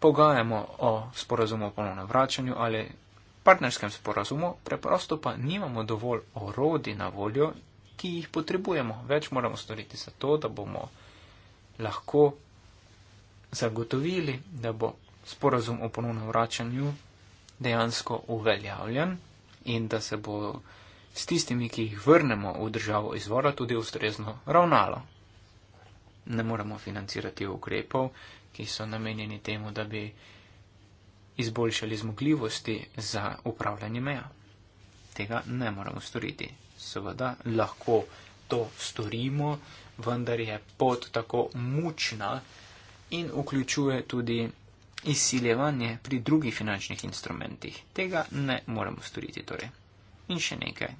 pogajamo o sporazumu o ponovnem vračanju ali partnerskem sporazumu, preprosto pa nimamo dovolj orodi na voljo, ki jih potrebujemo. Več moramo storiti za to, da bomo lahko zagotovili, da bo sporazum o ponovnem vračanju dejansko uveljavljen in da se bo s tistimi, ki jih vrnemo v državo izvora, tudi ustrezno ravnalo. Ne moremo financirati ukrepov, ki so namenjeni temu, da bi izboljšali zmogljivosti za upravljanje meja. Tega ne moramo storiti. Seveda lahko to storimo, vendar je pot tako mučna in vključuje tudi izsiljevanje pri drugih finančnih instrumentih. Tega ne moremo storiti torej. In še nekaj.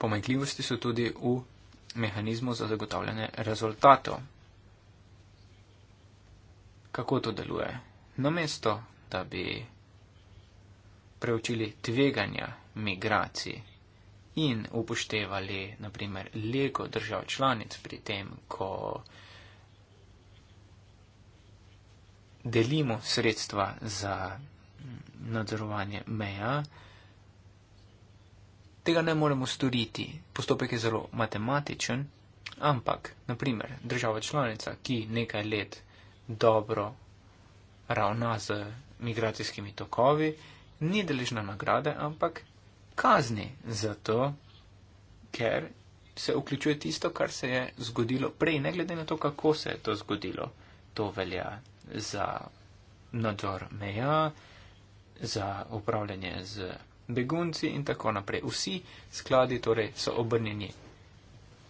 Pomanjkljivosti so tudi v mehanizmu za zagotavljanje rezultatov. Kako to deluje? Namesto, da bi preučili tveganja migracij in upoštevali, naprimer, lego držav članic pri tem, ko delimo sredstva za nadzorovanje meja, tega ne moremo storiti. Postopek je zelo matematičen, ampak, naprimer, država članica, ki nekaj let dobro ravna z migracijskimi tokovi, ni deležna nagrade, ampak kazni za to, ker se vključuje tisto, kar se je zgodilo prej, ne glede na to, kako se je to zgodilo. To velja za nadzor meja, za upravljanje z begunci in tako naprej. Vsi skladi torej so obrnjeni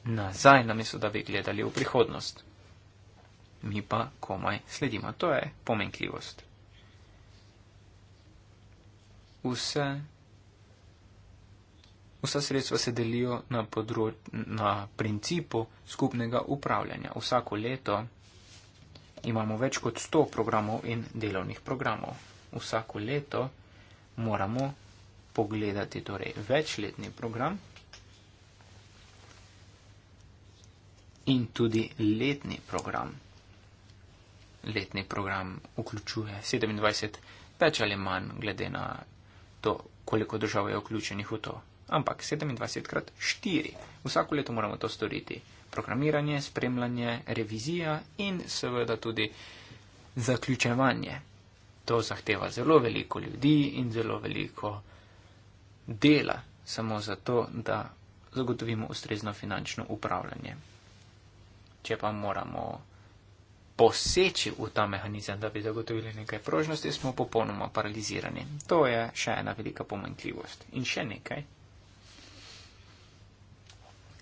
nazaj, namesto da bi gledali v prihodnost. Mi pa komaj sledimo. To je pomenkljivost. Vse Vsa sredstva se delijo na, področ, na principu skupnega upravljanja. Vsako leto imamo več kot 100 programov in delovnih programov. Vsako leto moramo pogledati torej, večletni program in tudi letni program. Letni program vključuje 27 več ali manj glede na to, koliko držav je vključenih v to ampak 27krat 4. Vsako leto moramo to storiti. Programiranje, spremljanje, revizija in seveda tudi zaključevanje. To zahteva zelo veliko ljudi in zelo veliko dela, samo zato, da zagotovimo ustrezno finančno upravljanje. Če pa moramo poseči v ta mehanizem, da bi zagotovili nekaj prožnosti, smo popolnoma paralizirani. To je še ena velika pomankljivost. In še nekaj,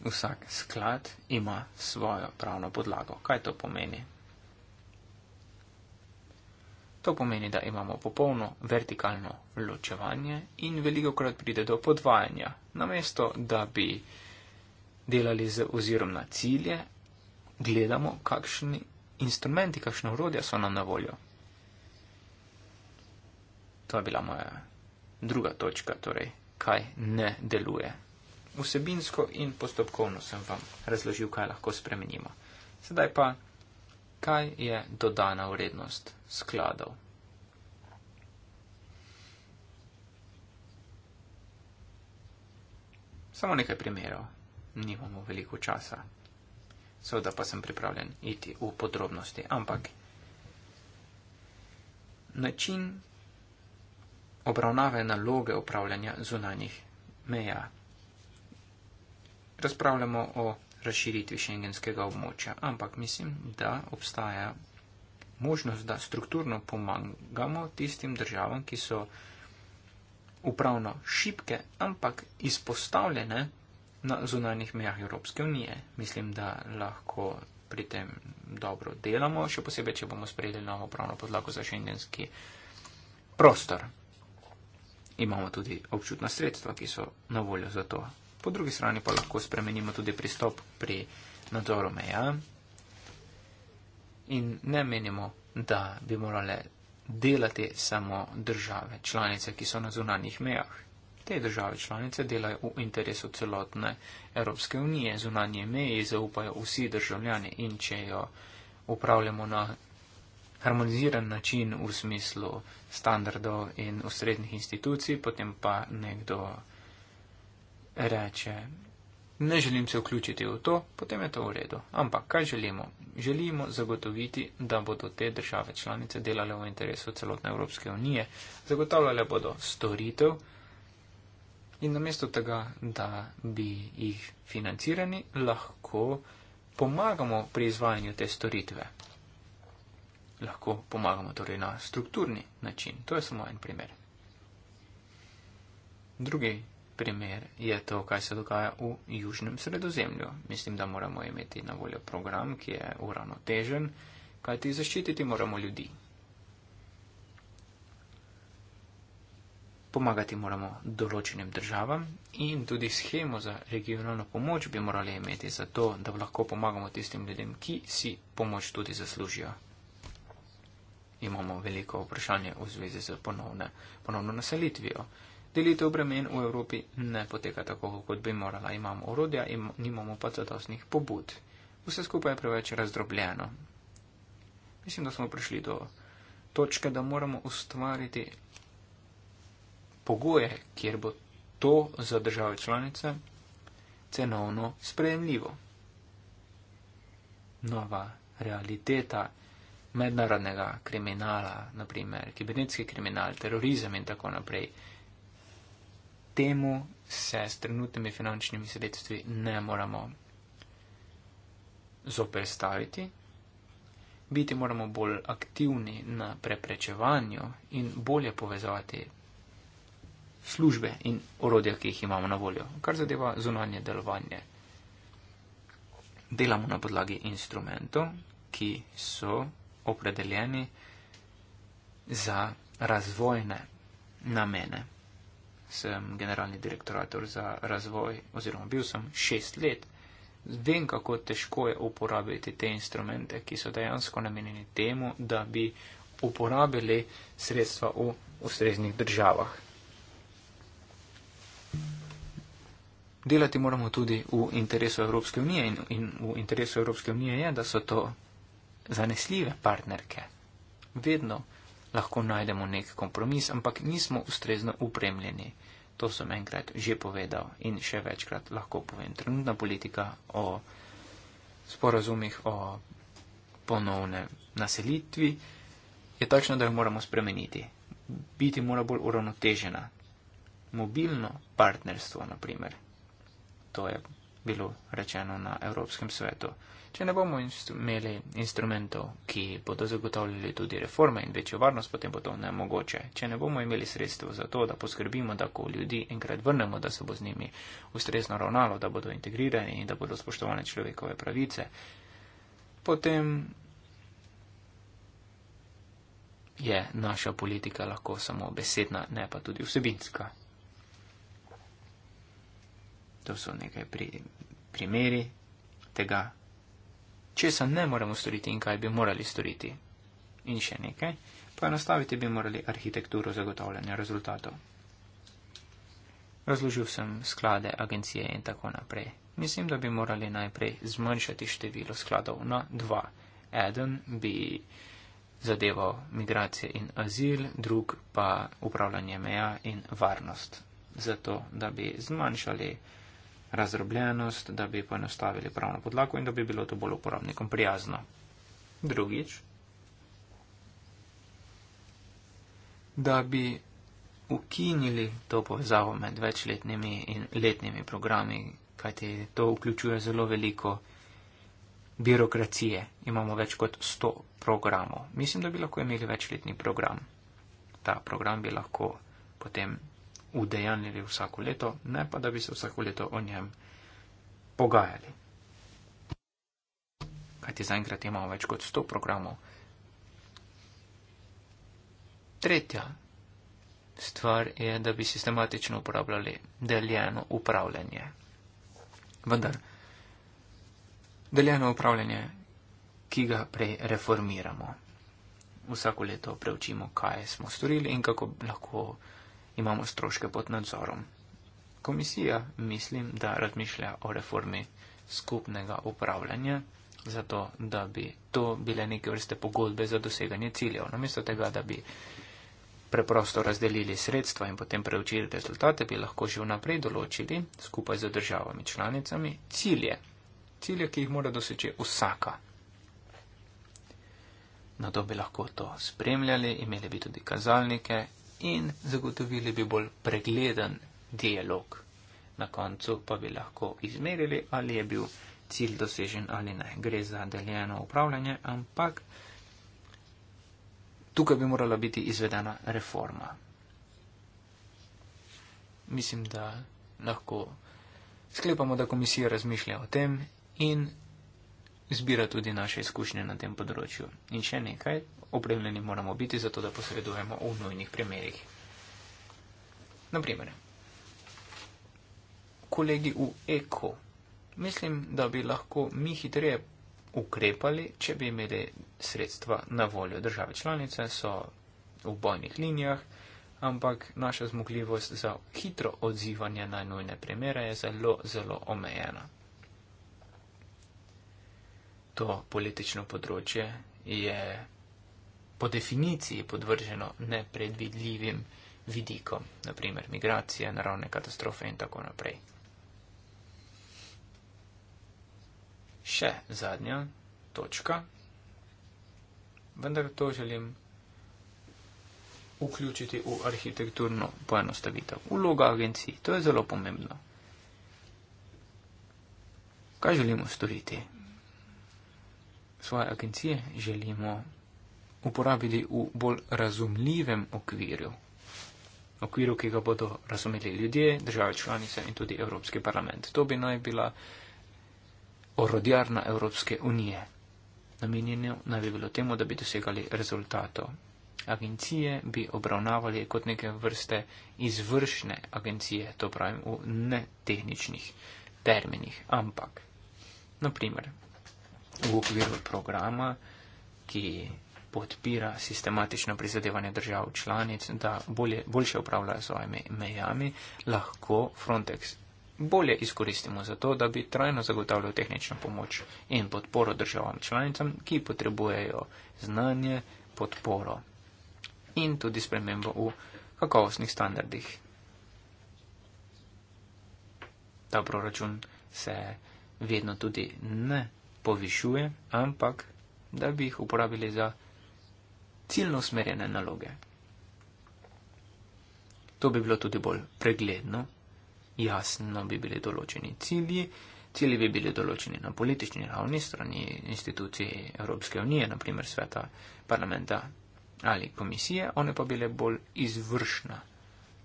Vsak sklad ima svojo pravno podlago. Kaj to pomeni? To pomeni, da imamo popolno vertikalno ločevanje in veliko krat pride do podvajanja. Namesto, da bi delali z ozirom na cilje, gledamo, kakšni instrumenti, kakšne urodja so nam na voljo. To je bila moja druga točka, torej kaj ne deluje vsebinsko in postopkovno sem vam razložil, kaj lahko spremenimo. Sedaj pa, kaj je dodana vrednost skladov? Samo nekaj primerov, nimamo veliko časa. Seveda pa sem pripravljen iti v podrobnosti, ampak način obravnave naloge upravljanja zunanjih meja razpravljamo o razširitvi šengenskega območja, ampak mislim, da obstaja možnost, da strukturno pomagamo tistim državam, ki so upravno šipke, ampak izpostavljene na zunanjih mejah Evropske unije. Mislim, da lahko pri tem dobro delamo, še posebej, če bomo sprejeli novo pravno podlago za šengenski prostor. Imamo tudi občutna sredstva, ki so na voljo za to, po drugi strani pa lahko spremenimo tudi pristop pri nadzoru meja in ne menimo, da bi morale delati samo države članice, ki so na zunanjih mejah. Te države članice delajo v interesu celotne Evropske unije. Zunanje meje zaupajo vsi državljani in če jo upravljamo na harmoniziran način v smislu standardov in ustrednih institucij, potem pa nekdo reče, ne želim se vključiti v to, potem je to v redu. Ampak kaj želimo? Želimo zagotoviti, da bodo te države članice delale v interesu celotne Evropske unije, zagotavljale bodo storitev in namesto tega, da bi jih financirani, lahko pomagamo pri izvajanju te storitve. Lahko pomagamo torej na strukturni način. To je samo en primer. Drugi primer je to, kaj se dogaja v Južnem sredozemlju. Mislim, da moramo imeti na voljo program, ki je uravnotežen, kajti zaščititi moramo ljudi. Pomagati moramo določenim državam in tudi schemo za regionalno pomoč bi morali imeti za to, da lahko pomagamo tistim ljudem, ki si pomoč tudi zaslužijo. Imamo veliko vprašanje v zvezi z ponovno naselitvijo delitev bremen v Evropi ne poteka tako, kot bi morala. Imamo orodja in nimamo pa zadostnih pobud. Vse skupaj je preveč razdrobljeno. Mislim, da smo prišli do točke, da moramo ustvariti pogoje, kjer bo to za države članice cenovno sprejemljivo. Nova realiteta mednarodnega kriminala, naprimer kibernetski kriminal, terorizem in tako naprej temu se s trenutnimi finančnimi sredstvi ne moramo zoperstaviti. Biti moramo bolj aktivni na preprečevanju in bolje povezovati službe in orodja, ki jih imamo na voljo, kar zadeva zunanje delovanje. Delamo na podlagi instrumentov, ki so opredeljeni za razvojne namene sem generalni direktorator za razvoj, oziroma bil sem šest let, vem, kako težko je uporabiti te instrumente, ki so dejansko namenjeni temu, da bi uporabili sredstva v ustreznih državah. Delati moramo tudi v interesu Evropske unije in, in v interesu Evropske unije je, da so to zanesljive partnerke. Vedno lahko najdemo nek kompromis, ampak nismo ustrezno upremljeni. To sem enkrat že povedal in še večkrat lahko povem. Trenutna politika o sporazumih o ponovne naselitvi je takšna, da jo moramo spremeniti. Biti mora bolj uravnotežena. Mobilno partnerstvo, naprimer. To je bilo rečeno na Evropskem svetu. Če ne bomo instru imeli instrumentov, ki bodo zagotavljali tudi reforme in večjo varnost, potem bo to nemogoče. Če ne bomo imeli sredstev za to, da poskrbimo, da ko ljudi enkrat vrnemo, da se bo z njimi ustrezno ravnalo, da bodo integrirani in da bodo spoštovane človekove pravice, potem je naša politika lahko samo besedna, ne pa tudi vsebinska. To so nekaj pri, primeri tega, česa ne moremo storiti in kaj bi morali storiti. In še nekaj, poenostaviti bi morali arhitekturo zagotavljanja rezultatov. Razložil sem sklade, agencije in tako naprej. Mislim, da bi morali najprej zmanjšati število skladov na dva. Eden bi zadeval migracije in azil, drug pa upravljanje meja in varnost. Zato, da bi zmanjšali razdrobljenost, da bi poenostavili pravno podlago in da bi bilo to bolj uporabnikom prijazno. Drugič, da bi ukinili to povezavo med večletnimi in letnimi programi, kajti to vključuje zelo veliko birokracije. Imamo več kot 100 programov. Mislim, da bi lahko imeli večletni program. Ta program bi lahko potem udejanili vsako leto, ne pa da bi se vsako leto o njem pogajali. Kajti zaenkrat imamo več kot 100 programov. Tretja stvar je, da bi sistematično uporabljali deljeno upravljanje. Vendar, deljeno upravljanje, ki ga prej reformiramo. Vsako leto preučimo, kaj smo storili in kako lahko imamo stroške pod nadzorom. Komisija mislim, da razmišlja o reformi skupnega upravljanja, zato da bi to bile neke vrste pogodbe za doseganje ciljev. Namesto tega, da bi preprosto razdelili sredstva in potem preučili rezultate, bi lahko že vnaprej določili skupaj z državami članicami cilje. Cilje, ki jih mora doseči vsaka. Na to bi lahko to spremljali, imeli bi tudi kazalnike in zagotovili bi bolj pregleden dialog. Na koncu pa bi lahko izmerili, ali je bil cilj dosežen ali ne. Gre za deljeno upravljanje, ampak tukaj bi morala biti izvedena reforma. Mislim, da lahko sklepamo, da komisija razmišlja o tem in zbira tudi naše izkušnje na tem področju. In še nekaj, opremljeni moramo biti zato, da posredujemo v nujnih primerjih. Naprimer, kolegi v Eko, mislim, da bi lahko mi hitreje ukrepali, če bi imeli sredstva na voljo. Države članice so v bojnih linijah, ampak naša zmogljivost za hitro odzivanje na nujne primere je zelo, zelo omejena to politično področje je po definiciji podvrženo nepredvidljivim vidikom, naprimer migracije, naravne katastrofe in tako naprej. Še zadnja točka, vendar to želim vključiti v arhitekturno poenostavitev, vloga agencij, to je zelo pomembno. Kaj želimo storiti? svoje agencije želimo uporabiti v bolj razumljivem okviru. Okviru, ki ga bodo razumeli ljudje, države članice in tudi Evropski parlament. To bi naj bila orodjarna Evropske unije. Namenjeno naj bi bilo temu, da bi dosegali rezultato. Agencije bi obravnavali kot neke vrste izvršne agencije, to pravim v netehničnih terminih. Ampak, naprimer, v okviru programa, ki podpira sistematično prizadevanje držav članic, da bolje, boljše upravljajo svojimi mejami, lahko Frontex bolje izkoristimo za to, da bi trajno zagotavljal tehnično pomoč in podporo državam članicam, ki potrebujejo znanje, podporo in tudi spremembo v kakovostnih standardih. Ta proračun se vedno tudi ne povišuje, ampak da bi jih uporabili za ciljno smerjene naloge. To bi bilo tudi bolj pregledno, jasno bi bili določeni cilji, cilji bi bili določeni na politični ravni, strani institucij Evropske unije, naprimer sveta, parlamenta ali komisije, one pa bile bolj izvršna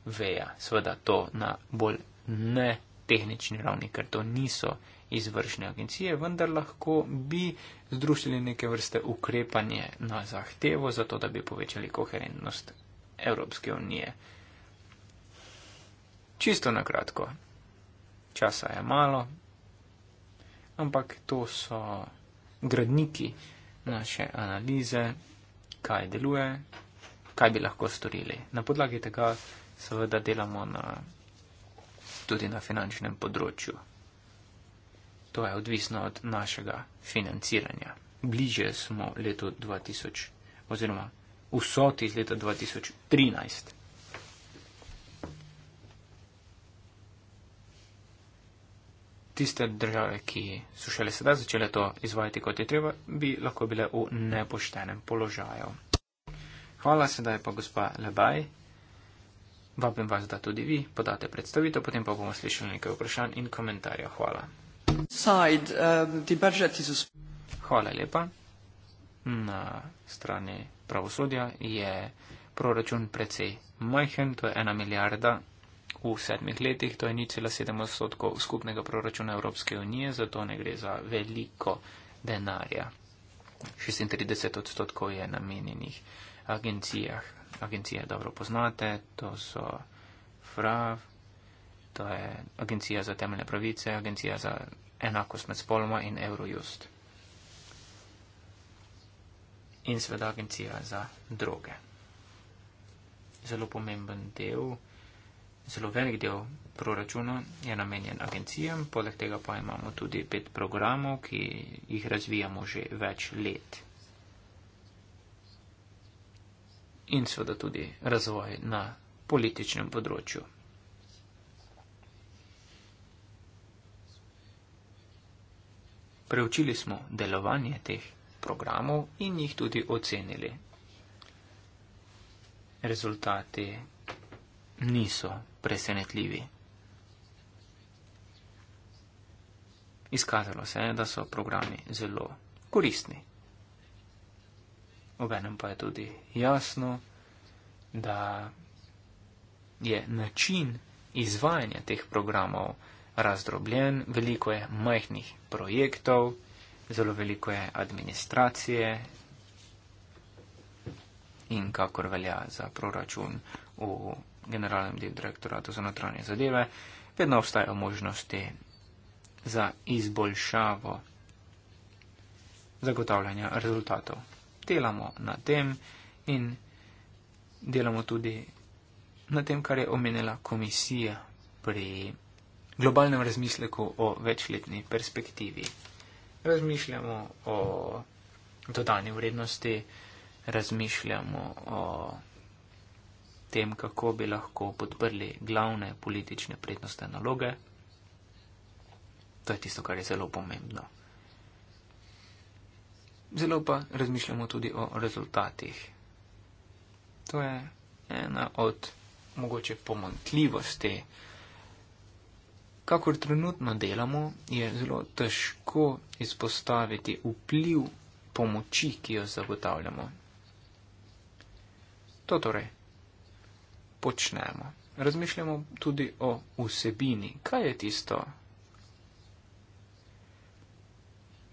veja, seveda to na bolj ne tehnični ravni, ker to niso izvršne agencije, vendar lahko bi združili neke vrste ukrepanje na zahtevo, zato da bi povečali koherentnost Evropske unije. Čisto na kratko, časa je malo, ampak to so gradniki naše analize, kaj deluje, kaj bi lahko storili. Na podlagi tega seveda delamo na tudi na finančnem področju. To je odvisno od našega financiranja. Bliže smo letu 2000 oziroma vsoti iz leta 2013. Tiste države, ki so šele sedaj začele to izvajati, kot je treba, bi lahko bile v nepoštenem položaju. Hvala sedaj pa gospa Lebaj. Vabim vas, da tudi vi podate predstavitev, potem pa bomo slišali nekaj vprašanj in komentarjev. Hvala. Um, Hvala lepa. Na strani pravosodja je proračun precej majhen, to je ena milijarda v sedmih letih, to je ni cela sedem odstotkov skupnega proračuna Evropske unije, zato ne gre za veliko denarja. 36 odstotkov je namenjenih agencijah agencije dobro poznate, to so FRAV, to je Agencija za temeljne pravice, Agencija za enakost med spoloma in Eurojust. In seveda Agencija za droge. Zelo pomemben del, zelo velik del proračuna je namenjen agencijam, poleg tega pa imamo tudi pet programov, ki jih razvijamo že več let. in seveda tudi razvoj na političnem področju. Preučili smo delovanje teh programov in jih tudi ocenili. Rezultati niso presenetljivi. Izkazalo se je, da so programi zelo koristni obenem pa je tudi jasno, da je način izvajanja teh programov razdrobljen, veliko je majhnih projektov, zelo veliko je administracije in kakor velja za proračun v generalnem direktoratu za notranje zadeve, vedno obstajajo možnosti za izboljšavo zagotavljanja rezultatov delamo na tem in delamo tudi na tem, kar je omenila komisija pri globalnem razmisleku o večletni perspektivi. Razmišljamo o dodani vrednosti, razmišljamo o tem, kako bi lahko podprli glavne politične prednostne naloge. To je tisto, kar je zelo pomembno zelo pa razmišljamo tudi o rezultatih. To je ena od mogoče pomankljivosti. Kakor trenutno delamo, je zelo težko izpostaviti vpliv pomoči, ki jo zagotavljamo. To torej počnemo. Razmišljamo tudi o vsebini. Kaj je tisto,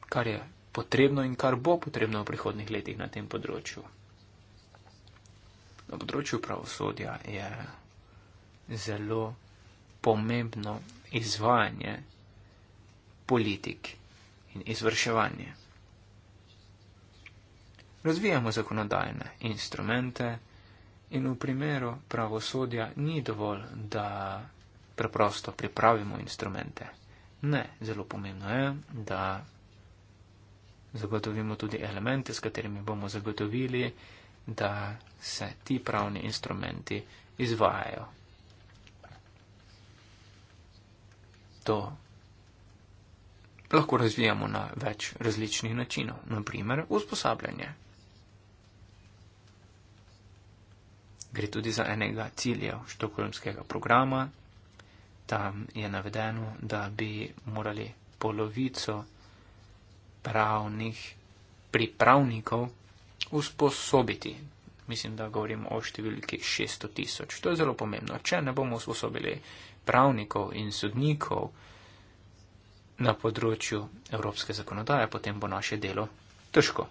kar je potrebno in kar bo potrebno v prihodnih letih na tem področju. Na področju pravosodja je zelo pomembno izvajanje politik in izvrševanje. Razvijamo zakonodajne instrumente in v primeru pravosodja ni dovolj, da preprosto pripravimo instrumente. Ne, zelo pomembno je, da zagotovimo tudi elemente, s katerimi bomo zagotovili, da se ti pravni instrumenti izvajajo. To lahko razvijamo na več različnih načinov, naprimer usposabljanje. Gre tudi za enega cilja štokholmskega programa. Tam je navedeno, da bi morali polovico pravnih pripravnikov usposobiti. Mislim, da govorimo o številki 600 tisoč. To je zelo pomembno. Če ne bomo usposobili pravnikov in sodnikov na področju evropske zakonodaje, potem bo naše delo težko.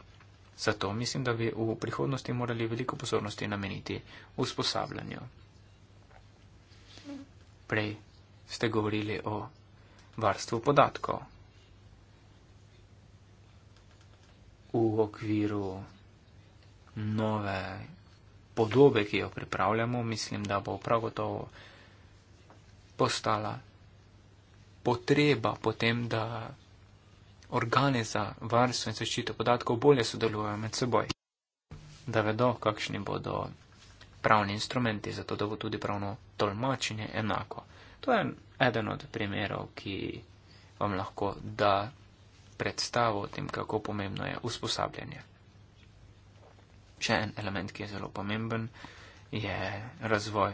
Zato mislim, da bi v prihodnosti morali veliko pozornosti nameniti usposabljanju. Prej ste govorili o varstvu podatkov. v okviru nove podobe, ki jo pripravljamo, mislim, da bo prav gotovo postala potreba potem, da organe za varstvo in zaščito podatkov bolje sodelujejo med seboj, da vedo, kakšni bodo pravni instrumenti, zato da bo tudi pravno tolmačenje enako. To je eden od primerov, ki vam lahko da predstavo o tem, kako pomembno je usposabljanje. Še en element, ki je zelo pomemben, je razvoj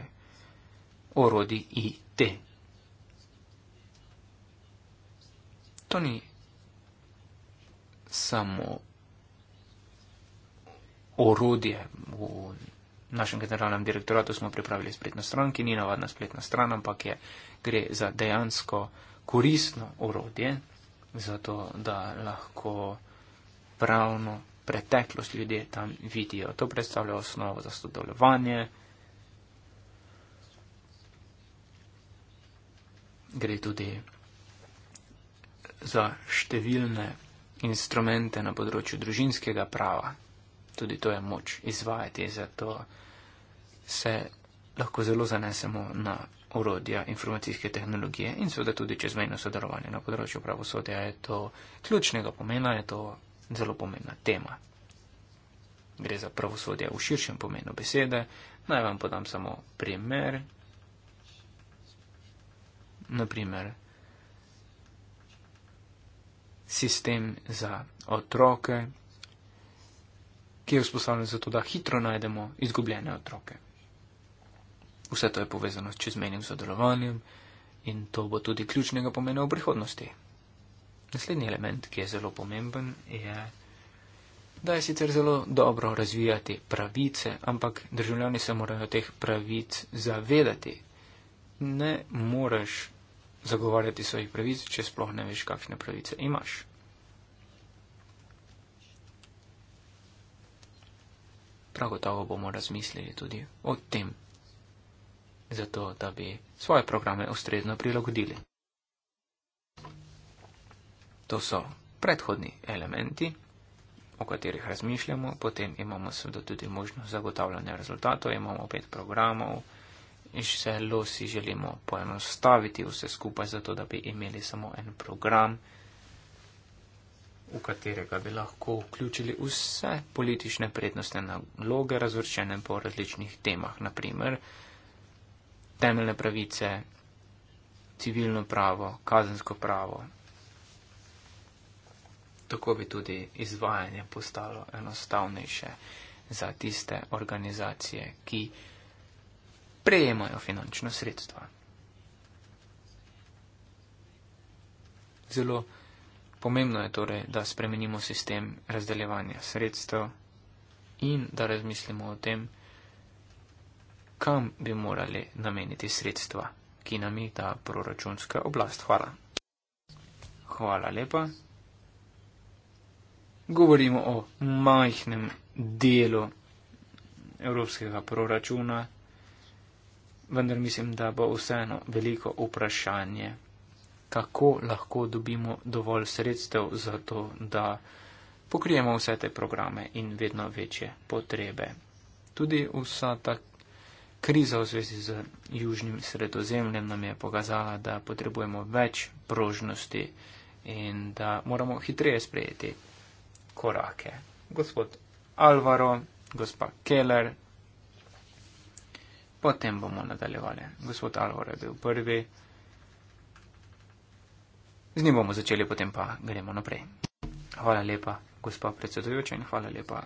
orodi IT. To ni samo orodje. V našem generalnem direktoratu smo pripravili spletno stran, ki ni navadna spletna stran, ampak je, gre za dejansko koristno orodje, zato da lahko pravno preteklost ljudje tam vidijo. To predstavlja osnovo za sodelovanje. Gre tudi za številne instrumente na področju družinskega prava. Tudi to je moč izvajati, zato se lahko zelo zanesemo na urodja informacijske tehnologije in seveda tudi čezmejno sodelovanje na področju pravosodja je to ključnega pomena, je to zelo pomembna tema. Gre za pravosodje v širšem pomenu besede. Naj vam podam samo primer. Naprimer, sistem za otroke, ki je vzpostavljen zato, da hitro najdemo izgubljene otroke. Vse to je povezano s čezmenim sodelovanjem in to bo tudi ključnega pomena v prihodnosti. Naslednji element, ki je zelo pomemben, je, da je sicer zelo dobro razvijati pravice, ampak državljani se morajo teh pravic zavedati. Ne moreš zagovarjati svojih pravic, če sploh ne veš, kakšne pravice imaš. Prav gotovo bomo razmislili tudi o tem zato da bi svoje programe ustrezno prilagodili. To so predhodni elementi, o katerih razmišljamo, potem imamo seveda tudi možnost zagotavljanja rezultatov, imamo pet programov in zelo si želimo poenostaviti vse skupaj, zato da bi imeli samo en program, v katerega bi lahko vključili vse politične prednostne naloge, razvrščene po različnih temah, naprimer temeljne pravice, civilno pravo, kazensko pravo. Tako bi tudi izvajanje postalo enostavnejše za tiste organizacije, ki prejemajo finančno sredstva. Zelo pomembno je torej, da spremenimo sistem razdeljevanja sredstev in da razmislimo o tem, kam bi morali nameniti sredstva, ki nam jih da proračunska oblast. Hvala. Hvala lepa. Govorimo o majhnem delu evropskega proračuna, vendar mislim, da bo vseeno veliko vprašanje, kako lahko dobimo dovolj sredstev za to, da pokrijemo vse te programe in vedno večje potrebe. Tudi vsa ta kriza v zvezi z južnim sredozemljem nam je pokazala, da potrebujemo več prožnosti in da moramo hitreje sprejeti korake. Gospod Alvaro, gospa Keller, potem bomo nadaljevali. Gospod Alvaro je bil prvi. Z njim bomo začeli, potem pa gremo naprej. Hvala lepa, gospa predsedujoča, in hvala lepa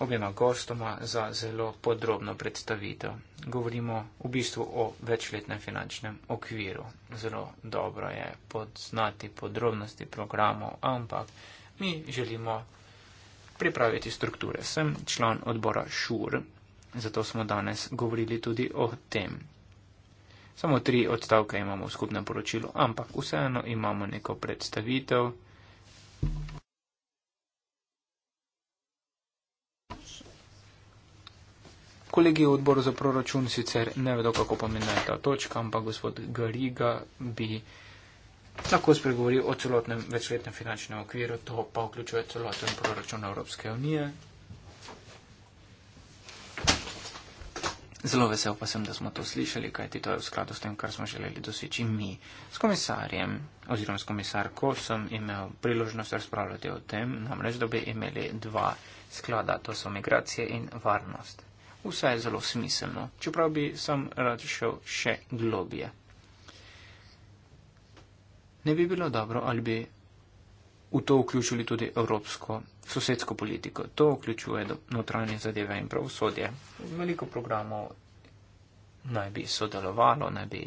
obema gostoma za zelo podrobno predstavitev. Govorimo v bistvu o večletnem finančnem okviru. Zelo dobro je podznati podrobnosti programov, ampak mi želimo pripraviti strukture. Sem član odbora ŠUR, zato smo danes govorili tudi o tem. Samo tri odstavke imamo v skupnem poročilu, ampak vseeno imamo neko predstavitev. Kolegi v odboru za proračun sicer ne vedo, kako pomeni ta točka, ampak gospod Gariga bi lahko spregovoril o celotnem večletnem finančnem okviru, to pa vključuje celoten proračun Evropske unije. Zelo vesel pa sem, da smo to slišali, kajti to je v skladu s tem, kar smo želeli doseči mi s komisarjem oziroma s komisarko. Sem imel priložnost razpravljati o tem, namreč, da bi imeli dva sklada, to so migracije in varnost vse je zelo smiselno, čeprav bi sam rad šel še globije. Ne bi bilo dobro, ali bi v to vključili tudi evropsko sosedsko politiko. To vključuje notranje zadeve in pravosodje. Veliko programov naj bi sodelovalo, naj bi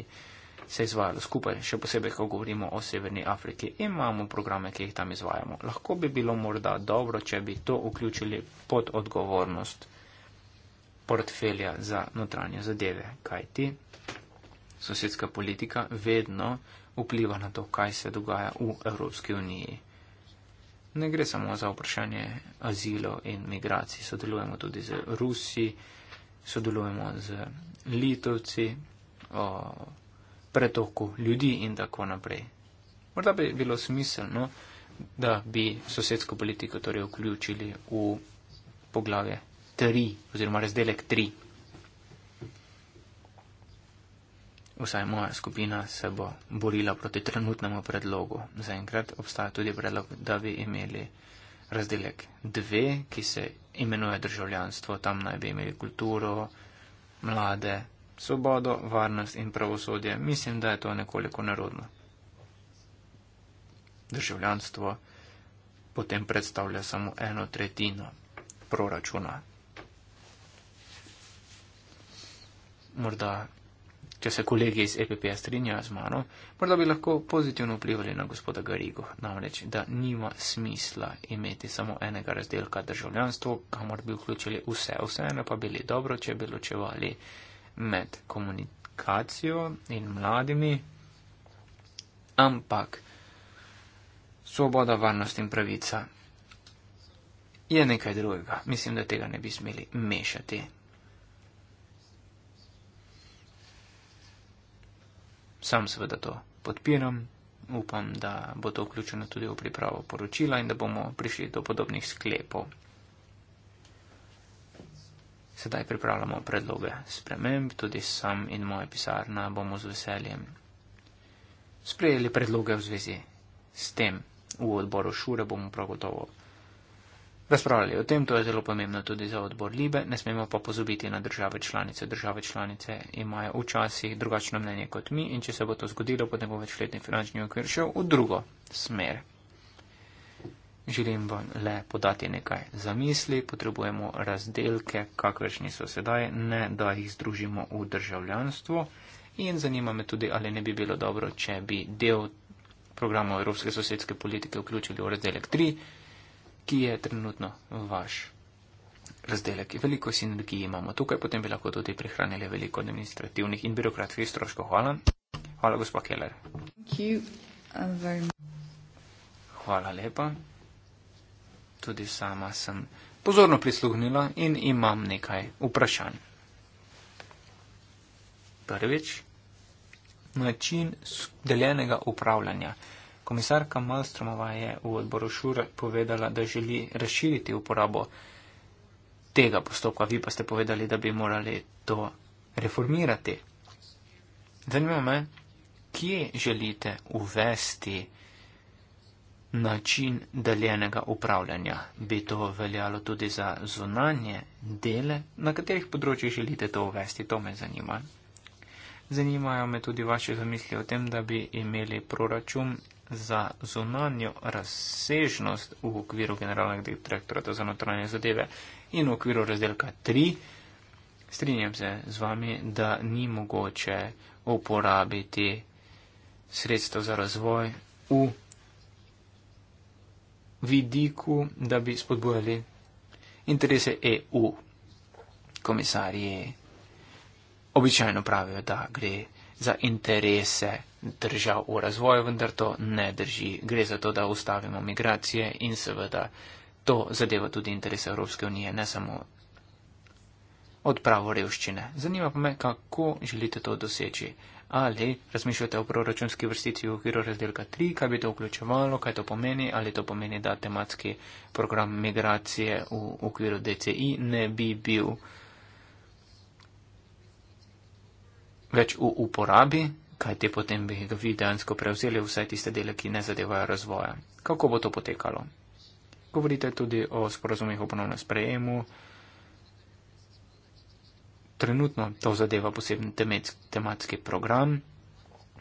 se izvajalo skupaj, še posebej, ko govorimo o Severni Afriki. Imamo programe, ki jih tam izvajamo. Lahko bi bilo morda dobro, če bi to vključili pod odgovornost portfelja za notranje zadeve, kajti sosedska politika vedno vpliva na to, kaj se dogaja v Evropski uniji. Ne gre samo za vprašanje azilo in migracij, sodelujemo tudi z Rusi, sodelujemo z Litovci, o pretoku ljudi in tako naprej. Morda bi bilo smiselno, da bi sosedsko politiko torej vključili v poglavje tri oziroma razdelek tri. Vsaj moja skupina se bo borila proti trenutnemu predlogu. Zaenkrat obstaja tudi predlog, da bi imeli razdelek dve, ki se imenuje državljanstvo, tam naj bi imeli kulturo, mlade, svobodo, varnost in pravosodje. Mislim, da je to nekoliko narodno. Državljanstvo potem predstavlja samo eno tretjino proračuna morda, če se kolegi iz EPP-ja strinjajo z mano, morda bi lahko pozitivno vplivali na gospoda Garigo, namreč, da nima smisla imeti samo enega razdelka državljanstvo, kamor bi vključili vse, vseeno pa bili dobro, če bi ločevali med komunikacijo in mladimi, ampak svoboda, varnost in pravica. Je nekaj drugega. Mislim, da tega ne bi smeli mešati. sam seveda to podpiram. Upam, da bo to vključeno tudi v pripravo poročila in da bomo prišli do podobnih sklepov. Sedaj pripravljamo predloge sprememb, tudi sam in moja pisarna bomo z veseljem sprejeli predloge v zvezi s tem. V odboru šure bomo prav gotovo. Razpravljali o tem, to je zelo pomembno tudi za odbor Libe, ne smemo pa pozabiti na države članice. Države članice imajo včasih drugačno mnenje kot mi in če se bo to zgodilo, potem bo večletni finančni okvir šel v drugo smer. Želim vam le podati nekaj zamisli, potrebujemo razdelke, kakršni so sedaj, ne da jih združimo v državljanstvo in zanima me tudi, ali ne bi bilo dobro, če bi del programov Evropske sosedske politike vključili v razdelek 3 ki je trenutno vaš razdelek. Veliko sinergij imamo tukaj, potem bi lahko tudi prihranili veliko administrativnih in birokratskih stroškov. Hvala. Hvala, gospod Keller. Uh, Hvala lepa. Tudi sama sem pozorno prisluhnila in imam nekaj vprašanj. Prvič, način deljenega upravljanja. Komisarka Malstromova je v odboru Šur povedala, da želi razširiti uporabo tega postopka, vi pa ste povedali, da bi morali to reformirati. Zanima me, kje želite uvesti način deljenega upravljanja? Bi to veljalo tudi za zvonanje dele? Na katerih področjih želite to uvesti? To me zanima. Zanimajo me tudi vaše zamisli o tem, da bi imeli proračun za zunanjo razsežnost v okviru generalnega direktora za notranje zadeve in v okviru razdelka 3. Strinjam se z vami, da ni mogoče uporabiti sredstev za razvoj v vidiku, da bi spodbujali interese EU. Komisarji običajno pravijo, da gre za interese držav v razvoju, vendar to ne drži. Gre za to, da ustavimo migracije in seveda to zadeva tudi interese Evropske unije, ne samo odpravo revščine. Zanima pa me, kako želite to doseči. Ali razmišljate o proračunski vrstici v okviru razdelka 3, kaj bi to vključevalo, kaj to pomeni, ali to pomeni, da tematski program migracije v okviru DCI ne bi bil več v uporabi, kajti potem bi ga vi dejansko prevzeli vse tiste dele, ki ne zadevajo razvoja. Kako bo to potekalo? Govorite tudi o sporozumih o ponovnem sprejemu. Trenutno to zadeva posebni tematski program.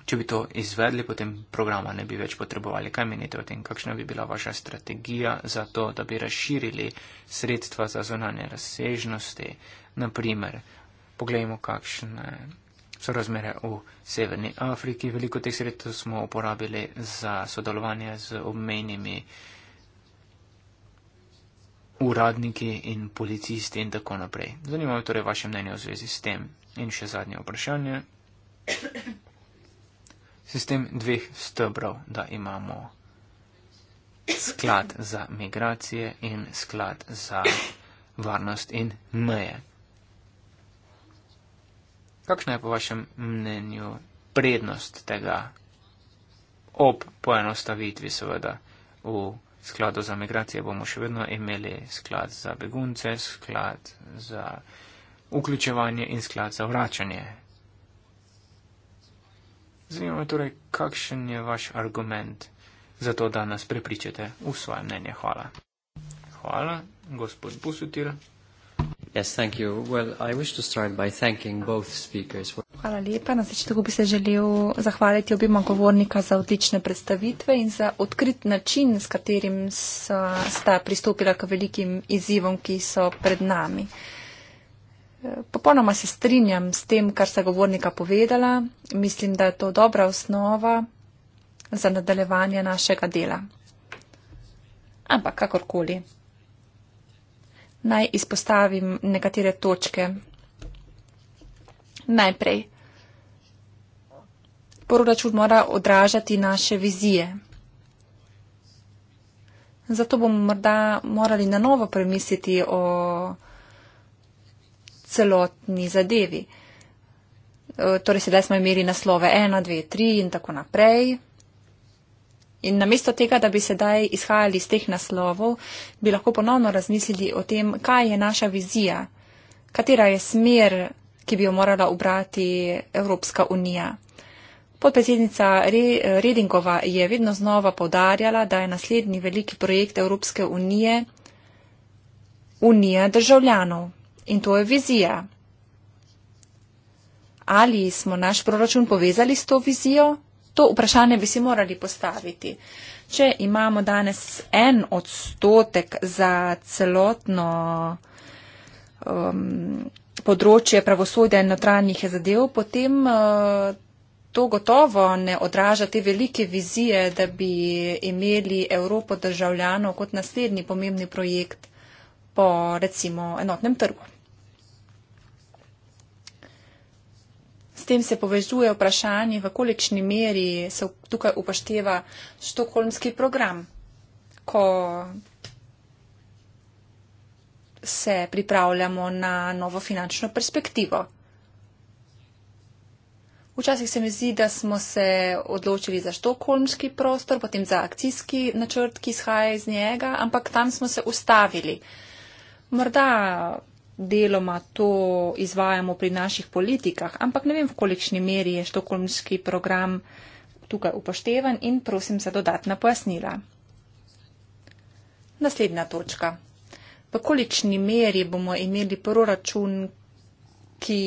Če bi to izvedli, potem programa ne bi več potrebovali. Kaj menite o tem? Kakšna bi bila vaša strategija za to, da bi razširili sredstva za zonanje razsežnosti? Naprimer, poglejmo, kakšne so razmere v Severni Afriki. Veliko teh sredstev smo uporabili za sodelovanje z obmejnimi uradniki in policisti in tako naprej. Zanima me torej vaše mnenje v zvezi s tem. In še zadnje vprašanje. Sistem dveh stebrov, da imamo sklad za migracije in sklad za varnost in meje. Kakšna je po vašem mnenju prednost tega ob poenostavitvi seveda v skladu za migracije? Bomo še vedno imeli sklad za begunce, sklad za vključevanje in sklad za vračanje. Zanima me torej, kakšen je vaš argument za to, da nas prepričate v svoje mnenje. Hvala. Hvala, gospod Busutil. Yes, thank you. Well, I wish to start by thanking both speakers. Hvala lepa. Na začetku bi se želel zahvaliti obima govornika za odlične predstavitve in za odkrit način, s katerim so, sta pristopila k velikim izzivom, ki so pred nami. Popolnoma se strinjam s tem, kar sta govornika povedala. Mislim, da je to dobra osnova za nadaljevanje našega dela. Ampak kakorkoli naj izpostavim nekatere točke. Najprej, pororačun mora odražati naše vizije. Zato bomo morda morali na novo premisliti o celotni zadevi. E, torej, sedaj smo imeli naslove 1, 2, 3 in tako naprej. In namesto tega, da bi sedaj izhajali iz teh naslovov, bi lahko ponovno razmislili o tem, kaj je naša vizija, katera je smer, ki bi jo morala obrati Evropska unija. Podpredsednica Redingova je vedno znova podarjala, da je naslednji veliki projekt Evropske unije unija državljanov in to je vizija. Ali smo naš proračun povezali s to vizijo? To vprašanje bi si morali postaviti. Če imamo danes en odstotek za celotno um, področje pravosodja in notranjih zadev, potem uh, to gotovo ne odraža te velike vizije, da bi imeli Evropo državljanov kot naslednji pomembni projekt po recimo enotnem trgu. S tem se povežuje vprašanje, v kolikšni meri se tukaj upošteva štokholmski program, ko se pripravljamo na novo finančno perspektivo. Včasih se mi zdi, da smo se odločili za štokholmski prostor, potem za akcijski načrt, ki izhaja iz njega, ampak tam smo se ustavili. Morda deloma to izvajamo pri naših politikah, ampak ne vem, v kolikšni meri je štokolmski program tukaj upoštevan in prosim za dodatna pojasnila. Naslednja točka. V kolikšni meri bomo imeli proračun, ki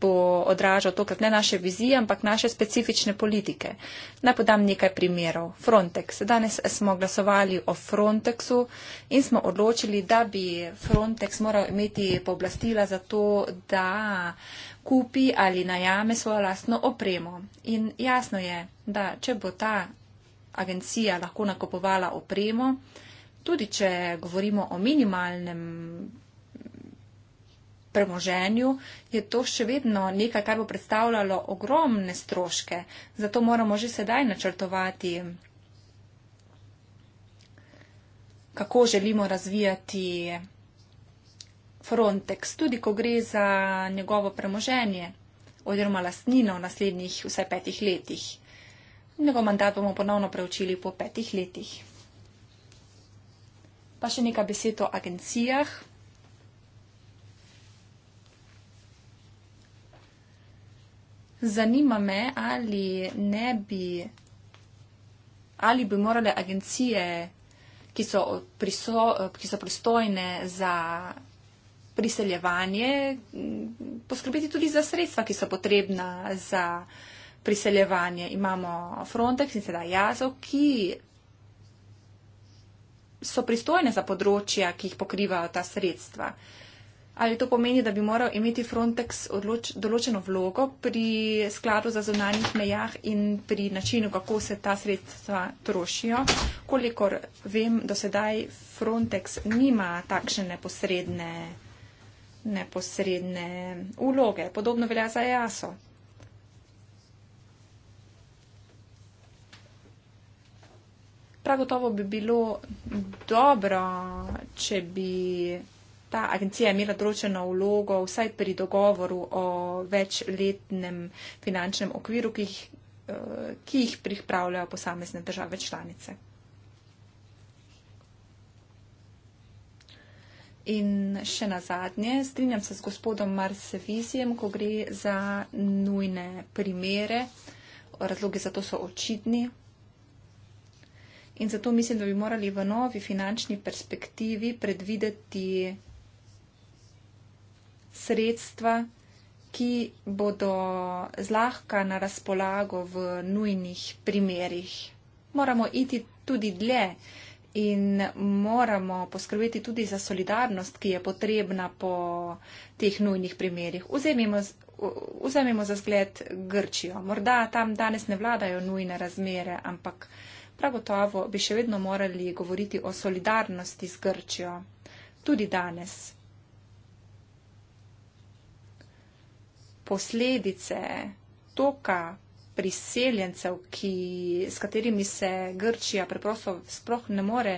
bo odražal to, kar ne naše vizije, ampak naše specifične politike. Naj podam nekaj primerov. Frontex. Danes smo glasovali o Frontexu in smo odločili, da bi Frontex moral imeti pooblastila za to, da kupi ali najame svojo lastno opremo. In jasno je, da če bo ta agencija lahko nakupovala opremo, tudi če govorimo o minimalnem premoženju, je to še vedno nekaj, kar bo predstavljalo ogromne stroške. Zato moramo že sedaj načrtovati, kako želimo razvijati Frontex, tudi ko gre za njegovo premoženje oziroma lastnino v naslednjih vsaj petih letih. Njegov mandat bomo ponovno preučili po petih letih. Pa še nekaj besed o agencijah. Zanima me, ali ne bi, ali bi morale agencije, ki so, priso, ki so pristojne za priseljevanje, poskrbeti tudi za sredstva, ki so potrebna za priseljevanje. Imamo Frontex in sedaj Jazo, ki so pristojne za področja, ki jih pokrivajo ta sredstva. Uh, Ali to pomeni, da bi moral imeti Frontex odloč, določeno vlogo pri skladu za zunanjih mejah in pri načinu, kako se ta sredstva trošijo? Kolikor vem, do sedaj Frontex nima takšne neposredne, neposredne vloge. Podobno velja za EASO. Prav gotovo bi bilo dobro, če bi ta agencija je imela določeno vlogo vsaj pri dogovoru o večletnem finančnem okviru, ki jih, eh, ki jih pripravljajo posamezne države članice. In še na zadnje, strinjam se z gospodom Marsevizijem, ko gre za nujne primere. Razlogi za to so očitni. In zato mislim, da bi morali v novi finančni perspektivi predvideti sredstva, ki bodo zlahka na razpolago v nujnih primerjih. Moramo iti tudi dlje in moramo poskrbeti tudi za solidarnost, ki je potrebna po teh nujnih primerjih. Vzemimo, vzemimo za zgled Grčijo. Morda tam danes ne vladajo nujne razmere, ampak prav gotovo bi še vedno morali govoriti o solidarnosti z Grčijo. Tudi danes. posledice toka priseljencev, ki, s katerimi se Grčija preprosto sploh ne more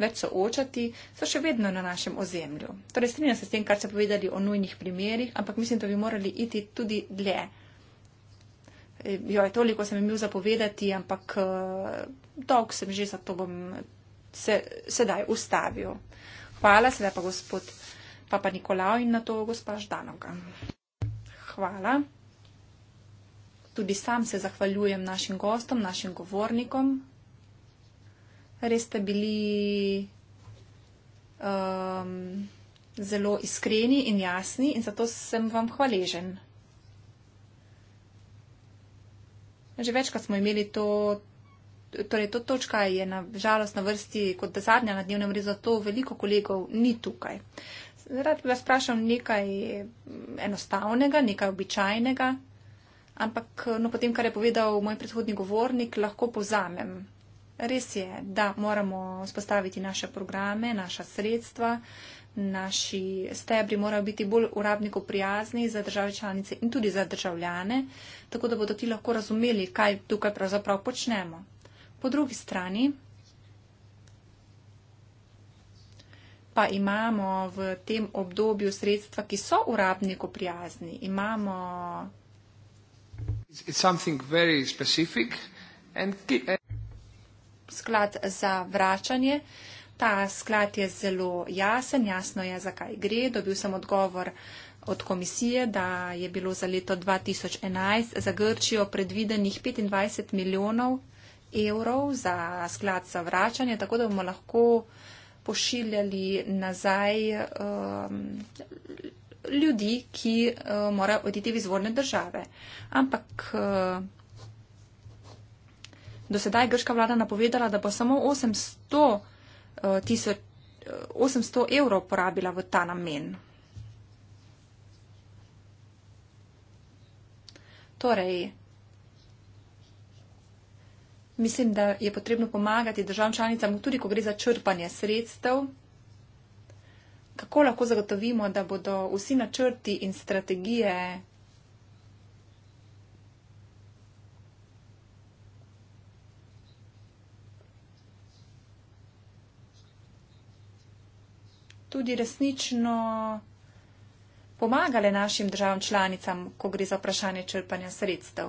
več soočati, so še vedno na našem ozemlju. Torej, strinjam se s tem, kar ste povedali o nujnih primerih, ampak mislim, da bi morali iti tudi dlje. E, jo, je toliko sem imel zapovedati, ampak e, dolg sem že, zato bom se sedaj ustavil. Hvala, sedaj pa gospod Papa Nikolaj in na to gospa Ždanoga hvala. Tudi sam se zahvaljujem našim gostom, našim govornikom. Res ste bili um, zelo iskreni in jasni in zato sem vam hvaležen. Že večkrat smo imeli to, torej to točka je na žalost na vrsti kot zadnja na dnevnem redu, zato veliko kolegov ni tukaj rad bi vas vprašal nekaj enostavnega, nekaj običajnega, ampak no, potem, kar je povedal moj predhodni govornik, lahko povzamem. Res je, da moramo spostaviti naše programe, naša sredstva, naši stebri morajo biti bolj uporabniku prijazni za države članice in tudi za državljane, tako da bodo ti lahko razumeli, kaj tukaj pravzaprav počnemo. Po drugi strani pa imamo v tem obdobju sredstva, ki so uradniku prijazni. Imamo. Sklad za vračanje. Ta sklad je zelo jasen, jasno je, zakaj gre. Dobil sem odgovor od komisije, da je bilo za leto 2011 za Grčijo predvidenih 25 milijonov evrov za sklad za vračanje, tako da bomo lahko uh, pošiljali nazaj um, ljudi, ki uh, morajo oditi v izvorne države. Ampak uh, do sedaj je grška vlada napovedala, da bo samo 800, uh, tisoč, 800 uh, evrov porabila v ta namen. Torej, mislim, da je potrebno pomagati državam članicam, tudi ko gre za črpanje sredstev. Kako lahko zagotovimo, da bodo vsi načrti in strategije tudi resnično pomagale našim državam članicam, ko gre za vprašanje črpanja sredstev?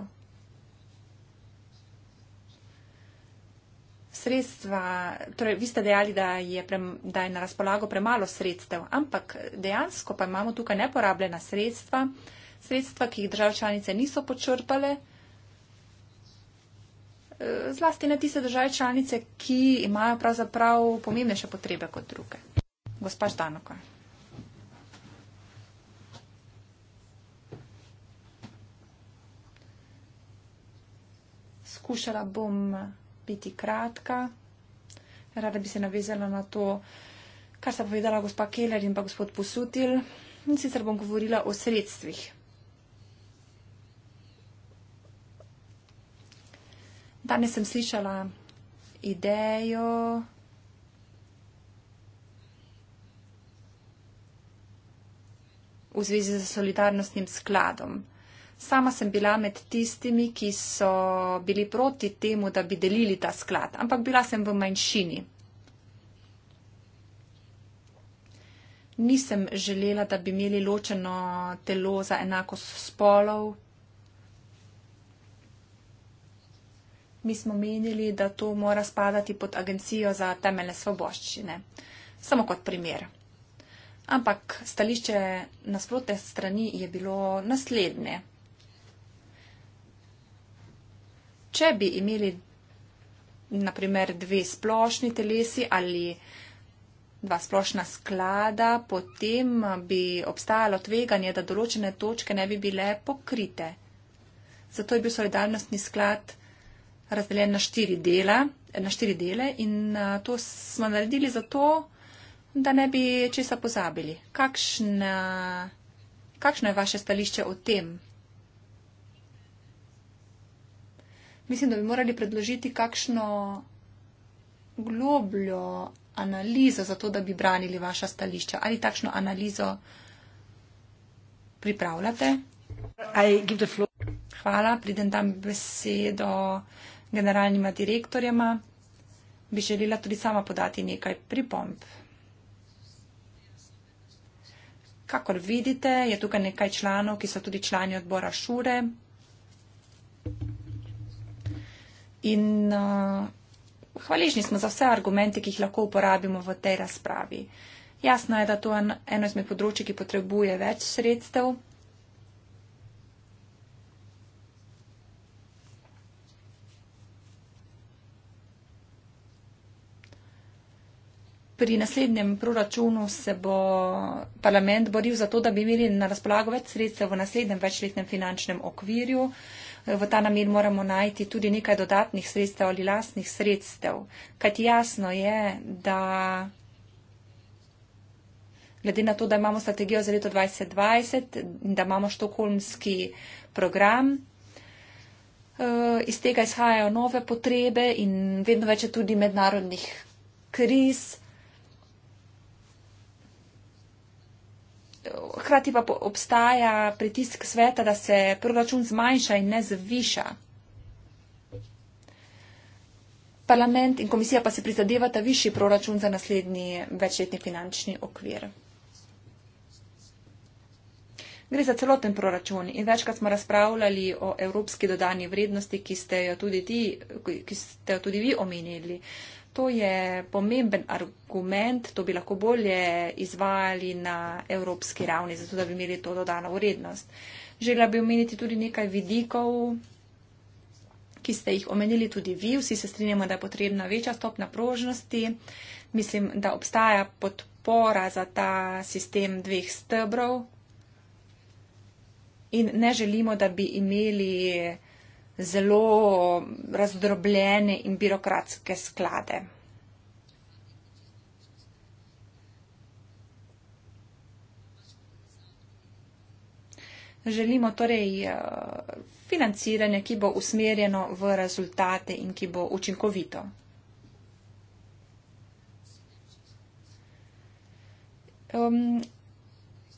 sredstva, torej vi ste dejali, da je, pre, da je na razpolago premalo sredstev, ampak dejansko pa imamo tukaj neporabljena sredstva, sredstva, ki jih države članice niso počrpale. Eh, zlasti na tiste države članice, ki imajo pravzaprav pomembnejše potrebe kot druge. Gospa Ždanoka. Skušala bom biti kratka. Rada bi se navezala na to, kar sta povedala gospa Keller in pa gospod Posutil. In sicer bom govorila o sredstvih. Danes sem slišala idejo. V zvezi z solidarnostnim skladom. Sama sem bila med tistimi, ki so bili proti temu, da bi delili ta sklad, ampak bila sem v manjšini. Nisem želela, da bi imeli ločeno telo za enakost spolov. Mi smo menili, da to mora spadati pod Agencijo za temeljne svoboščine. Samo kot primer. Ampak stališče nasprotne strani je bilo naslednje. če bi imeli naprimer dve splošni telesi ali dva splošna sklada, potem bi obstajalo tveganje, da določene točke ne bi bile pokrite. Zato je bil solidarnostni sklad razdeljen na štiri, dela, na štiri dele in to smo naredili zato, da ne bi česa pozabili. Kakšna, kakšno je vaše stališče o tem? mislim, da bi morali predložiti kakšno globljo analizo za to, da bi branili vaša stališča. Ali takšno analizo pripravljate? Hvala, pridem dam besedo generalnima direktorjema. Bi želela tudi sama podati nekaj pripomb. Kakor vidite, je tukaj nekaj članov, ki so tudi člani odbora Šure. In uh, hvaležni smo za vse argumente, ki jih lahko uporabimo v tej razpravi. Jasno je, da to je en, eno izmed področji, ki potrebuje več sredstev. Pri naslednjem proračunu se bo parlament boril za to, da bi imeli na razpolago več sredstev v naslednjem večletnem finančnem okvirju. Uh, v ta namen moramo najti tudi nekaj dodatnih sredstev ali lastnih sredstev. Kajti jasno je, da glede na to, da imamo strategijo za leto 2020, da imamo štokholmski program, eh, iz tega izhajajo nove potrebe in vedno več je tudi mednarodnih kriz. hkrati pa obstaja pritisk sveta, da se proračun zmanjša in ne zviša. Parlament in komisija pa se prizadevata višji proračun za naslednji večletni finančni okvir. Gre za celoten proračun in večkrat smo razpravljali o evropski dodani vrednosti, ki ste jo tudi, ti, ki ste jo tudi vi omenili. Uh, to je pomemben argument, to bi lahko bolje izvajali na evropski ravni, zato da bi imeli to dodano vrednost. Želela bi omeniti tudi nekaj vidikov, ki ste jih omenili tudi vi. Vsi se strinjamo, da je potrebna večja stopna prožnosti. Mislim, da obstaja podpora za ta sistem dveh stebrov. In ne želimo, da bi imeli zelo razdrobljene in birokratske sklade. Želimo torej eh, financiranje, ki bo usmerjeno v rezultate in ki bo učinkovito. Um,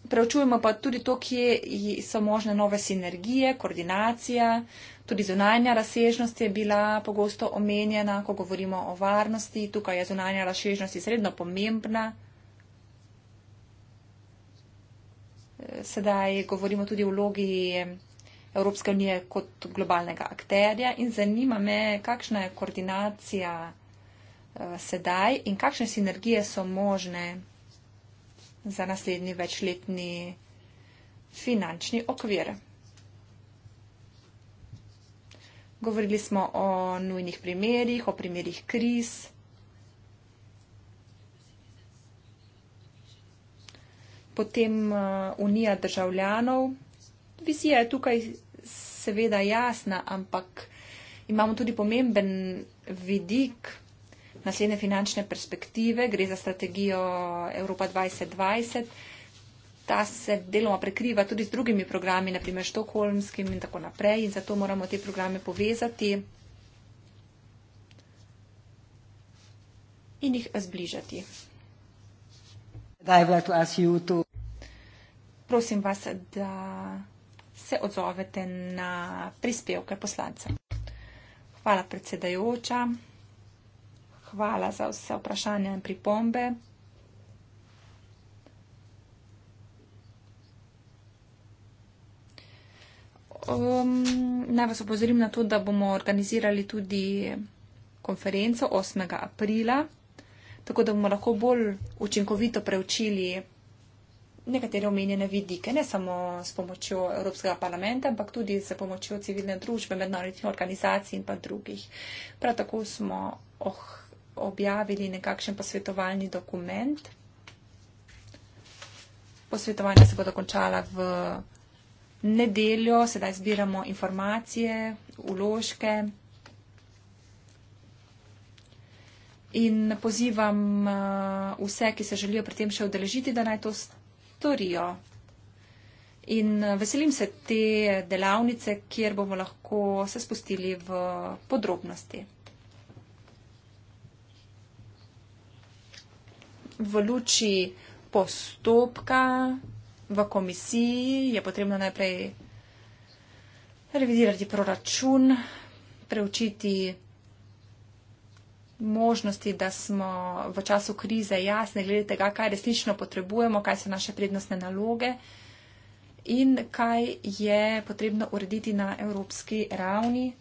preučujemo pa tudi to, kje so možne nove sinergije, koordinacija, tudi zunanja razsežnost je bila pogosto omenjena, ko govorimo o varnosti, tukaj je zunanja razsežnost izredno pomembna. Sedaj govorimo tudi o vlogi Evropske unije kot globalnega akterja in zanima me, kakšna je koordinacija eh, sedaj in kakšne sinergije so možne za naslednji večletni finančni okvir. Govorili smo o nujnih primerjih, o primerjih kriz. Potem eh, unija državljanov. Vizija je tukaj seveda jasna, ampak imamo tudi pomemben vidik, naslednje finančne perspektive, gre za strategijo Evropa 2020. Ta se deloma prekriva tudi z drugimi programi, naprimer Štokholmskim in tako naprej in zato moramo te programe povezati in jih zbližati. Prosim vas, da se odzovete na prispevke poslancev. Hvala predsedajoča. Hvala za vse vprašanja in pripombe. Um, naj vas opozorim na to, da bomo organizirali tudi konferenco 8. aprila, tako da bomo lahko bolj učinkovito preučili nekatere omenjene vidike, ne samo s pomočjo Evropskega parlamenta, ampak tudi s pomočjo civilne družbe, mednarodnih organizacij in pa drugih. Prav tako smo ohranili objavili nekakšen posvetovalni dokument. Posvetovanja se bodo končala v nedeljo, sedaj zbiramo informacije, uložke. In pozivam eh, vse, ki se želijo pri tem še udeležiti, da naj to storijo. In eh, veselim se te delavnice, kjer bomo lahko se spustili v podrobnosti. v luči postopka v komisiji je potrebno najprej revidirati proračun, preučiti možnosti, da smo v času krize jasni glede tega, kaj resnično potrebujemo, kaj so naše prednostne naloge in kaj je potrebno urediti na evropski ravni.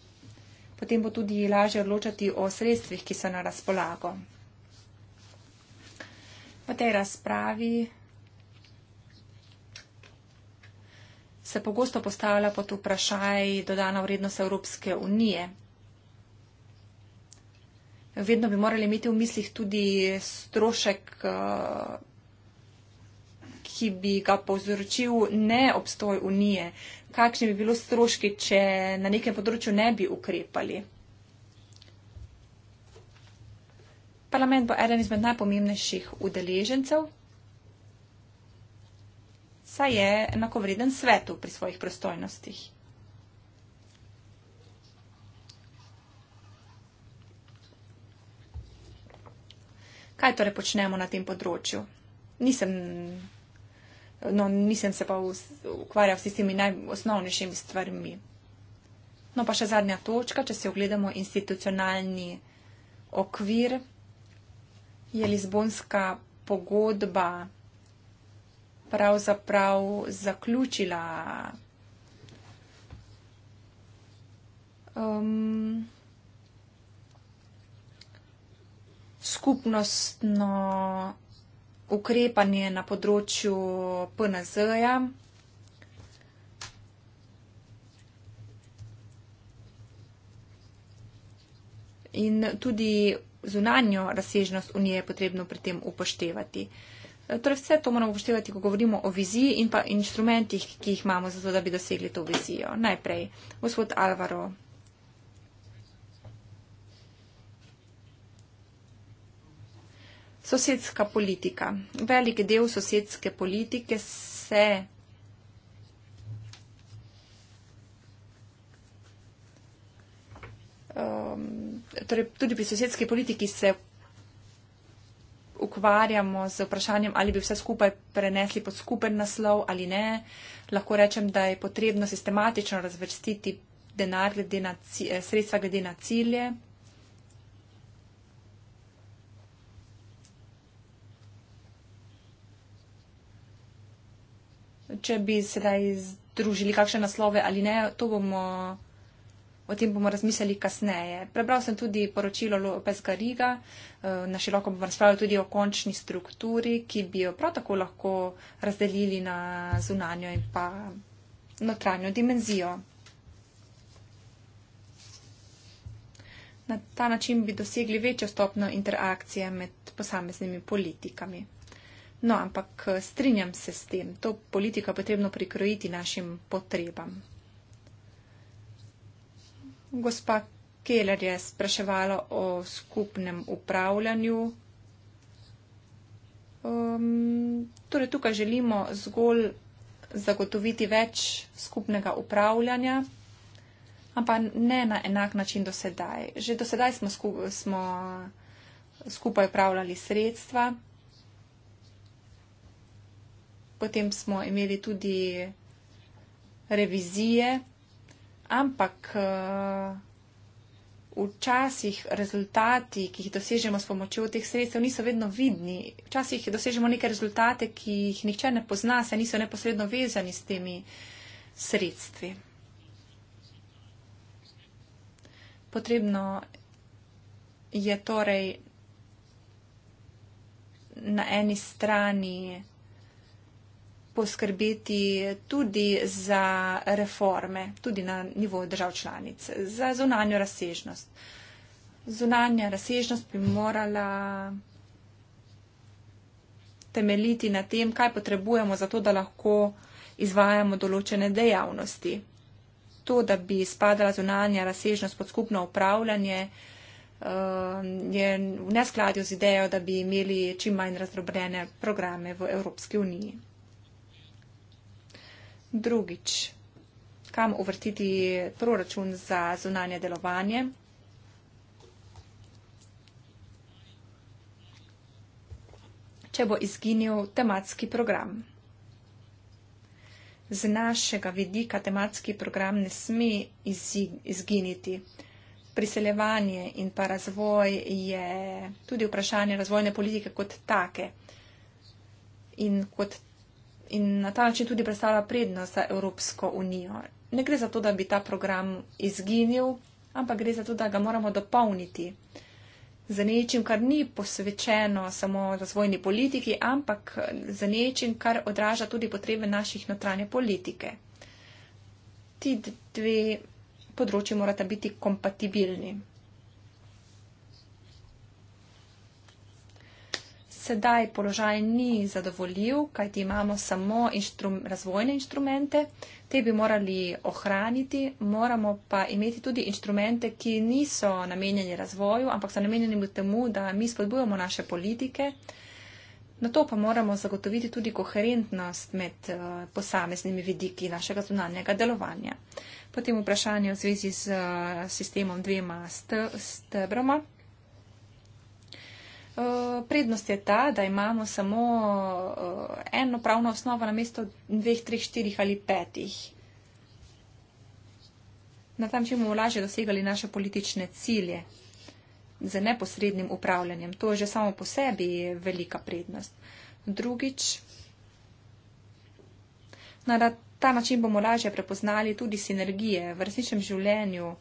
Potem bo tudi lažje odločati o sredstvih, ki so na razpolago. V tej razpravi se pogosto postavlja pod vprašaj dodana vrednost Evropske unije. Vedno bi morali imeti v mislih tudi strošek, eh, ki bi ga povzročil neobstoj unije. Kakšni bi bili stroški, če na nekem področju ne bi ukrepali? parlament bo eden izmed najpomembnejših udeležencev, saj je enakovreden svetu pri svojih prostojnostih. Kaj torej počnemo na tem področju? Nisem, no, nisem se pa ukvarjal s tistimi najosnovnejšimi stvarmi. No pa še zadnja točka, če se ogledamo institucionalni okvir je Lizbonska pogodba pravzaprav zaključila. Um, skupnostno ukrepanje na področju PNZ-ja. In tudi zunanjo razsežnost unije je potrebno pri tem upoštevati. E, torej vse to moramo upoštevati, ko govorimo o viziji in pa inštrumentih, ki jih imamo za to, da bi dosegli to vizijo. Najprej, gospod Alvaro. Sosedska politika. Velik del sosedske politike se um, torej tudi pri sosedski politiki se ukvarjamo z vprašanjem, ali bi vse skupaj prenesli pod skupen naslov ali ne. Lahko rečem, da je potrebno sistematično razvrstiti denar glede na eh, sredstva glede na cilje. Če bi sedaj združili kakšne naslove ali ne, to bomo. O tem bomo razmislili kasneje. Prebral sem tudi poročilo Lopezga Riga, eh, na široko bomo razpravljali tudi o končni strukturi, ki bi jo prav tako lahko razdelili na zunanjo in pa notranjo dimenzijo. Na ta način bi dosegli večjo stopno interakcije med posameznimi politikami. No, ampak eh, strinjam se s tem, to politiko je potrebno prikrojiti našim potrebam. Gospa Keller je spraševala o skupnem upravljanju. Um, torej tukaj želimo zgolj zagotoviti več skupnega upravljanja, ampak ne na enak način do sedaj. Že do sedaj smo, sku smo skupaj upravljali sredstva. Potem smo imeli tudi revizije, ampak eh, včasih rezultati, ki jih dosežemo s pomočjo teh sredstev, niso vedno vidni. Včasih dosežemo neke rezultate, ki jih nihče ne pozna, saj niso neposredno vezani s temi sredstvi. Potrebno je torej na eni strani poskrbeti tudi za reforme, tudi na nivoju držav članic, za zunanjo razsežnost. Zunanja razsežnost bi morala temeljiti na tem, kaj potrebujemo za to, da lahko izvajamo določene dejavnosti. To, da bi spadala zunanja razsežnost pod skupno upravljanje, eh, je v neskladju z idejo, da bi imeli čim manj razdrobljene programe v Evropski uniji drugič, kam uvrtiti proračun za zunanje delovanje? če bo izginil tematski program. Z našega vidika tematski program ne sme izginiti. Priseljevanje in pa razvoj je tudi vprašanje razvojne politike kot take. In kot in na ta način tudi predstavlja prednost za Evropsko unijo. Ne gre za to, da bi ta program izginil, ampak gre za to, da ga moramo dopolniti z nečim, kar ni posvečeno samo razvojni politiki, ampak z nečim, kar odraža tudi potrebe naših notranje politike. Ti dve področji morata biti kompatibilni. sedaj položaj ni zadovoljiv, kajti imamo samo inštrum, razvojne inštrumente, te bi morali ohraniti, moramo pa imeti tudi inštrumente, ki niso namenjeni razvoju, ampak so namenjeni temu, da mi spodbujamo naše politike. Na to pa moramo zagotoviti tudi koherentnost med eh, posameznimi vidiki našega zunanjega delovanja. Potem vprašanje v zvezi z eh, sistemom dvema stebroma. St Eh, prednost je ta, da imamo samo eh, eno pravno osnovo na mesto dveh, treh, štirih ali petih. Na tam, če bomo lažje dosegali naše politične cilje z neposrednim upravljanjem. To je že samo po sebi velika prednost. Drugič, na ta način bomo lažje prepoznali tudi sinergije v resničnem življenju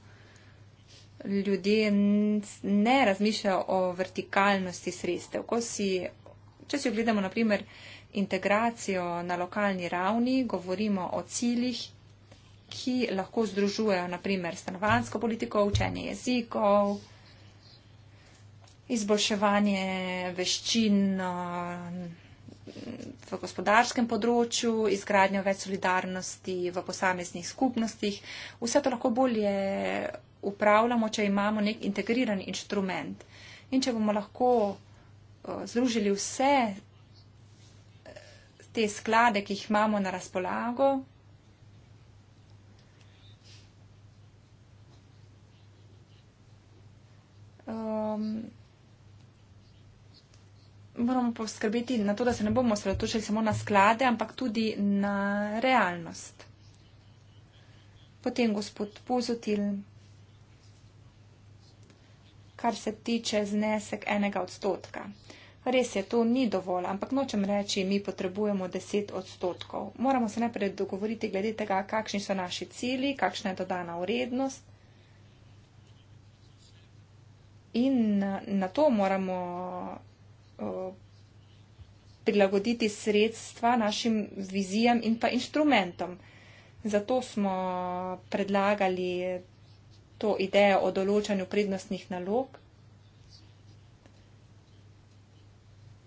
ljudje ne razmišljajo o vertikalnosti sredstev. Če si ogledamo naprimer integracijo na lokalni ravni, govorimo o ciljih, ki lahko združujejo naprimer stanovansko politiko, učenje jezikov, izboljševanje veščin v gospodarskem področju, izgradnjo več solidarnosti v posameznih skupnostih. Vse to lahko bolje upravljamo, če imamo nek integriran inštrument. In če bomo lahko eh, združili vse eh, te sklade, ki jih imamo na razpolago, um, moramo poskrbeti na to, da se ne bomo sredotočili samo na sklade, ampak tudi na realnost. Potem gospod Pozotil kar se tiče znesek enega odstotka. Res je, to ni dovolj, ampak nočem reči, mi potrebujemo 10 odstotkov. Moramo se najprej dogovoriti glede tega, kakšni so naši cili, kakšna je dodana vrednost. In na to moramo prilagoditi sredstva našim vizijam in pa inštrumentom. Zato smo predlagali to idejo o določanju prednostnih nalog.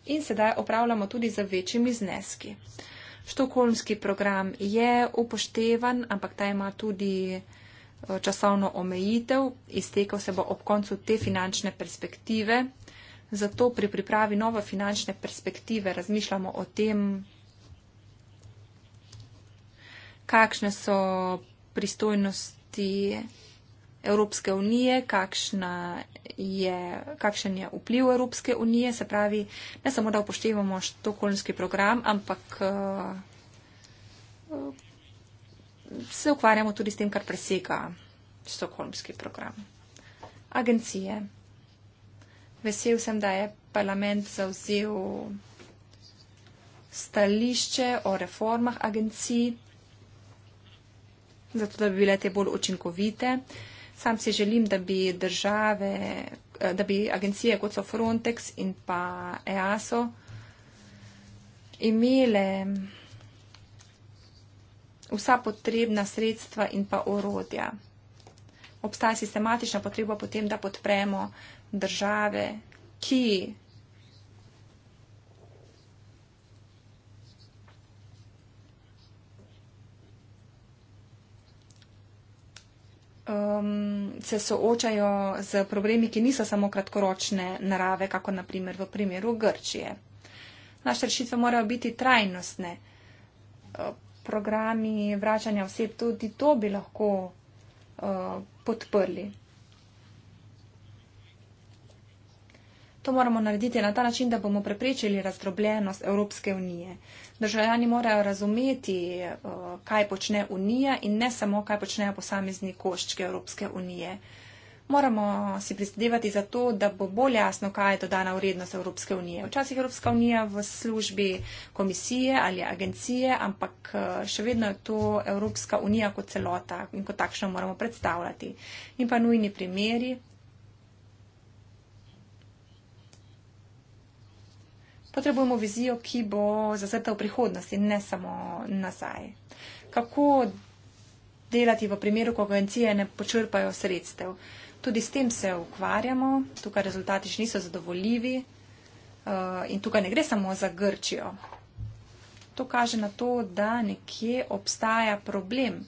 In sedaj opravljamo tudi za večjimi zneski. Štokholmski program je upoštevan, ampak ta ima tudi eh, časovno omejitev, iztekel se bo ob koncu te finančne perspektive. Zato pri pripravi nove finančne perspektive razmišljamo o tem, kakšne so pristojnosti Evropske unije, je, kakšen je vpliv Evropske unije, se pravi, ne samo, da upoštevamo štokolmski program, ampak uh, se ukvarjamo tudi s tem, kar presega štokolmski program. Agencije. Vesel sem, da je parlament zauzel stališče o reformah agencij, zato da bi bile te bolj učinkovite. Uh, Sam si želim, da bi države, da bi agencije, kot so Frontex in pa EASO, imele vsa potrebna sredstva in pa orodja. Obstaja sistematična potreba potem, da podpremo države, ki um, se soočajo z problemi, ki niso samo kratkoročne narave, kako naprimer v primeru Grčije. Naše rešitve morajo biti trajnostne. Uh, programi vračanja vseb, tudi to bi lahko uh, podprli. To moramo narediti na ta način, da bomo preprečili razdrobljenost Evropske unije. Državljani morajo razumeti, eh, kaj počne unija in ne samo, kaj počnejo posamezni koščki Evropske unije. Moramo si prizadevati za to, da bo bolj jasno, kaj je dodana vrednost Evropske unije. Včasih je Evropska unija v službi komisije ali agencije, ampak eh, še vedno je to Evropska unija kot celota in kot takšno moramo predstavljati. In pa nujni primeri, Potrebujemo vizijo, ki bo zasrta v prihodnosti, ne samo nazaj. Kako delati v primeru, ko agencije ne počrpajo sredstev? Tudi s tem se ukvarjamo, tukaj rezultati še niso zadovoljivi eh, in tukaj ne gre samo za Grčijo. To kaže na to, da nekje obstaja problem.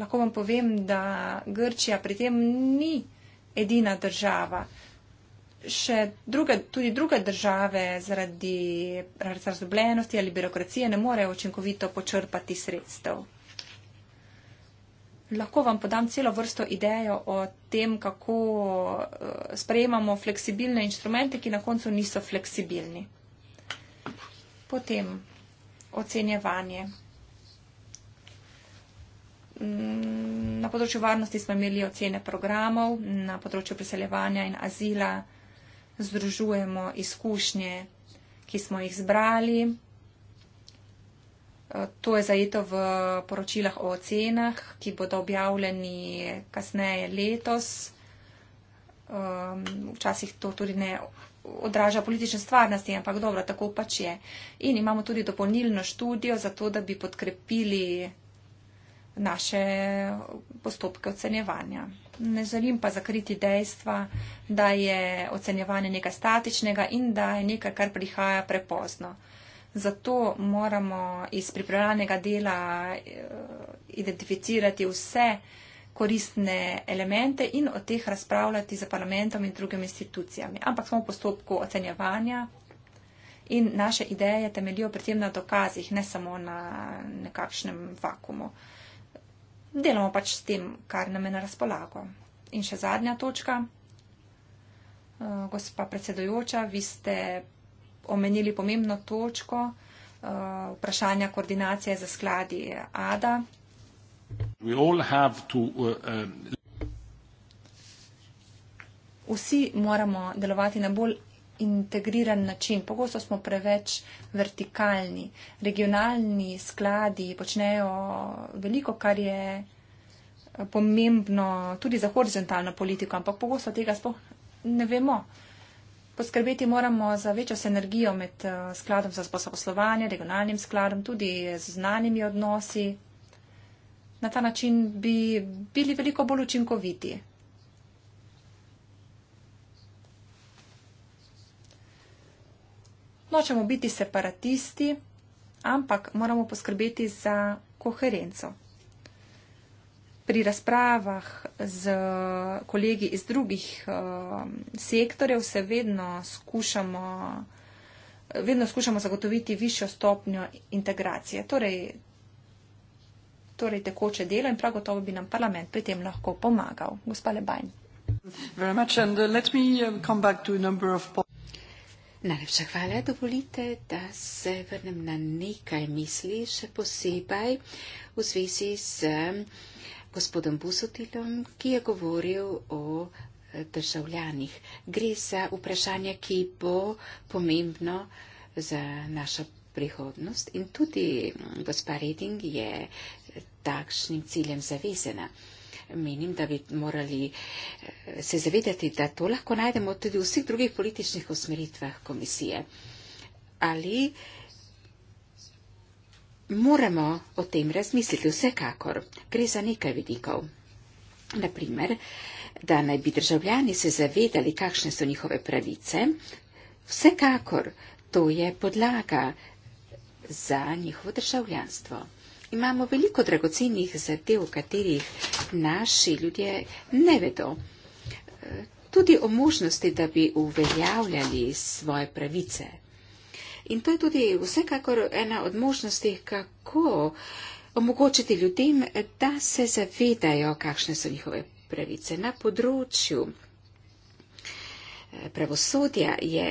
Lahko vam povem, da Grčija pri tem ni edina država še druge, tudi druge države zaradi razdobljenosti ali birokracije ne morejo očinkovito počrpati sredstev. Lahko vam podam celo vrsto idejo o tem, kako eh, sprejemamo fleksibilne inštrumente, ki na koncu niso fleksibilni. Potem ocenjevanje. Mm, na področju varnosti smo imeli ocene programov, na področju priseljevanja in azila združujemo izkušnje, ki smo jih zbrali. E, to je zajeto v poročilah o ocenah, ki bodo objavljeni kasneje letos. E, včasih to tudi ne odraža politične stvarnosti, ampak dobro, tako pač je. In imamo tudi dopolnilno študijo, zato da bi podkrepili naše postopke ocenjevanja ne želim pa zakriti dejstva, da je ocenjevanje nekaj statičnega in da je nekaj, kar prihaja prepozno. Zato moramo iz pripravljanega dela eh, identificirati vse koristne elemente in o teh razpravljati za parlamentom in drugimi institucijami. Ampak smo v postopku ocenjevanja in naše ideje temeljijo predtem na dokazih, ne samo na nekakšnem vakumu delamo pač s tem, kar nam je na razpolago. In še zadnja točka. Eh, gospa predsedojoča, vi ste omenili pomembno točko eh, vprašanja koordinacije za skladi ADA. Uh, uh, Vsi moramo delovati na bolj integriran način. Pogosto smo preveč vertikalni. Regionalni skladi počnejo veliko, kar je eh, pomembno tudi za horizontalno politiko, ampak pogosto tega sploh ne vemo. Poskrbeti moramo za večjo sinergijo med eh, skladom za zaposlovanje, regionalnim skladom, tudi z znanimi odnosi. Na ta način bi bili veliko bolj učinkoviti. nočemo biti separatisti, ampak moramo poskrbeti za koherenco. Pri razpravah z kolegi iz drugih um, sektorjev se vedno skušamo, vedno skušamo zagotoviti višjo stopnjo integracije, torej, torej tekoče delo in prav gotovo bi nam parlament pri tem lahko pomagal. Gospa Lebajn. Najlepša hvala, dovolite, da se vrnem na nekaj misli, še posebej v zvezi z eh, gospodom Busotilom, ki je govoril o eh, državljanih. Gre za vprašanje, ki bo pomembno za našo prihodnost in tudi mm, gospa Reding je eh, takšnim ciljem zavezena. Menim, da bi morali eh, se zavedati, da to lahko najdemo tudi v vseh drugih političnih usmeritvah komisije. Ali moramo o tem razmisliti vsekakor? Gre za nekaj vidikov. Naprimer, da naj bi državljani se zavedali, kakšne so njihove pravice. Vsekakor, to je podlaga za njihovo državljanstvo imamo veliko dragocenih zadev, katerih naši ljudje ne vedo. Tudi o možnosti, da bi uveljavljali svoje pravice. In to je tudi vsekakor ena od možnosti, kako omogočiti ljudem, da se zavedajo, kakšne so njihove pravice na področju. Eh, pravosodja je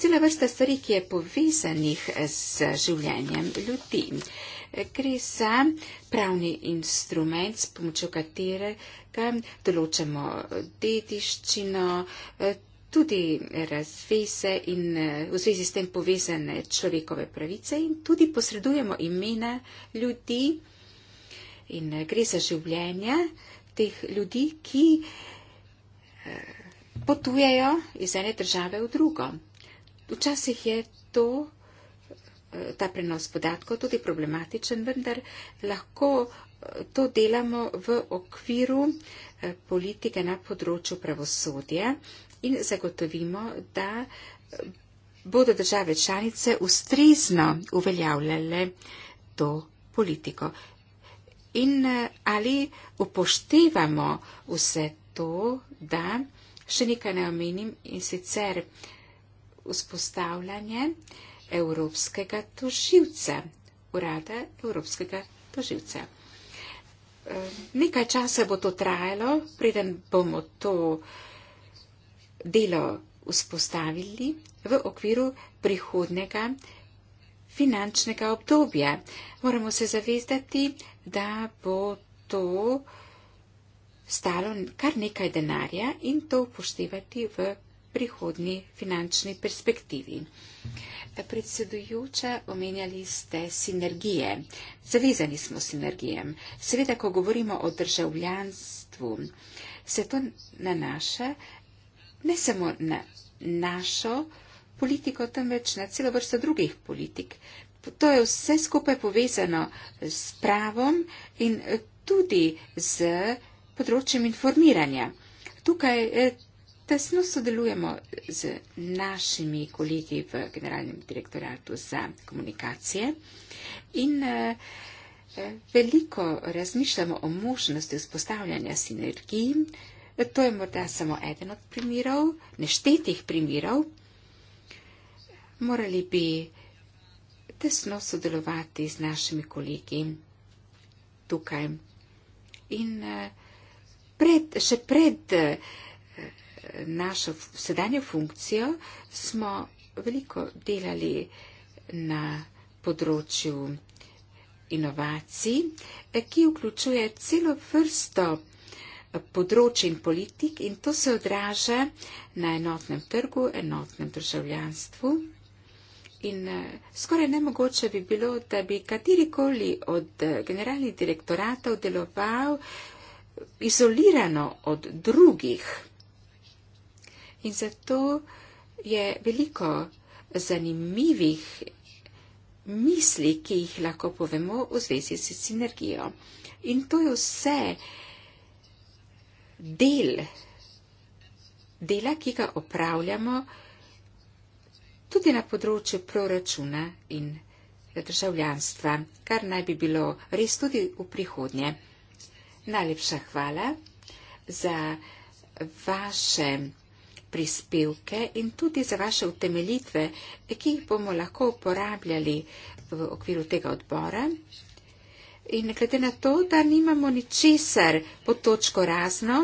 cela vrsta stvari, ki je povezanih z življenjem ljudi gre za pravni instrument, s pomočjo katerega določamo dediščino, eh, tudi razvese in eh, v zvezi s tem povezane človekove pravice in tudi posredujemo imena ljudi in eh, gre za življenje teh ljudi, ki potujejo iz ene države v drugo. Včasih je to ta prenos podatkov tudi problematičen, vendar lahko eh, to delamo v okviru eh, politike na področju pravosodja in zagotovimo, da eh, bodo države članice ustrezno uveljavljale to politiko. In ali upoštevamo vse to, da še nekaj ne omenim in sicer vzpostavljanje uh, Evropskega toživca, urada Evropskega toživca. Eh, nekaj časa bo to trajalo, preden bomo to delo vzpostavili v okviru prihodnega finančnega obdobja. Moramo se zavezati, da bo to stalo kar nekaj denarja in to upoštevati v prihodni finančni perspektivi. Predsedujoče, omenjali ste sinergije. Zavezani smo sinergijem. Seveda, ko govorimo o državljanstvu, se to nanaša ne samo na našo politiko, temveč na celo vrsto drugih politik. To je vse skupaj povezano s pravom in tudi z področjem informiranja. Tukaj eh, Tesno sodelujemo z našimi kolegi v Generalnem direktoratu za komunikacije in eh, eh, veliko razmišljamo o možnosti vzpostavljanja sinergij. To je morda samo eden od primerov, neštetih primerov. Morali bi tesno sodelovati z našimi kolegi tukaj. In eh, pred, še pred uh, našo sedanjo funkcijo smo veliko delali na področju inovacij, ki vključuje celo vrsto področji in politik in to se odraža na enotnem trgu, enotnem državljanstvu. In eh, skoraj nemogoče bi bilo, da bi katerikoli od eh, generalnih direktoratov deloval izolirano od drugih. In zato je veliko zanimivih misli, ki jih lahko povemo v zvezi s sinergijo. In to je vse del dela, ki ga opravljamo tudi na področju proračuna in državljanstva, kar naj bi bilo res tudi v prihodnje. Najlepša hvala za vaše prispevke in tudi za vaše utemeljitve, ki jih bomo lahko uporabljali v okviru tega odbora. In glede na to, da nimamo ničesar po točko razno,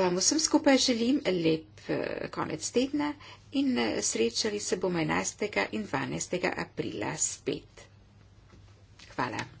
vam vsem skupaj želim lep eh, konec tedna in eh, srečali se bomo 11. in 12. aprila spet. Hvala.